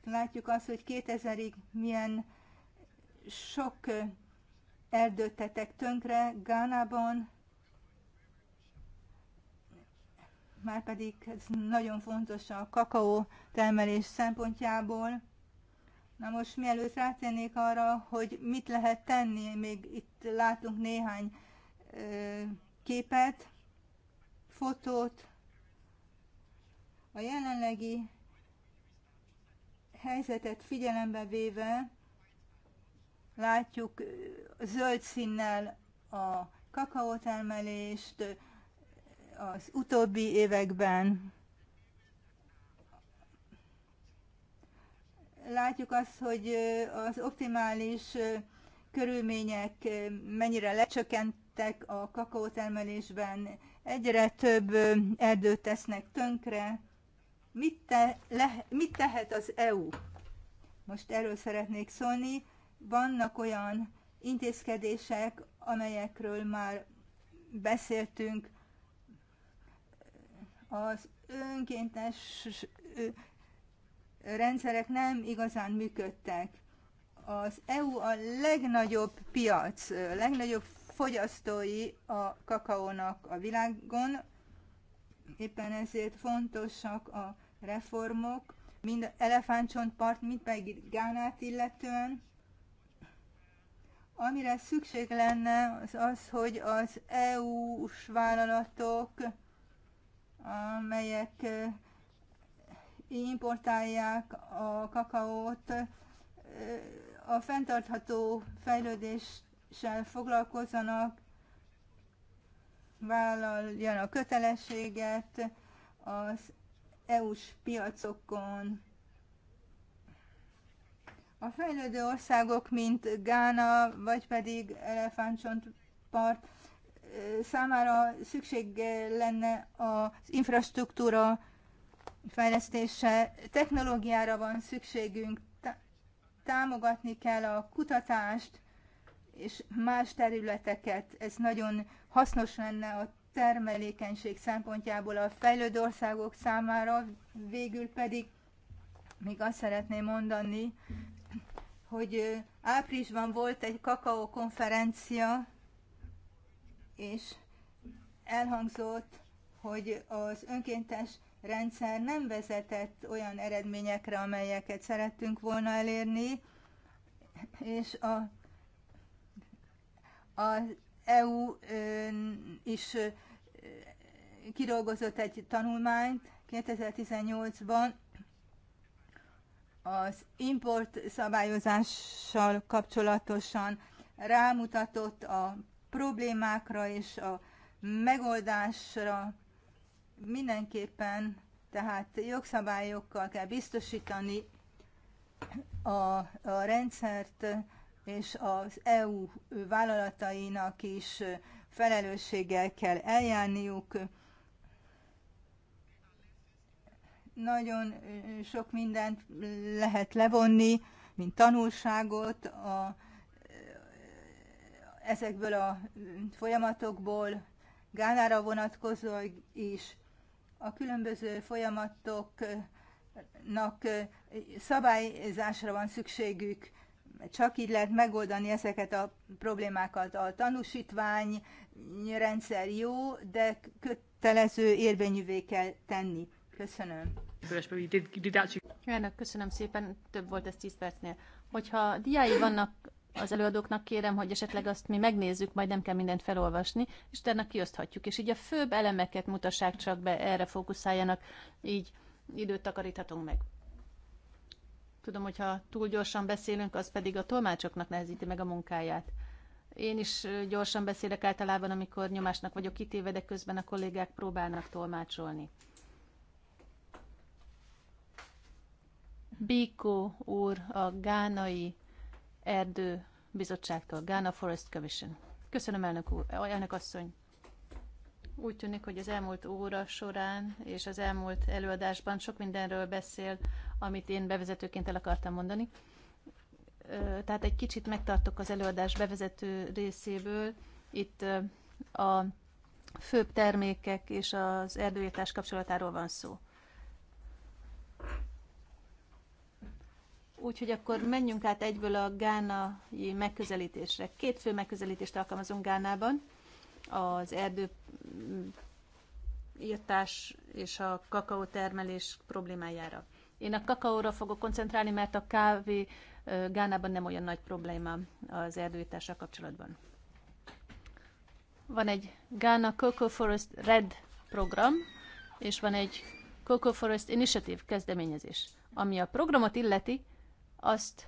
látjuk azt, hogy 2000-ig milyen sok eldőttetek tönkre Gánában, pedig ez nagyon fontos a kakaó termelés szempontjából. Na most mielőtt rátérnék arra, hogy mit lehet tenni, még itt látunk néhány ö, képet, fotót. A jelenlegi helyzetet figyelembe véve látjuk zöld színnel a kakaótermelést az utóbbi években. Látjuk azt, hogy az optimális körülmények mennyire lecsökkentek a kakaótermelésben, egyre több erdőt tesznek tönkre. Mit, te, le, mit tehet az EU? Most erről szeretnék szólni. Vannak olyan intézkedések, amelyekről már beszéltünk, az önkéntes rendszerek nem igazán működtek. Az EU a legnagyobb piac, a legnagyobb fogyasztói a kakaónak a világon, éppen ezért fontosak a reformok, mind elefántcsontpart, mind pedig Gánát illetően. Amire szükség lenne, az az, hogy az EU-s vállalatok, amelyek importálják a kakaót, a fenntartható fejlődéssel foglalkozzanak, vállaljanak kötelességet az EU-s piacokon a fejlődő országok, mint Gána, vagy pedig Elefántcsontpart, számára szükség lenne az infrastruktúra fejlesztése, technológiára van szükségünk, támogatni kell a kutatást és más területeket. Ez nagyon hasznos lenne a termelékenység szempontjából a fejlődő országok számára, végül pedig még azt szeretném mondani, hogy áprilisban volt egy kakaó konferencia, és elhangzott, hogy az önkéntes rendszer nem vezetett olyan eredményekre, amelyeket szerettünk volna elérni, és a, a EU is kidolgozott egy tanulmányt 2018-ban, az import szabályozással kapcsolatosan rámutatott a problémákra és a megoldásra mindenképpen, tehát jogszabályokkal kell biztosítani a, a rendszert, és az EU vállalatainak is felelősséggel kell eljárniuk, Nagyon sok mindent lehet levonni, mint tanulságot a, ezekből a folyamatokból, Gánára vonatkozó is. A különböző folyamatoknak szabályzásra van szükségük, csak így lehet megoldani ezeket a problémákat. A tanúsítvány rendszer jó, de kötelező érvényűvé kell tenni. Köszönöm. köszönöm szépen, több volt ez 10 percnél. Hogyha diái vannak az előadóknak, kérem, hogy esetleg azt mi megnézzük, majd nem kell mindent felolvasni, és utána kioszthatjuk. És így a főbb elemeket mutassák csak be, erre fókuszáljanak, így időt takaríthatunk meg. Tudom, hogyha túl gyorsan beszélünk, az pedig a tolmácsoknak nehezíti meg a munkáját. Én is gyorsan beszélek általában, amikor nyomásnak vagyok kitéve, de közben a kollégák próbálnak tolmácsolni. Biko úr a Gánai Erdő Bizottságtól, Ghana Forest Commission. Köszönöm, elnök, úr, eh, elnök asszony. Úgy tűnik, hogy az elmúlt óra során és az elmúlt előadásban sok mindenről beszél, amit én bevezetőként el akartam mondani. Tehát egy kicsit megtartok az előadás bevezető részéből. Itt a főbb termékek és az erdőírtás kapcsolatáról van szó. úgyhogy akkor menjünk át egyből a gánai megközelítésre. Két fő megközelítést alkalmazunk Gánában, az erdő írtás és a kakaótermelés problémájára. Én a kakaóra fogok koncentrálni, mert a kávé Gánában nem olyan nagy probléma az erdőítással kapcsolatban. Van egy Gána Cocoa Forest Red program, és van egy Cocoa Forest Initiative kezdeményezés. Ami a programot illeti, azt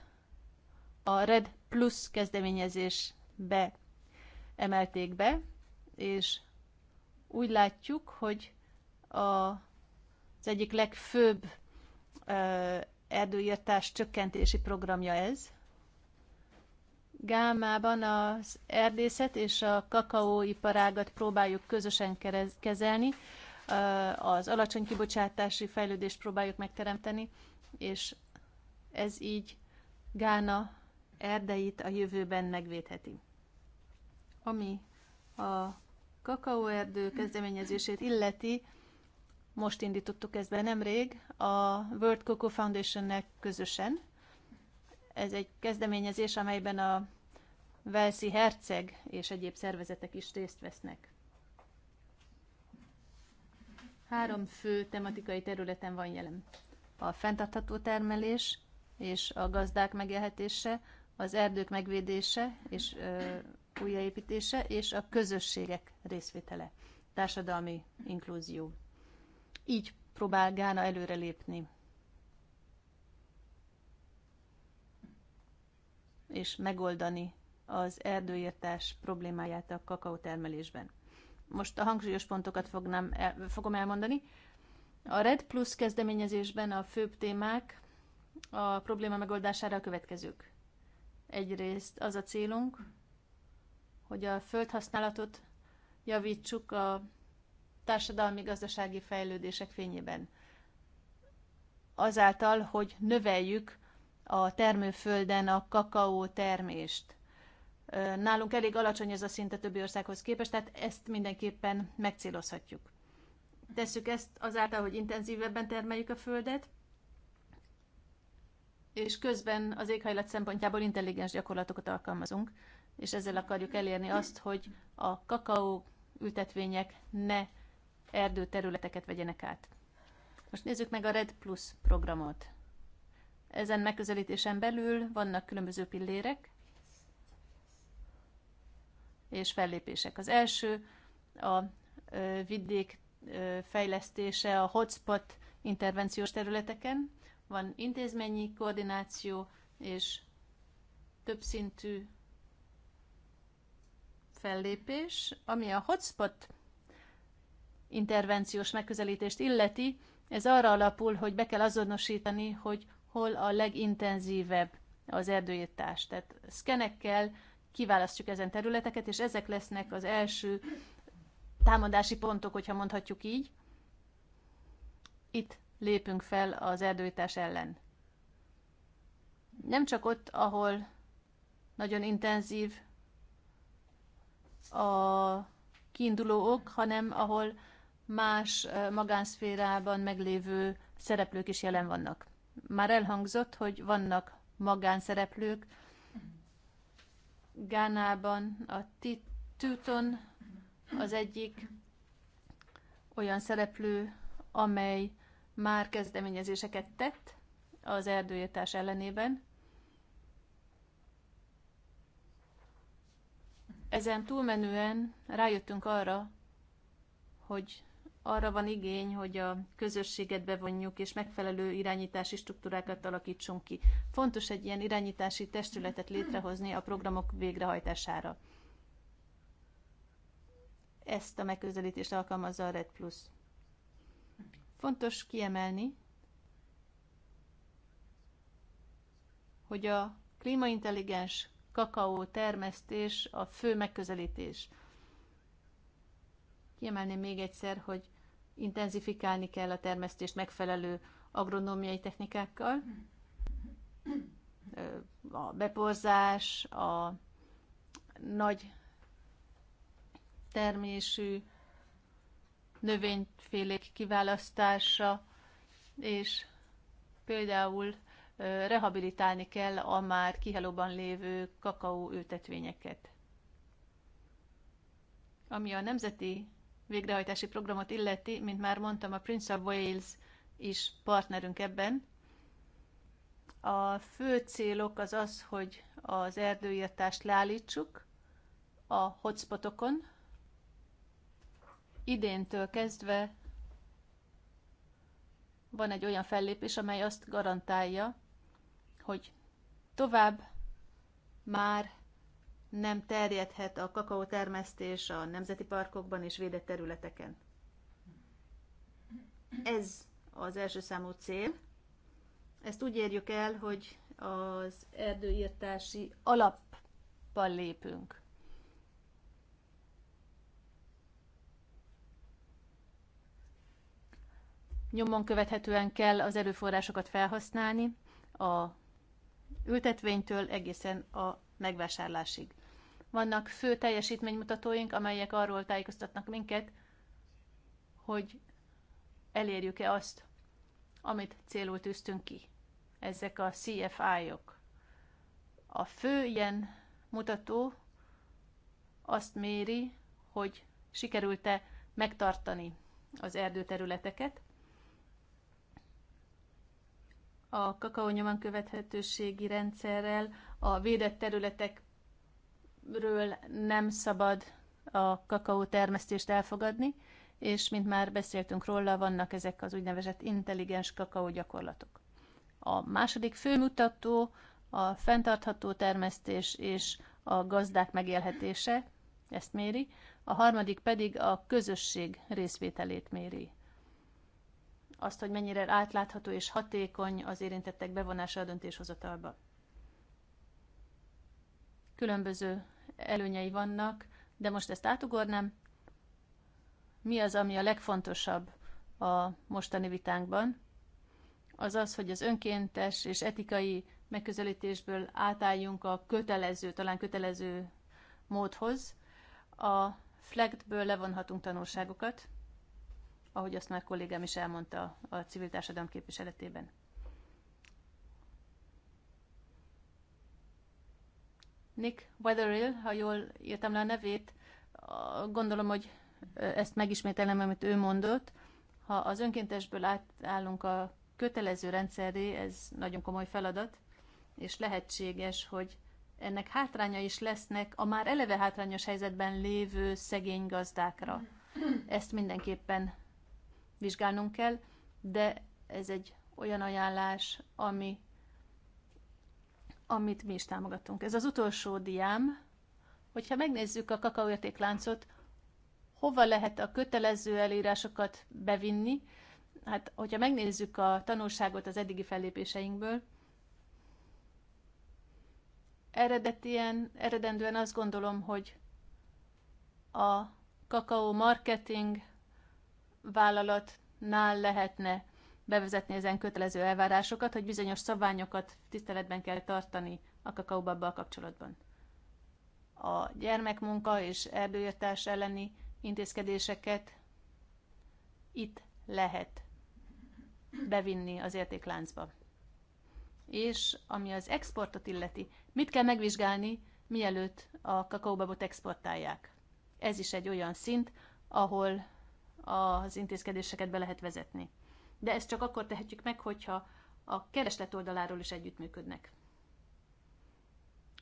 a Red Plus kezdeményezésbe emelték be, és úgy látjuk, hogy a, az egyik legfőbb ö, erdőírtás csökkentési programja ez. Gámában az erdészet és a kakaóiparágat próbáljuk közösen kezelni, az alacsony kibocsátási fejlődést próbáljuk megteremteni, és ez így Gána erdeit a jövőben megvédheti. Ami a kakaóerdő kezdeményezését illeti, most indítottuk ezt be nemrég, a World Cocoa Foundation-nek közösen. Ez egy kezdeményezés, amelyben a Velszi Herceg és egyéb szervezetek is részt vesznek. Három fő tematikai területen van jelen. A fenntartható termelés, és a gazdák megélhetése, az erdők megvédése és ö, újraépítése, és a közösségek részvétele, társadalmi inklúzió. Így próbál Gána előrelépni. És megoldani az erdőírtás problémáját a kakaótermelésben. Most a hangsúlyos pontokat fognám el, fogom elmondani. A Red Plus kezdeményezésben a főbb témák a probléma megoldására a következők. Egyrészt az a célunk, hogy a földhasználatot javítsuk a társadalmi-gazdasági fejlődések fényében. Azáltal, hogy növeljük a termőfölden a kakaó termést. Nálunk elég alacsony ez a szint a többi országhoz képest, tehát ezt mindenképpen megcélozhatjuk. Tesszük ezt azáltal, hogy intenzívebben termeljük a földet, és közben az éghajlat szempontjából intelligens gyakorlatokat alkalmazunk, és ezzel akarjuk elérni azt, hogy a kakaó ültetvények ne területeket vegyenek át. Most nézzük meg a Red Plus programot. Ezen megközelítésen belül vannak különböző pillérek és fellépések. Az első a vidék fejlesztése a hotspot intervenciós területeken, van intézményi koordináció és többszintű fellépés, ami a hotspot intervenciós megközelítést illeti, ez arra alapul, hogy be kell azonosítani, hogy hol a legintenzívebb az erdőírtás. Tehát szkenekkel kiválasztjuk ezen területeket, és ezek lesznek az első támadási pontok, hogyha mondhatjuk így. Itt lépünk fel az erdőítás ellen. Nem csak ott, ahol nagyon intenzív a kiinduló ok, hanem ahol más magánszférában meglévő szereplők is jelen vannak. Már elhangzott, hogy vannak magánszereplők. Gánában a Tuton az egyik olyan szereplő, amely már kezdeményezéseket tett az erdőírtás ellenében. Ezen túlmenően rájöttünk arra, hogy arra van igény, hogy a közösséget bevonjuk, és megfelelő irányítási struktúrákat alakítsunk ki. Fontos egy ilyen irányítási testületet létrehozni a programok végrehajtására. Ezt a megközelítést alkalmazza a Red Plus. Fontos kiemelni, hogy a klímaintelligens kakaó termesztés a fő megközelítés. Kiemelném még egyszer, hogy intenzifikálni kell a termesztést megfelelő agronómiai technikákkal. A beporzás, a nagy termésű növényfélék kiválasztása, és például rehabilitálni kell a már kihelóban lévő kakaó ültetvényeket. Ami a nemzeti végrehajtási programot illeti, mint már mondtam, a Prince of Wales is partnerünk ebben. A fő célok az az, hogy az erdőírtást leállítsuk a hotspotokon, idéntől kezdve van egy olyan fellépés, amely azt garantálja, hogy tovább már nem terjedhet a kakaótermesztés a nemzeti parkokban és védett területeken. Ez az első számú cél. Ezt úgy érjük el, hogy az erdőírtási alappal lépünk. Nyomon követhetően kell az erőforrásokat felhasználni a ültetvénytől egészen a megvásárlásig. Vannak fő teljesítménymutatóink, amelyek arról tájékoztatnak minket, hogy elérjük-e azt, amit célul tűztünk ki. Ezek a CFI-ok. -ok. A fő ilyen mutató azt méri, hogy sikerült-e megtartani az erdőterületeket, a kakaónyoman követhetőségi rendszerrel a védett területekről nem szabad a kakaó termesztést elfogadni, és mint már beszéltünk róla, vannak ezek az úgynevezett intelligens kakaó gyakorlatok. A második főmutató a fenntartható termesztés és a gazdák megélhetése, ezt méri, a harmadik pedig a közösség részvételét méri azt, hogy mennyire átlátható és hatékony az érintettek bevonása a döntéshozatalba. Különböző előnyei vannak, de most ezt átugornám. Mi az, ami a legfontosabb a mostani vitánkban? Az az, hogy az önkéntes és etikai megközelítésből átálljunk a kötelező, talán kötelező módhoz. A flektből levonhatunk tanulságokat, ahogy azt már kollégám is elmondta a civil társadalom képviseletében. Nick Weatherill, ha jól írtam le a nevét, gondolom, hogy ezt megismételem, amit ő mondott. Ha az önkéntesből átállunk a kötelező rendszerré, ez nagyon komoly feladat, és lehetséges, hogy ennek hátránya is lesznek a már eleve hátrányos helyzetben lévő szegény gazdákra. Ezt mindenképpen vizsgálnunk kell, de ez egy olyan ajánlás, ami, amit mi is támogatunk. Ez az utolsó diám, hogyha megnézzük a kakaóértékláncot, hova lehet a kötelező elírásokat bevinni, hát hogyha megnézzük a tanulságot az eddigi fellépéseinkből, eredetien, eredendően azt gondolom, hogy a kakaó marketing vállalatnál lehetne bevezetni ezen kötelező elvárásokat, hogy bizonyos szabványokat tiszteletben kell tartani a kakaóbabbal kapcsolatban. A gyermekmunka és erdőírtás elleni intézkedéseket itt lehet bevinni az értékláncba. És ami az exportot illeti, mit kell megvizsgálni, mielőtt a kakaóbabot exportálják? Ez is egy olyan szint, ahol az intézkedéseket be lehet vezetni. De ezt csak akkor tehetjük meg, hogyha a kereslet oldaláról is együttműködnek.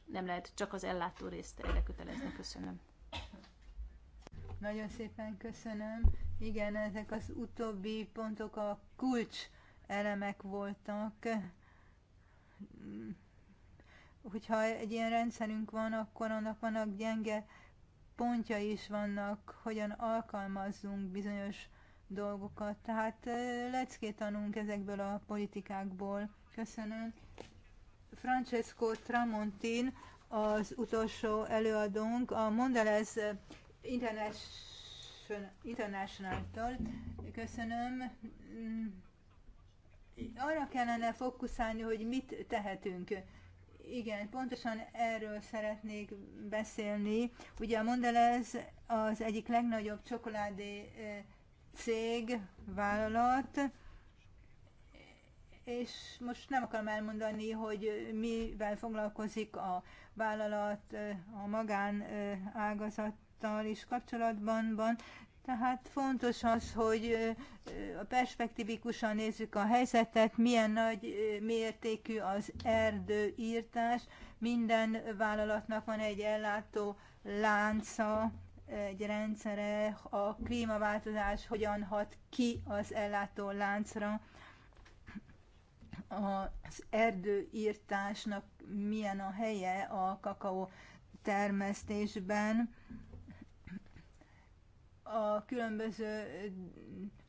Nem lehet csak az ellátó részt erre kötelezni. Köszönöm. Nagyon szépen köszönöm. Igen, ezek az utóbbi pontok a kulcs elemek voltak. Hogyha egy ilyen rendszerünk van, akkor annak vannak gyenge pontja is vannak, hogyan alkalmazzunk bizonyos dolgokat. Tehát leckét tanulunk ezekből a politikákból. Köszönöm. Francesco Tramontin az utolsó előadónk a Mondelez International-tól. Köszönöm. Mm, arra kellene fókuszálni, hogy mit tehetünk. Igen, pontosan erről szeretnék beszélni. Ugye a Mondelez az egyik legnagyobb csokoládé cég, vállalat, és most nem akarom elmondani, hogy mivel foglalkozik a vállalat a magán ágazattal is kapcsolatban, tehát fontos az, hogy a perspektívikusan nézzük a helyzetet, milyen nagy mértékű az erdőírtás. Minden vállalatnak van egy ellátó lánca, egy rendszere, a klímaváltozás hogyan hat ki az ellátó láncra, az erdőírtásnak milyen a helye a kakaó termesztésben a különböző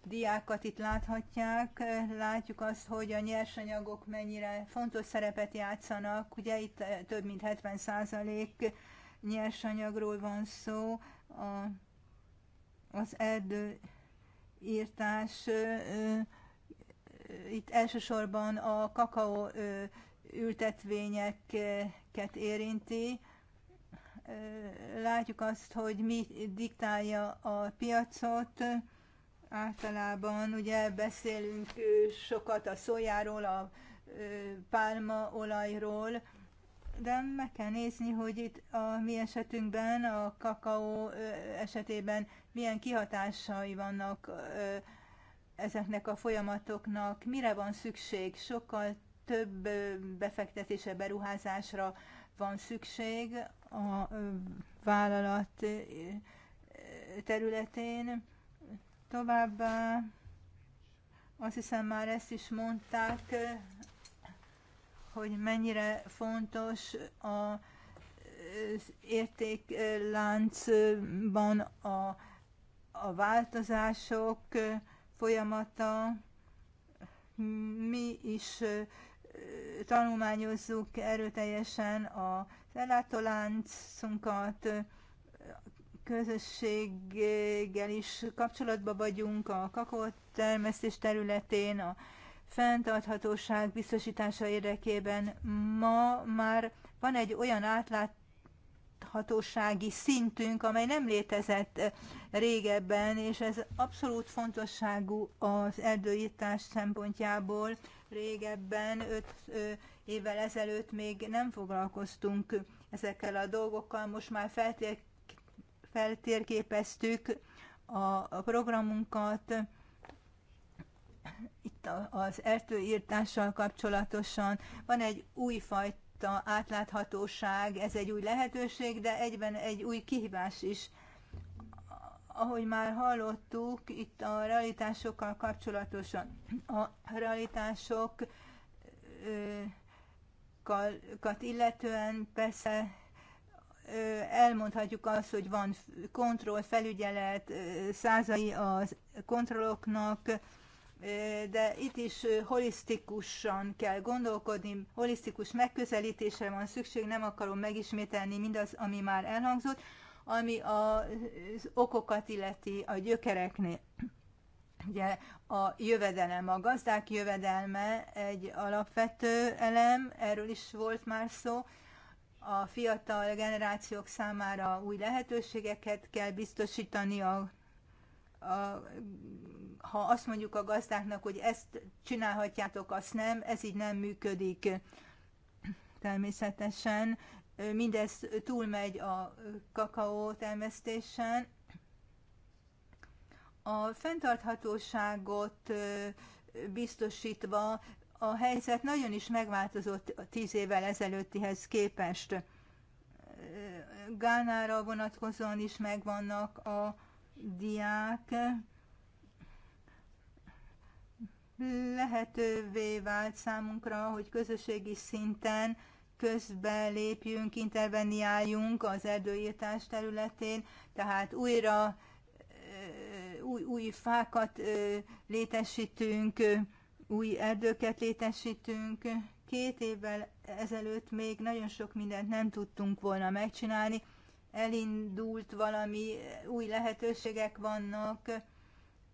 diákat itt láthatják, látjuk azt, hogy a nyersanyagok mennyire fontos szerepet játszanak, ugye itt több mint 70% nyersanyagról van szó, a, az erdőírtás, itt elsősorban a kakaó ültetvényeket érinti, látjuk azt, hogy mi diktálja a piacot. Általában ugye beszélünk sokat a szójáról, a pálmaolajról, de meg kell nézni, hogy itt a mi esetünkben, a kakaó esetében milyen kihatásai vannak ezeknek a folyamatoknak, mire van szükség, sokkal több befektetése, beruházásra van szükség a vállalat területén. Továbbá azt hiszem már ezt is mondták, hogy mennyire fontos a értékláncban a, a változások folyamata. Mi is tanulmányozzuk erőteljesen a ellátóláncunkat, közösséggel is kapcsolatban vagyunk a kakó termesztés területén, a fenntarthatóság biztosítása érdekében. Ma már van egy olyan átláthatósági szintünk, amely nem létezett régebben, és ez abszolút fontosságú az erdőírtás szempontjából, régebben, öt évvel ezelőtt még nem foglalkoztunk ezekkel a dolgokkal, most már feltér, feltérképeztük a, programunkat, itt az erdőírtással kapcsolatosan van egy új fajta átláthatóság, ez egy új lehetőség, de egyben egy új kihívás is ahogy már hallottuk, itt a realitásokkal kapcsolatosan a realitásokat illetően persze elmondhatjuk azt, hogy van kontroll, felügyelet, százai a kontrolloknak, de itt is holisztikusan kell gondolkodni, holisztikus megközelítésre van szükség, nem akarom megismételni mindaz, ami már elhangzott. Ami az okokat illeti a gyökereknél, ugye a jövedelem, a gazdák jövedelme egy alapvető elem, erről is volt már szó, a fiatal generációk számára új lehetőségeket kell biztosítani a a, ha azt mondjuk a gazdáknak, hogy ezt csinálhatjátok, azt nem, ez így nem működik. Természetesen mindez túlmegy a kakaó termesztésen. A fenntarthatóságot biztosítva a helyzet nagyon is megváltozott a tíz évvel ezelőttihez képest. Gánára vonatkozóan is megvannak a diák. Lehetővé vált számunkra, hogy közösségi szinten közben lépjünk, interveniáljunk az erdőírtás területén, tehát újra új, új fákat létesítünk, új erdőket létesítünk. Két évvel ezelőtt még nagyon sok mindent nem tudtunk volna megcsinálni. Elindult valami, új lehetőségek vannak.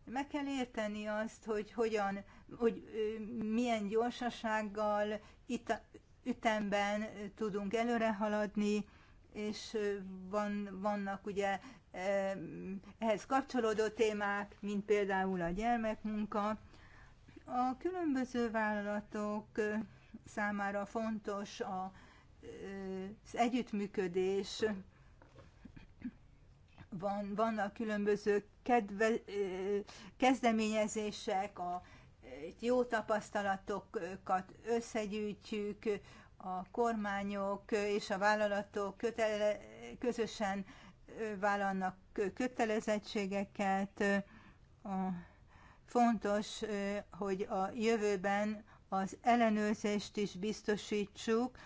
Meg kell érteni azt, hogy hogyan, hogy milyen gyorsasággal itt ütemben tudunk előre haladni, és van, vannak ugye ehhez kapcsolódó témák, mint például a gyermekmunka. A különböző vállalatok számára fontos a, az együttműködés, van, vannak különböző kedve, kezdeményezések a jó tapasztalatokat összegyűjtjük, a kormányok és a vállalatok kötele, közösen vállalnak kötelezettségeket. Fontos, hogy a jövőben az ellenőrzést is biztosítsuk,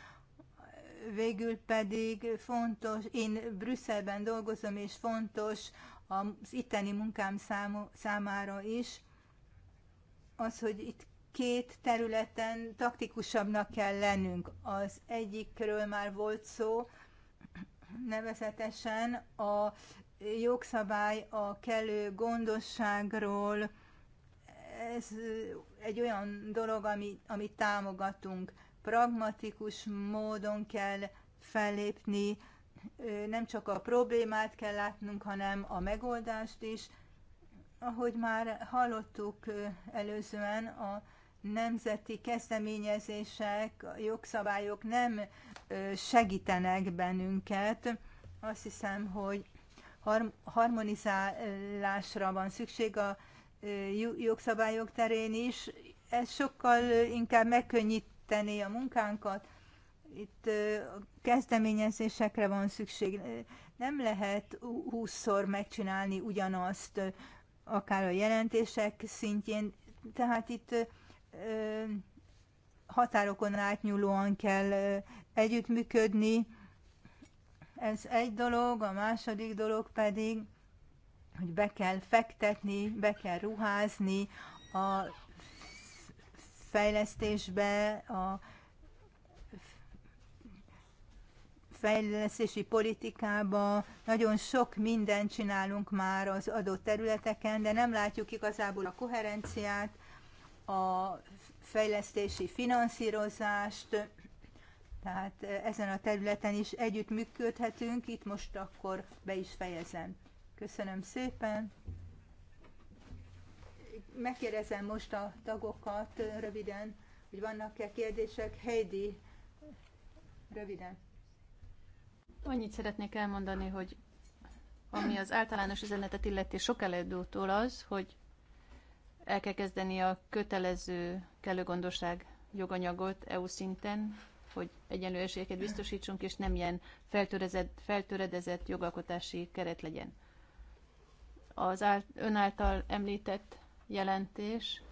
végül pedig fontos, én Brüsszelben dolgozom, és fontos az itteni munkám számára is, az, hogy itt két területen taktikusabbnak kell lennünk. Az egyikről már volt szó, nevezetesen a jogszabály a kellő gondosságról, ez egy olyan dolog, ami, amit támogatunk. Pragmatikus módon kell fellépni, nem csak a problémát kell látnunk, hanem a megoldást is. Ahogy már hallottuk előzően, a nemzeti kezdeményezések, a jogszabályok nem segítenek bennünket. Azt hiszem, hogy harmonizálásra van szükség a jogszabályok terén is. Ez sokkal inkább megkönnyíteni a munkánkat. Itt kezdeményezésekre van szükség. Nem lehet húszszor megcsinálni ugyanazt akár a jelentések szintjén, tehát itt határokon átnyúlóan kell együttműködni. Ez egy dolog, a második dolog pedig, hogy be kell fektetni, be kell ruházni a fejlesztésbe, a fejlesztési politikába, nagyon sok mindent csinálunk már az adott területeken, de nem látjuk igazából a koherenciát, a fejlesztési finanszírozást, tehát ezen a területen is együtt működhetünk, itt most akkor be is fejezem. Köszönöm szépen! Megkérdezem most a tagokat röviden, hogy vannak-e kérdések. Heidi, röviden. Annyit szeretnék elmondani, hogy ami az általános üzenetet illeti sok előadótól az, hogy el kell kezdeni a kötelező kellőgondosság joganyagot EU szinten, hogy egyenlő esélyeket biztosítsunk, és nem ilyen feltöredezett, feltöredezett jogalkotási keret legyen. Az ál, ön által említett jelentés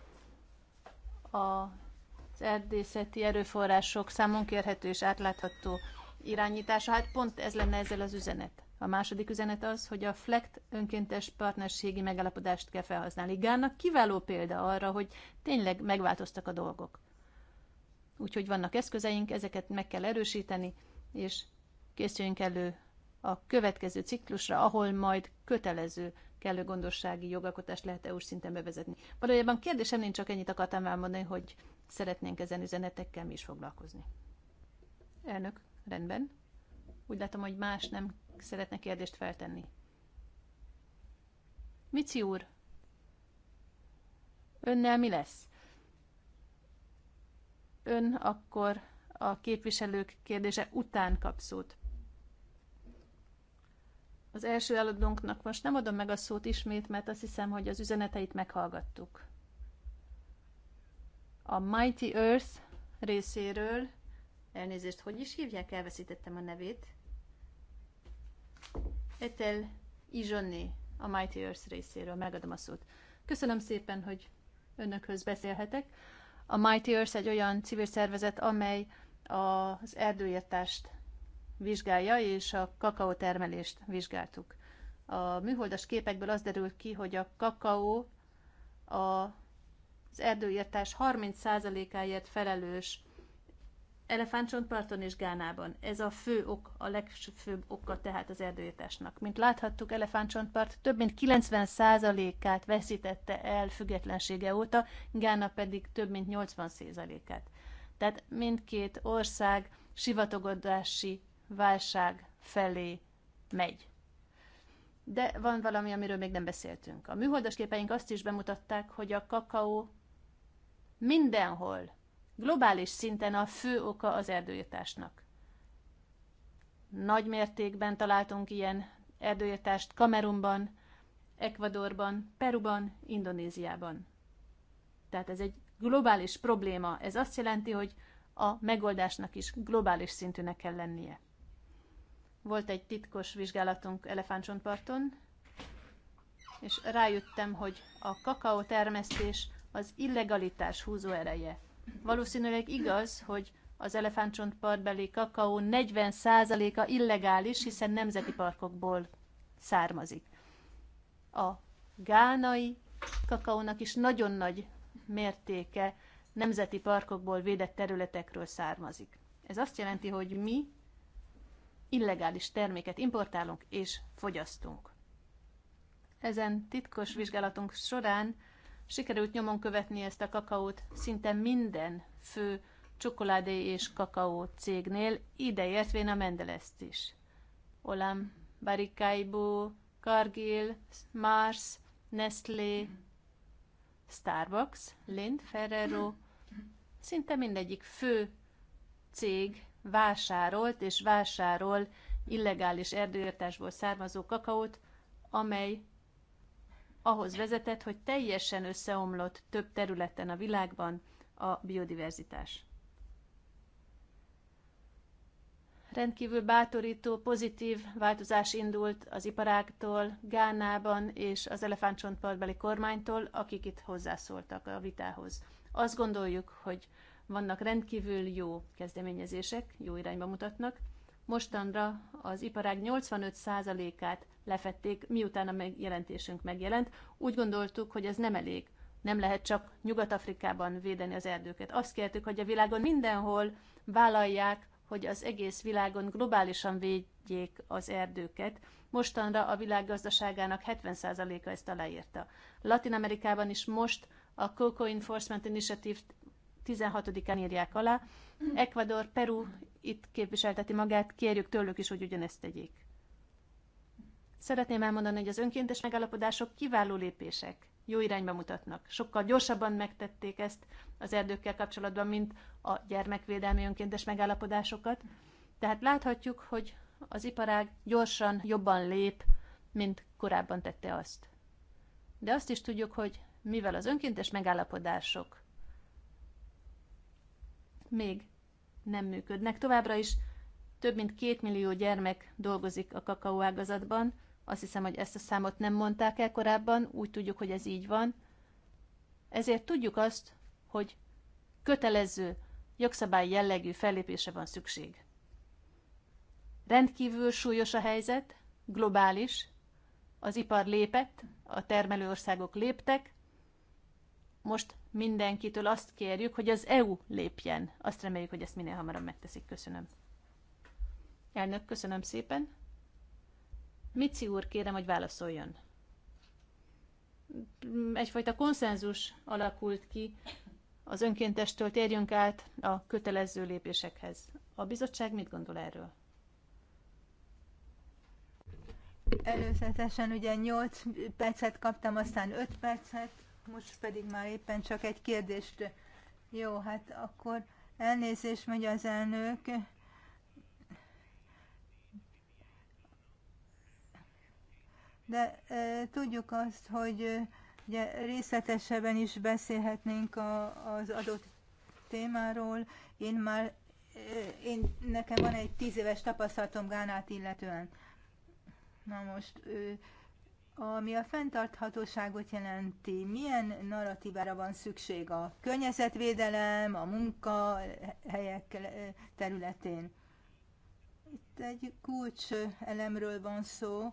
az erdészeti erőforrások számon kérhető és átlátható irányítása, hát pont ez lenne ezzel az üzenet. A második üzenet az, hogy a FLECT önkéntes partnerségi megállapodást kell felhasználni. Gának kiváló példa arra, hogy tényleg megváltoztak a dolgok. Úgyhogy vannak eszközeink, ezeket meg kell erősíteni, és készüljünk elő a következő ciklusra, ahol majd kötelező kellő gondossági jogalkotást lehet EU-s szinten bevezetni. Valójában kérdésem nincs, csak ennyit akartam elmondani, hogy szeretnénk ezen üzenetekkel mi is foglalkozni. Elnök, Rendben. Úgy látom, hogy más nem szeretne kérdést feltenni. Mici úr, önnel mi lesz? Ön akkor a képviselők kérdése után kap szót. Az első előadónknak most nem adom meg a szót ismét, mert azt hiszem, hogy az üzeneteit meghallgattuk. A Mighty Earth részéről Elnézést, hogy is hívják? Elveszítettem a nevét. Etel Izsonné a Mighty Earth részéről. Megadom a szót. Köszönöm szépen, hogy önökhöz beszélhetek. A Mighty Earth egy olyan civil szervezet, amely az erdőértást vizsgálja, és a kakaótermelést vizsgáltuk. A műholdas képekből az derül ki, hogy a kakaó a, az erdőértás 30%-áért felelős Elefántcsontparton és Gánában. Ez a fő ok, a legfőbb oka tehát az erdőírtásnak. Mint láthattuk, Elefántcsontpart több mint 90%-át veszítette el függetlensége óta, Gána pedig több mint 80%-át. Tehát mindkét ország sivatagodási válság felé megy. De van valami, amiről még nem beszéltünk. A műholdas képeink azt is bemutatták, hogy a kakaó mindenhol globális szinten a fő oka az erdőirtásnak. Nagy mértékben találtunk ilyen erdőirtást Kamerunban, Ekvadorban, Peruban, Indonéziában. Tehát ez egy globális probléma. Ez azt jelenti, hogy a megoldásnak is globális szintűnek kell lennie. Volt egy titkos vizsgálatunk elefántsonparton, és rájöttem, hogy a kakaó termesztés az illegalitás húzó ereje. Valószínűleg igaz, hogy az elefántcsontpartbeli kakaó 40%-a illegális, hiszen nemzeti parkokból származik. A gánai kakaónak is nagyon nagy mértéke nemzeti parkokból védett területekről származik. Ez azt jelenti, hogy mi illegális terméket importálunk és fogyasztunk. Ezen titkos vizsgálatunk során Sikerült nyomon követni ezt a kakaót szinte minden fő csokoládé és kakaó cégnél, ideértvén a Mendeleszt is. Olam, Barikaibu, Cargill, Mars, Nestlé, Starbucks, Lind, Ferrero, szinte mindegyik fő cég vásárolt és vásárol illegális erdőirtásból származó kakaót, amely ahhoz vezetett, hogy teljesen összeomlott több területen a világban a biodiverzitás. Rendkívül bátorító, pozitív változás indult az iparáktól, Gánában és az elefántcsontpartbeli kormánytól, akik itt hozzászóltak a vitához. Azt gondoljuk, hogy vannak rendkívül jó kezdeményezések, jó irányba mutatnak. Mostanra az iparág 85%-át lefették, miután a jelentésünk megjelent. Úgy gondoltuk, hogy ez nem elég. Nem lehet csak Nyugat-Afrikában védeni az erdőket. Azt kértük, hogy a világon mindenhol vállalják, hogy az egész világon globálisan védjék az erdőket. Mostanra a világ gazdaságának 70%-a ezt aláírta. Latin Amerikában is most a Cocoa Enforcement Initiative 16-án írják alá. Ecuador, Peru itt képviselteti magát, kérjük tőlük is, hogy ugyanezt tegyék. Szeretném elmondani, hogy az önkéntes megállapodások kiváló lépések, jó irányba mutatnak. Sokkal gyorsabban megtették ezt az erdőkkel kapcsolatban, mint a gyermekvédelmi önkéntes megállapodásokat. Tehát láthatjuk, hogy az iparág gyorsan, jobban lép, mint korábban tette azt. De azt is tudjuk, hogy mivel az önkéntes megállapodások még nem működnek, továbbra is több mint két millió gyermek dolgozik a kakaóágazatban, azt hiszem, hogy ezt a számot nem mondták el korábban, úgy tudjuk, hogy ez így van. Ezért tudjuk azt, hogy kötelező, jogszabály jellegű fellépése van szükség. Rendkívül súlyos a helyzet, globális, az ipar lépett, a termelőországok léptek, most mindenkitől azt kérjük, hogy az EU lépjen. Azt reméljük, hogy ezt minél hamarabb megteszik. Köszönöm. Elnök, köszönöm szépen. Mici úr, kérem, hogy válaszoljon. Egyfajta konszenzus alakult ki, az önkéntestől térjünk át a kötelező lépésekhez. A bizottság mit gondol erről? Előzetesen ugye 8 percet kaptam, aztán 5 percet, most pedig már éppen csak egy kérdést. Jó, hát akkor elnézést megy az elnök. de tudjuk azt, hogy ugye részletesebben is beszélhetnénk a, az adott témáról. Én már, én, nekem van egy tíz éves tapasztalatom Gánát illetően. Na most, ami a fenntarthatóságot jelenti, milyen narratívára van szükség a környezetvédelem, a munkahelyek területén? Itt egy kulcs elemről van szó,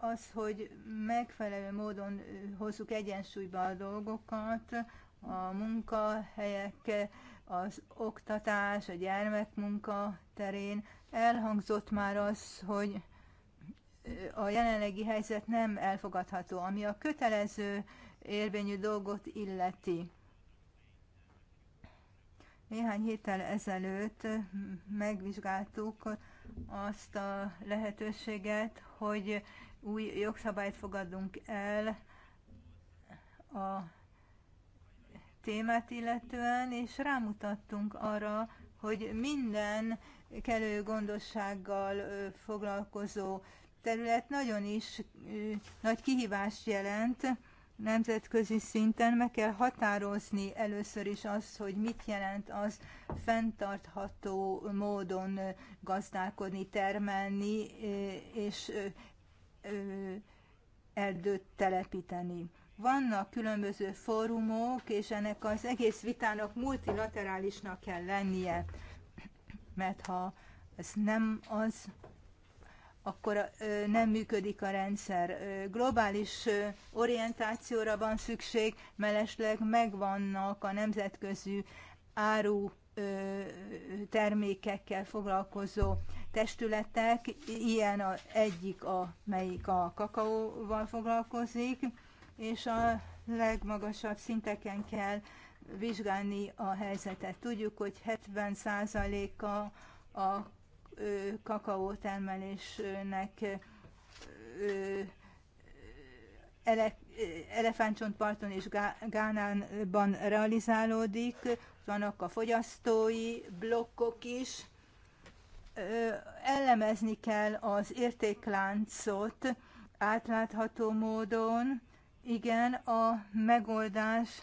az, hogy megfelelő módon hozzuk egyensúlyba a dolgokat, a munkahelyek, az oktatás, a gyermekmunka terén. Elhangzott már az, hogy a jelenlegi helyzet nem elfogadható, ami a kötelező érvényű dolgot illeti. Néhány héttel ezelőtt megvizsgáltuk azt a lehetőséget, hogy új jogszabályt fogadunk el a témát illetően, és rámutattunk arra, hogy minden kellő gondossággal foglalkozó terület nagyon is nagy kihívást jelent nemzetközi szinten meg kell határozni először is azt, hogy mit jelent az fenntartható módon gazdálkodni, termelni és erdőt telepíteni. Vannak különböző fórumok, és ennek az egész vitának multilaterálisnak kell lennie, (clears throat) mert ha ez nem az, akkor nem működik a rendszer. Globális orientációra van szükség, mellesleg megvannak a nemzetközi áru termékekkel foglalkozó testületek, ilyen a, egyik, a, melyik a kakaóval foglalkozik, és a legmagasabb szinteken kell vizsgálni a helyzetet. Tudjuk, hogy 70%-a a kakaótermelésnek Elefántcsontparton és Gánánban realizálódik, vannak a fogyasztói blokkok is. Ellemezni kell az értékláncot átlátható módon. Igen, a megoldás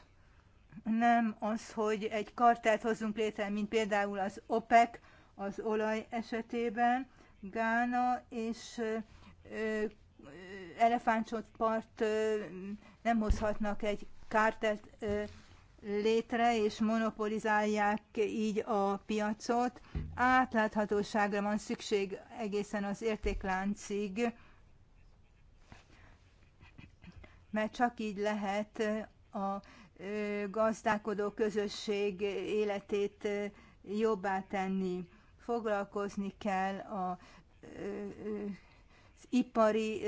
nem az, hogy egy kartelt hozzunk létre, mint például az OPEC, az olaj esetében. Gána és elefántcsontpart nem hozhatnak egy kártet létre, és monopolizálják így a piacot. Átláthatóságra van szükség egészen az értékláncig, mert csak így lehet a gazdálkodó közösség életét jobbá tenni foglalkozni kell a az ipari,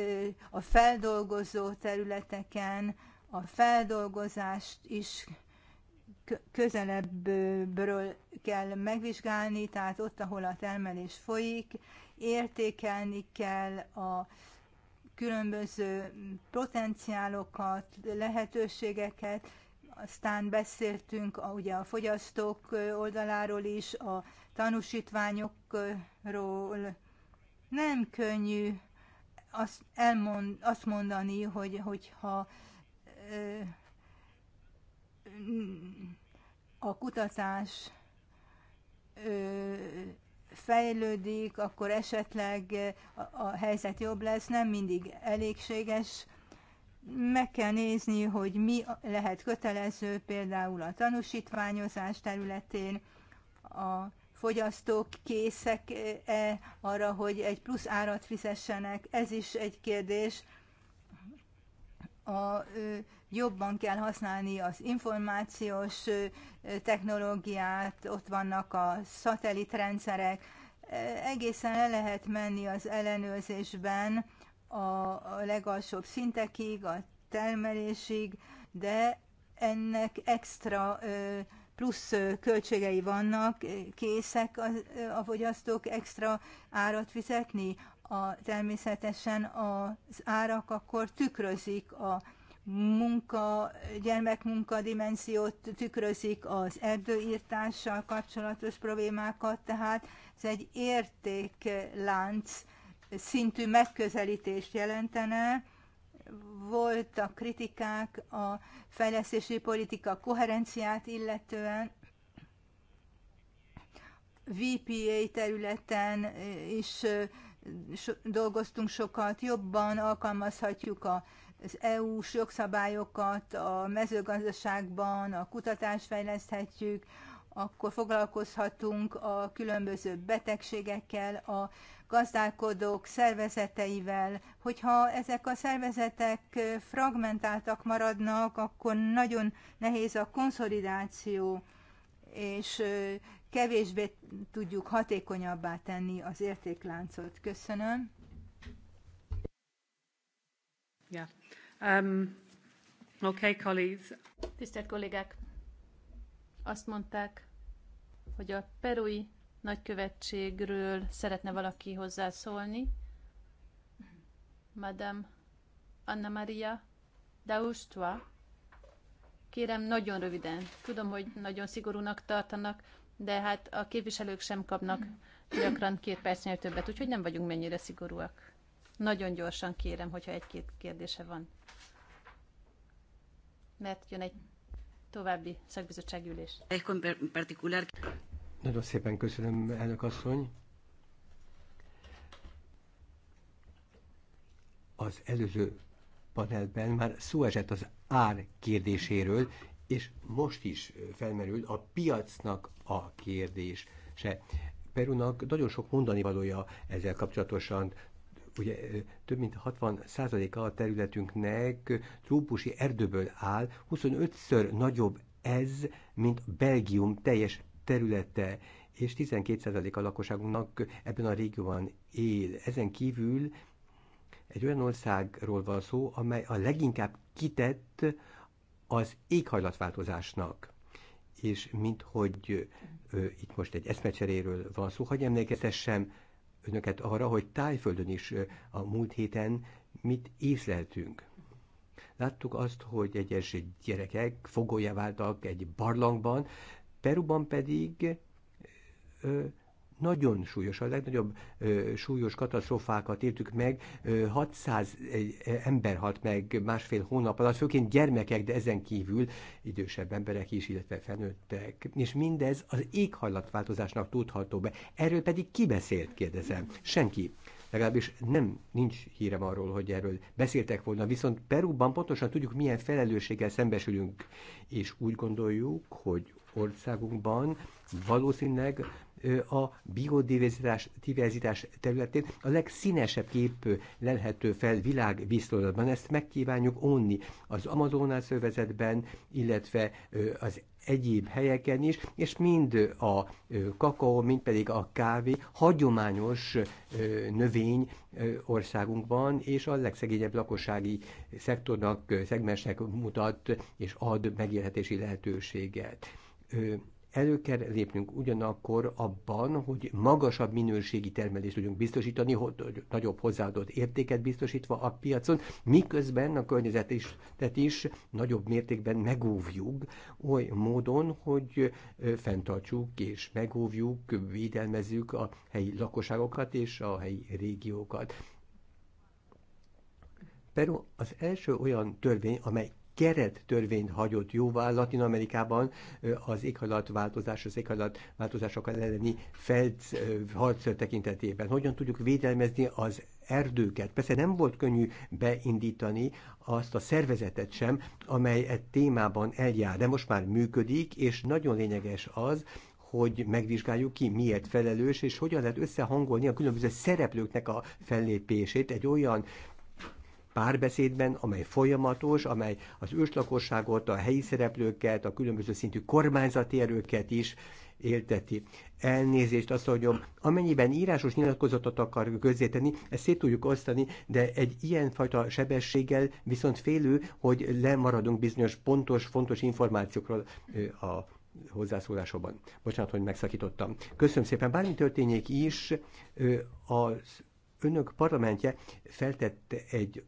a feldolgozó területeken, a feldolgozást is közelebbről kell megvizsgálni, tehát ott, ahol a termelés folyik, értékelni kell a különböző potenciálokat, lehetőségeket, aztán beszéltünk a, ugye a fogyasztók oldaláról is, a tanúsítványokról nem könnyű azt, elmond, azt mondani, hogy, hogyha a kutatás fejlődik, akkor esetleg a, a helyzet jobb lesz, nem mindig elégséges. Meg kell nézni, hogy mi lehet kötelező, például a tanúsítványozás területén, a fogyasztók készek-e arra, hogy egy plusz árat fizessenek, ez is egy kérdés. A, jobban kell használni az információs technológiát, ott vannak a szatellitrendszerek, e, egészen le lehet menni az ellenőrzésben a legalsóbb szintekig, a termelésig, de ennek extra plusz költségei vannak, készek a, a fogyasztók extra árat fizetni, a, természetesen az árak akkor tükrözik a munka, gyermekmunka dimenziót tükrözik az erdőírtással kapcsolatos problémákat, tehát ez egy értéklánc szintű megközelítést jelentene, voltak kritikák a fejlesztési politika koherenciát illetően, VPA területen eh, is eh, dolgoztunk sokat, jobban alkalmazhatjuk az EU-s jogszabályokat a mezőgazdaságban, a kutatást fejleszthetjük, akkor foglalkozhatunk a különböző betegségekkel, a gazdálkodók szervezeteivel. Hogyha ezek a szervezetek fragmentáltak maradnak, akkor nagyon nehéz a konszolidáció, és kevésbé tudjuk hatékonyabbá tenni az értékláncot. Köszönöm. Yeah. Um, okay, colleagues. Tisztelt kollégák, azt mondták, hogy a perui nagykövetségről szeretne valaki hozzászólni. Madame Anna Maria Daustua. Kérem, nagyon röviden. Tudom, hogy nagyon szigorúnak tartanak, de hát a képviselők sem kapnak gyakran két percnél többet, úgyhogy nem vagyunk mennyire szigorúak. Nagyon gyorsan kérem, hogyha egy-két kérdése van. Mert jön egy további szakbizottságülés. Nagyon szépen köszönöm, elnök asszony. Az előző panelben már szó esett az ár kérdéséről, és most is felmerül a piacnak a kérdése. Perunak nagyon sok mondani valója ezzel kapcsolatosan ugye több mint 60 százaléka a területünknek trópusi erdőből áll, 25-ször nagyobb ez, mint Belgium teljes területe, és 12% a lakosságunknak ebben a régióban él. Ezen kívül egy olyan országról van szó, amely a leginkább kitett az éghajlatváltozásnak. És mint hogy itt most egy eszmecseréről van szó, hogy emlékeztessem önöket arra, hogy tájföldön is a múlt héten mit észleltünk. Láttuk azt, hogy egyes gyerekek fogolja váltak egy barlangban, Peruban pedig ö, nagyon súlyos, a legnagyobb ö, súlyos katasztrófákat éltük meg, ö, 600 ember halt meg másfél hónap alatt, főként gyermekek, de ezen kívül idősebb emberek is, illetve felnőttek. És mindez az éghajlatváltozásnak tudható be. Erről pedig ki beszélt, kérdezem? Senki legalábbis nem nincs hírem arról, hogy erről beszéltek volna, viszont Perúban pontosan tudjuk, milyen felelősséggel szembesülünk, és úgy gondoljuk, hogy országunkban valószínűleg a biodiverzitás diverzitás területén a legszínesebb kép lelhető fel világviszonylatban. Ezt megkívánjuk onni az Amazonas szövezetben, illetve az egyéb helyeken is, és mind a kakaó, mind pedig a kávé hagyományos növény országunkban, és a legszegényebb lakossági szektornak, szegmensnek mutat és ad megélhetési lehetőséget Elő kell lépnünk ugyanakkor abban, hogy magasabb minőségi termelést tudjunk biztosítani, nagyobb hozzáadott értéket biztosítva a piacon, miközben a környezetet is nagyobb mértékben megóvjuk, oly módon, hogy fenntartsuk és megóvjuk, védelmezzük a helyi lakosságokat és a helyi régiókat. Peru az első olyan törvény, amely keret törvényt hagyott jóvá Latin Amerikában az éghajlatváltozás, az éghajlatváltozások elleni felc, harc tekintetében. Hogyan tudjuk védelmezni az erdőket. Persze nem volt könnyű beindítani azt a szervezetet sem, amely e témában eljár, de most már működik, és nagyon lényeges az, hogy megvizsgáljuk ki, miért felelős, és hogyan lehet összehangolni a különböző szereplőknek a fellépését egy olyan párbeszédben, amely folyamatos, amely az őslakosságot, a helyi szereplőket, a különböző szintű kormányzati erőket is élteti. Elnézést, azt mondjam, amennyiben írásos nyilatkozatot akar közzétenni, ezt szét tudjuk osztani, de egy ilyenfajta sebességgel viszont félő, hogy lemaradunk bizonyos pontos, fontos információkról a hozzászólásokban. Bocsánat, hogy megszakítottam. Köszönöm szépen. Bármi történjék is, az önök parlamentje feltette egy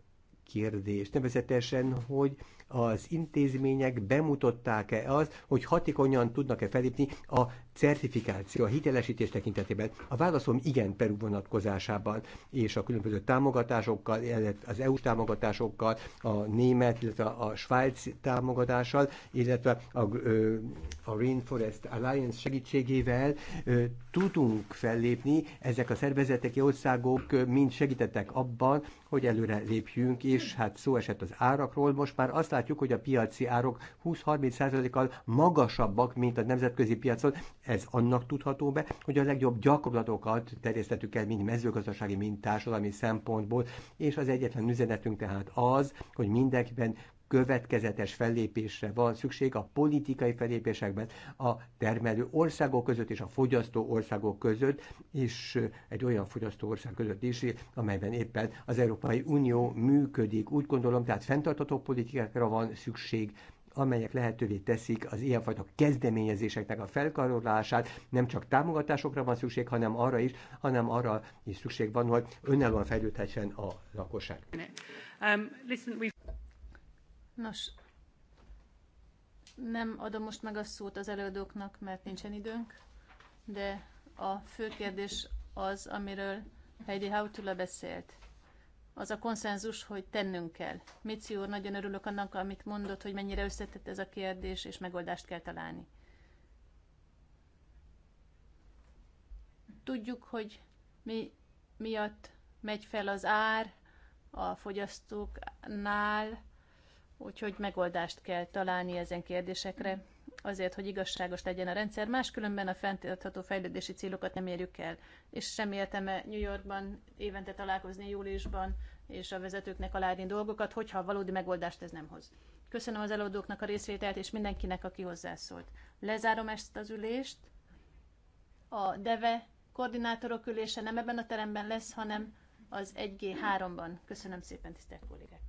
kérdés, nevezetesen, hogy az intézmények bemutatták-e az, hogy hatékonyan tudnak-e felépni a certifikáció, a hitelesítés tekintetében. A válaszom igen Peru vonatkozásában, és a különböző támogatásokkal, az EU támogatásokkal, a német, illetve a svájc támogatással, illetve a, a Rainforest Alliance segítségével tudunk fellépni. Ezek a szervezetek, országok mind segítettek abban, hogy előre lépjünk, és hát szó esett az árakról. Most már azt látjuk, hogy a piaci árok 20-30%-kal magasabbak, mint a nemzetközi piacon. Ez annak tudható be, hogy a legjobb gyakorlatokat terjesztettük el, mind mezőgazdasági, mind társadalmi szempontból, és az egyetlen üzenetünk tehát az, hogy mindenkiben következetes fellépésre van szükség a politikai fellépésekben a termelő országok között és a fogyasztó országok között, és egy olyan fogyasztó ország között is, amelyben éppen az Európai Unió működik. Úgy gondolom, tehát fenntartató politikákra van szükség, amelyek lehetővé teszik az ilyenfajta kezdeményezéseknek a felkarolását. Nem csak támogatásokra van szükség, hanem arra is, hanem arra is szükség van, hogy önállóan fejlődhessen a lakosság. Um, Nos, nem adom most meg a szót az előadóknak, mert nincsen időnk, de a fő kérdés az, amiről Heidi Hautula beszélt az a konszenzus, hogy tennünk kell. Mici úr, nagyon örülök annak, amit mondott, hogy mennyire összetett ez a kérdés, és megoldást kell találni. Tudjuk, hogy mi miatt megy fel az ár a fogyasztóknál, úgyhogy megoldást kell találni ezen kérdésekre azért, hogy igazságos legyen a rendszer, máskülönben a fenntartható fejlődési célokat nem érjük el. És sem érteme New Yorkban évente találkozni júliusban, és a vezetőknek aláírni dolgokat, hogyha a valódi megoldást ez nem hoz. Köszönöm az előadóknak a részvételt, és mindenkinek, aki hozzászólt. Lezárom ezt az ülést. A DEVE koordinátorok ülése nem ebben a teremben lesz, hanem az 1G3-ban. Köszönöm szépen, tisztelt kollégák!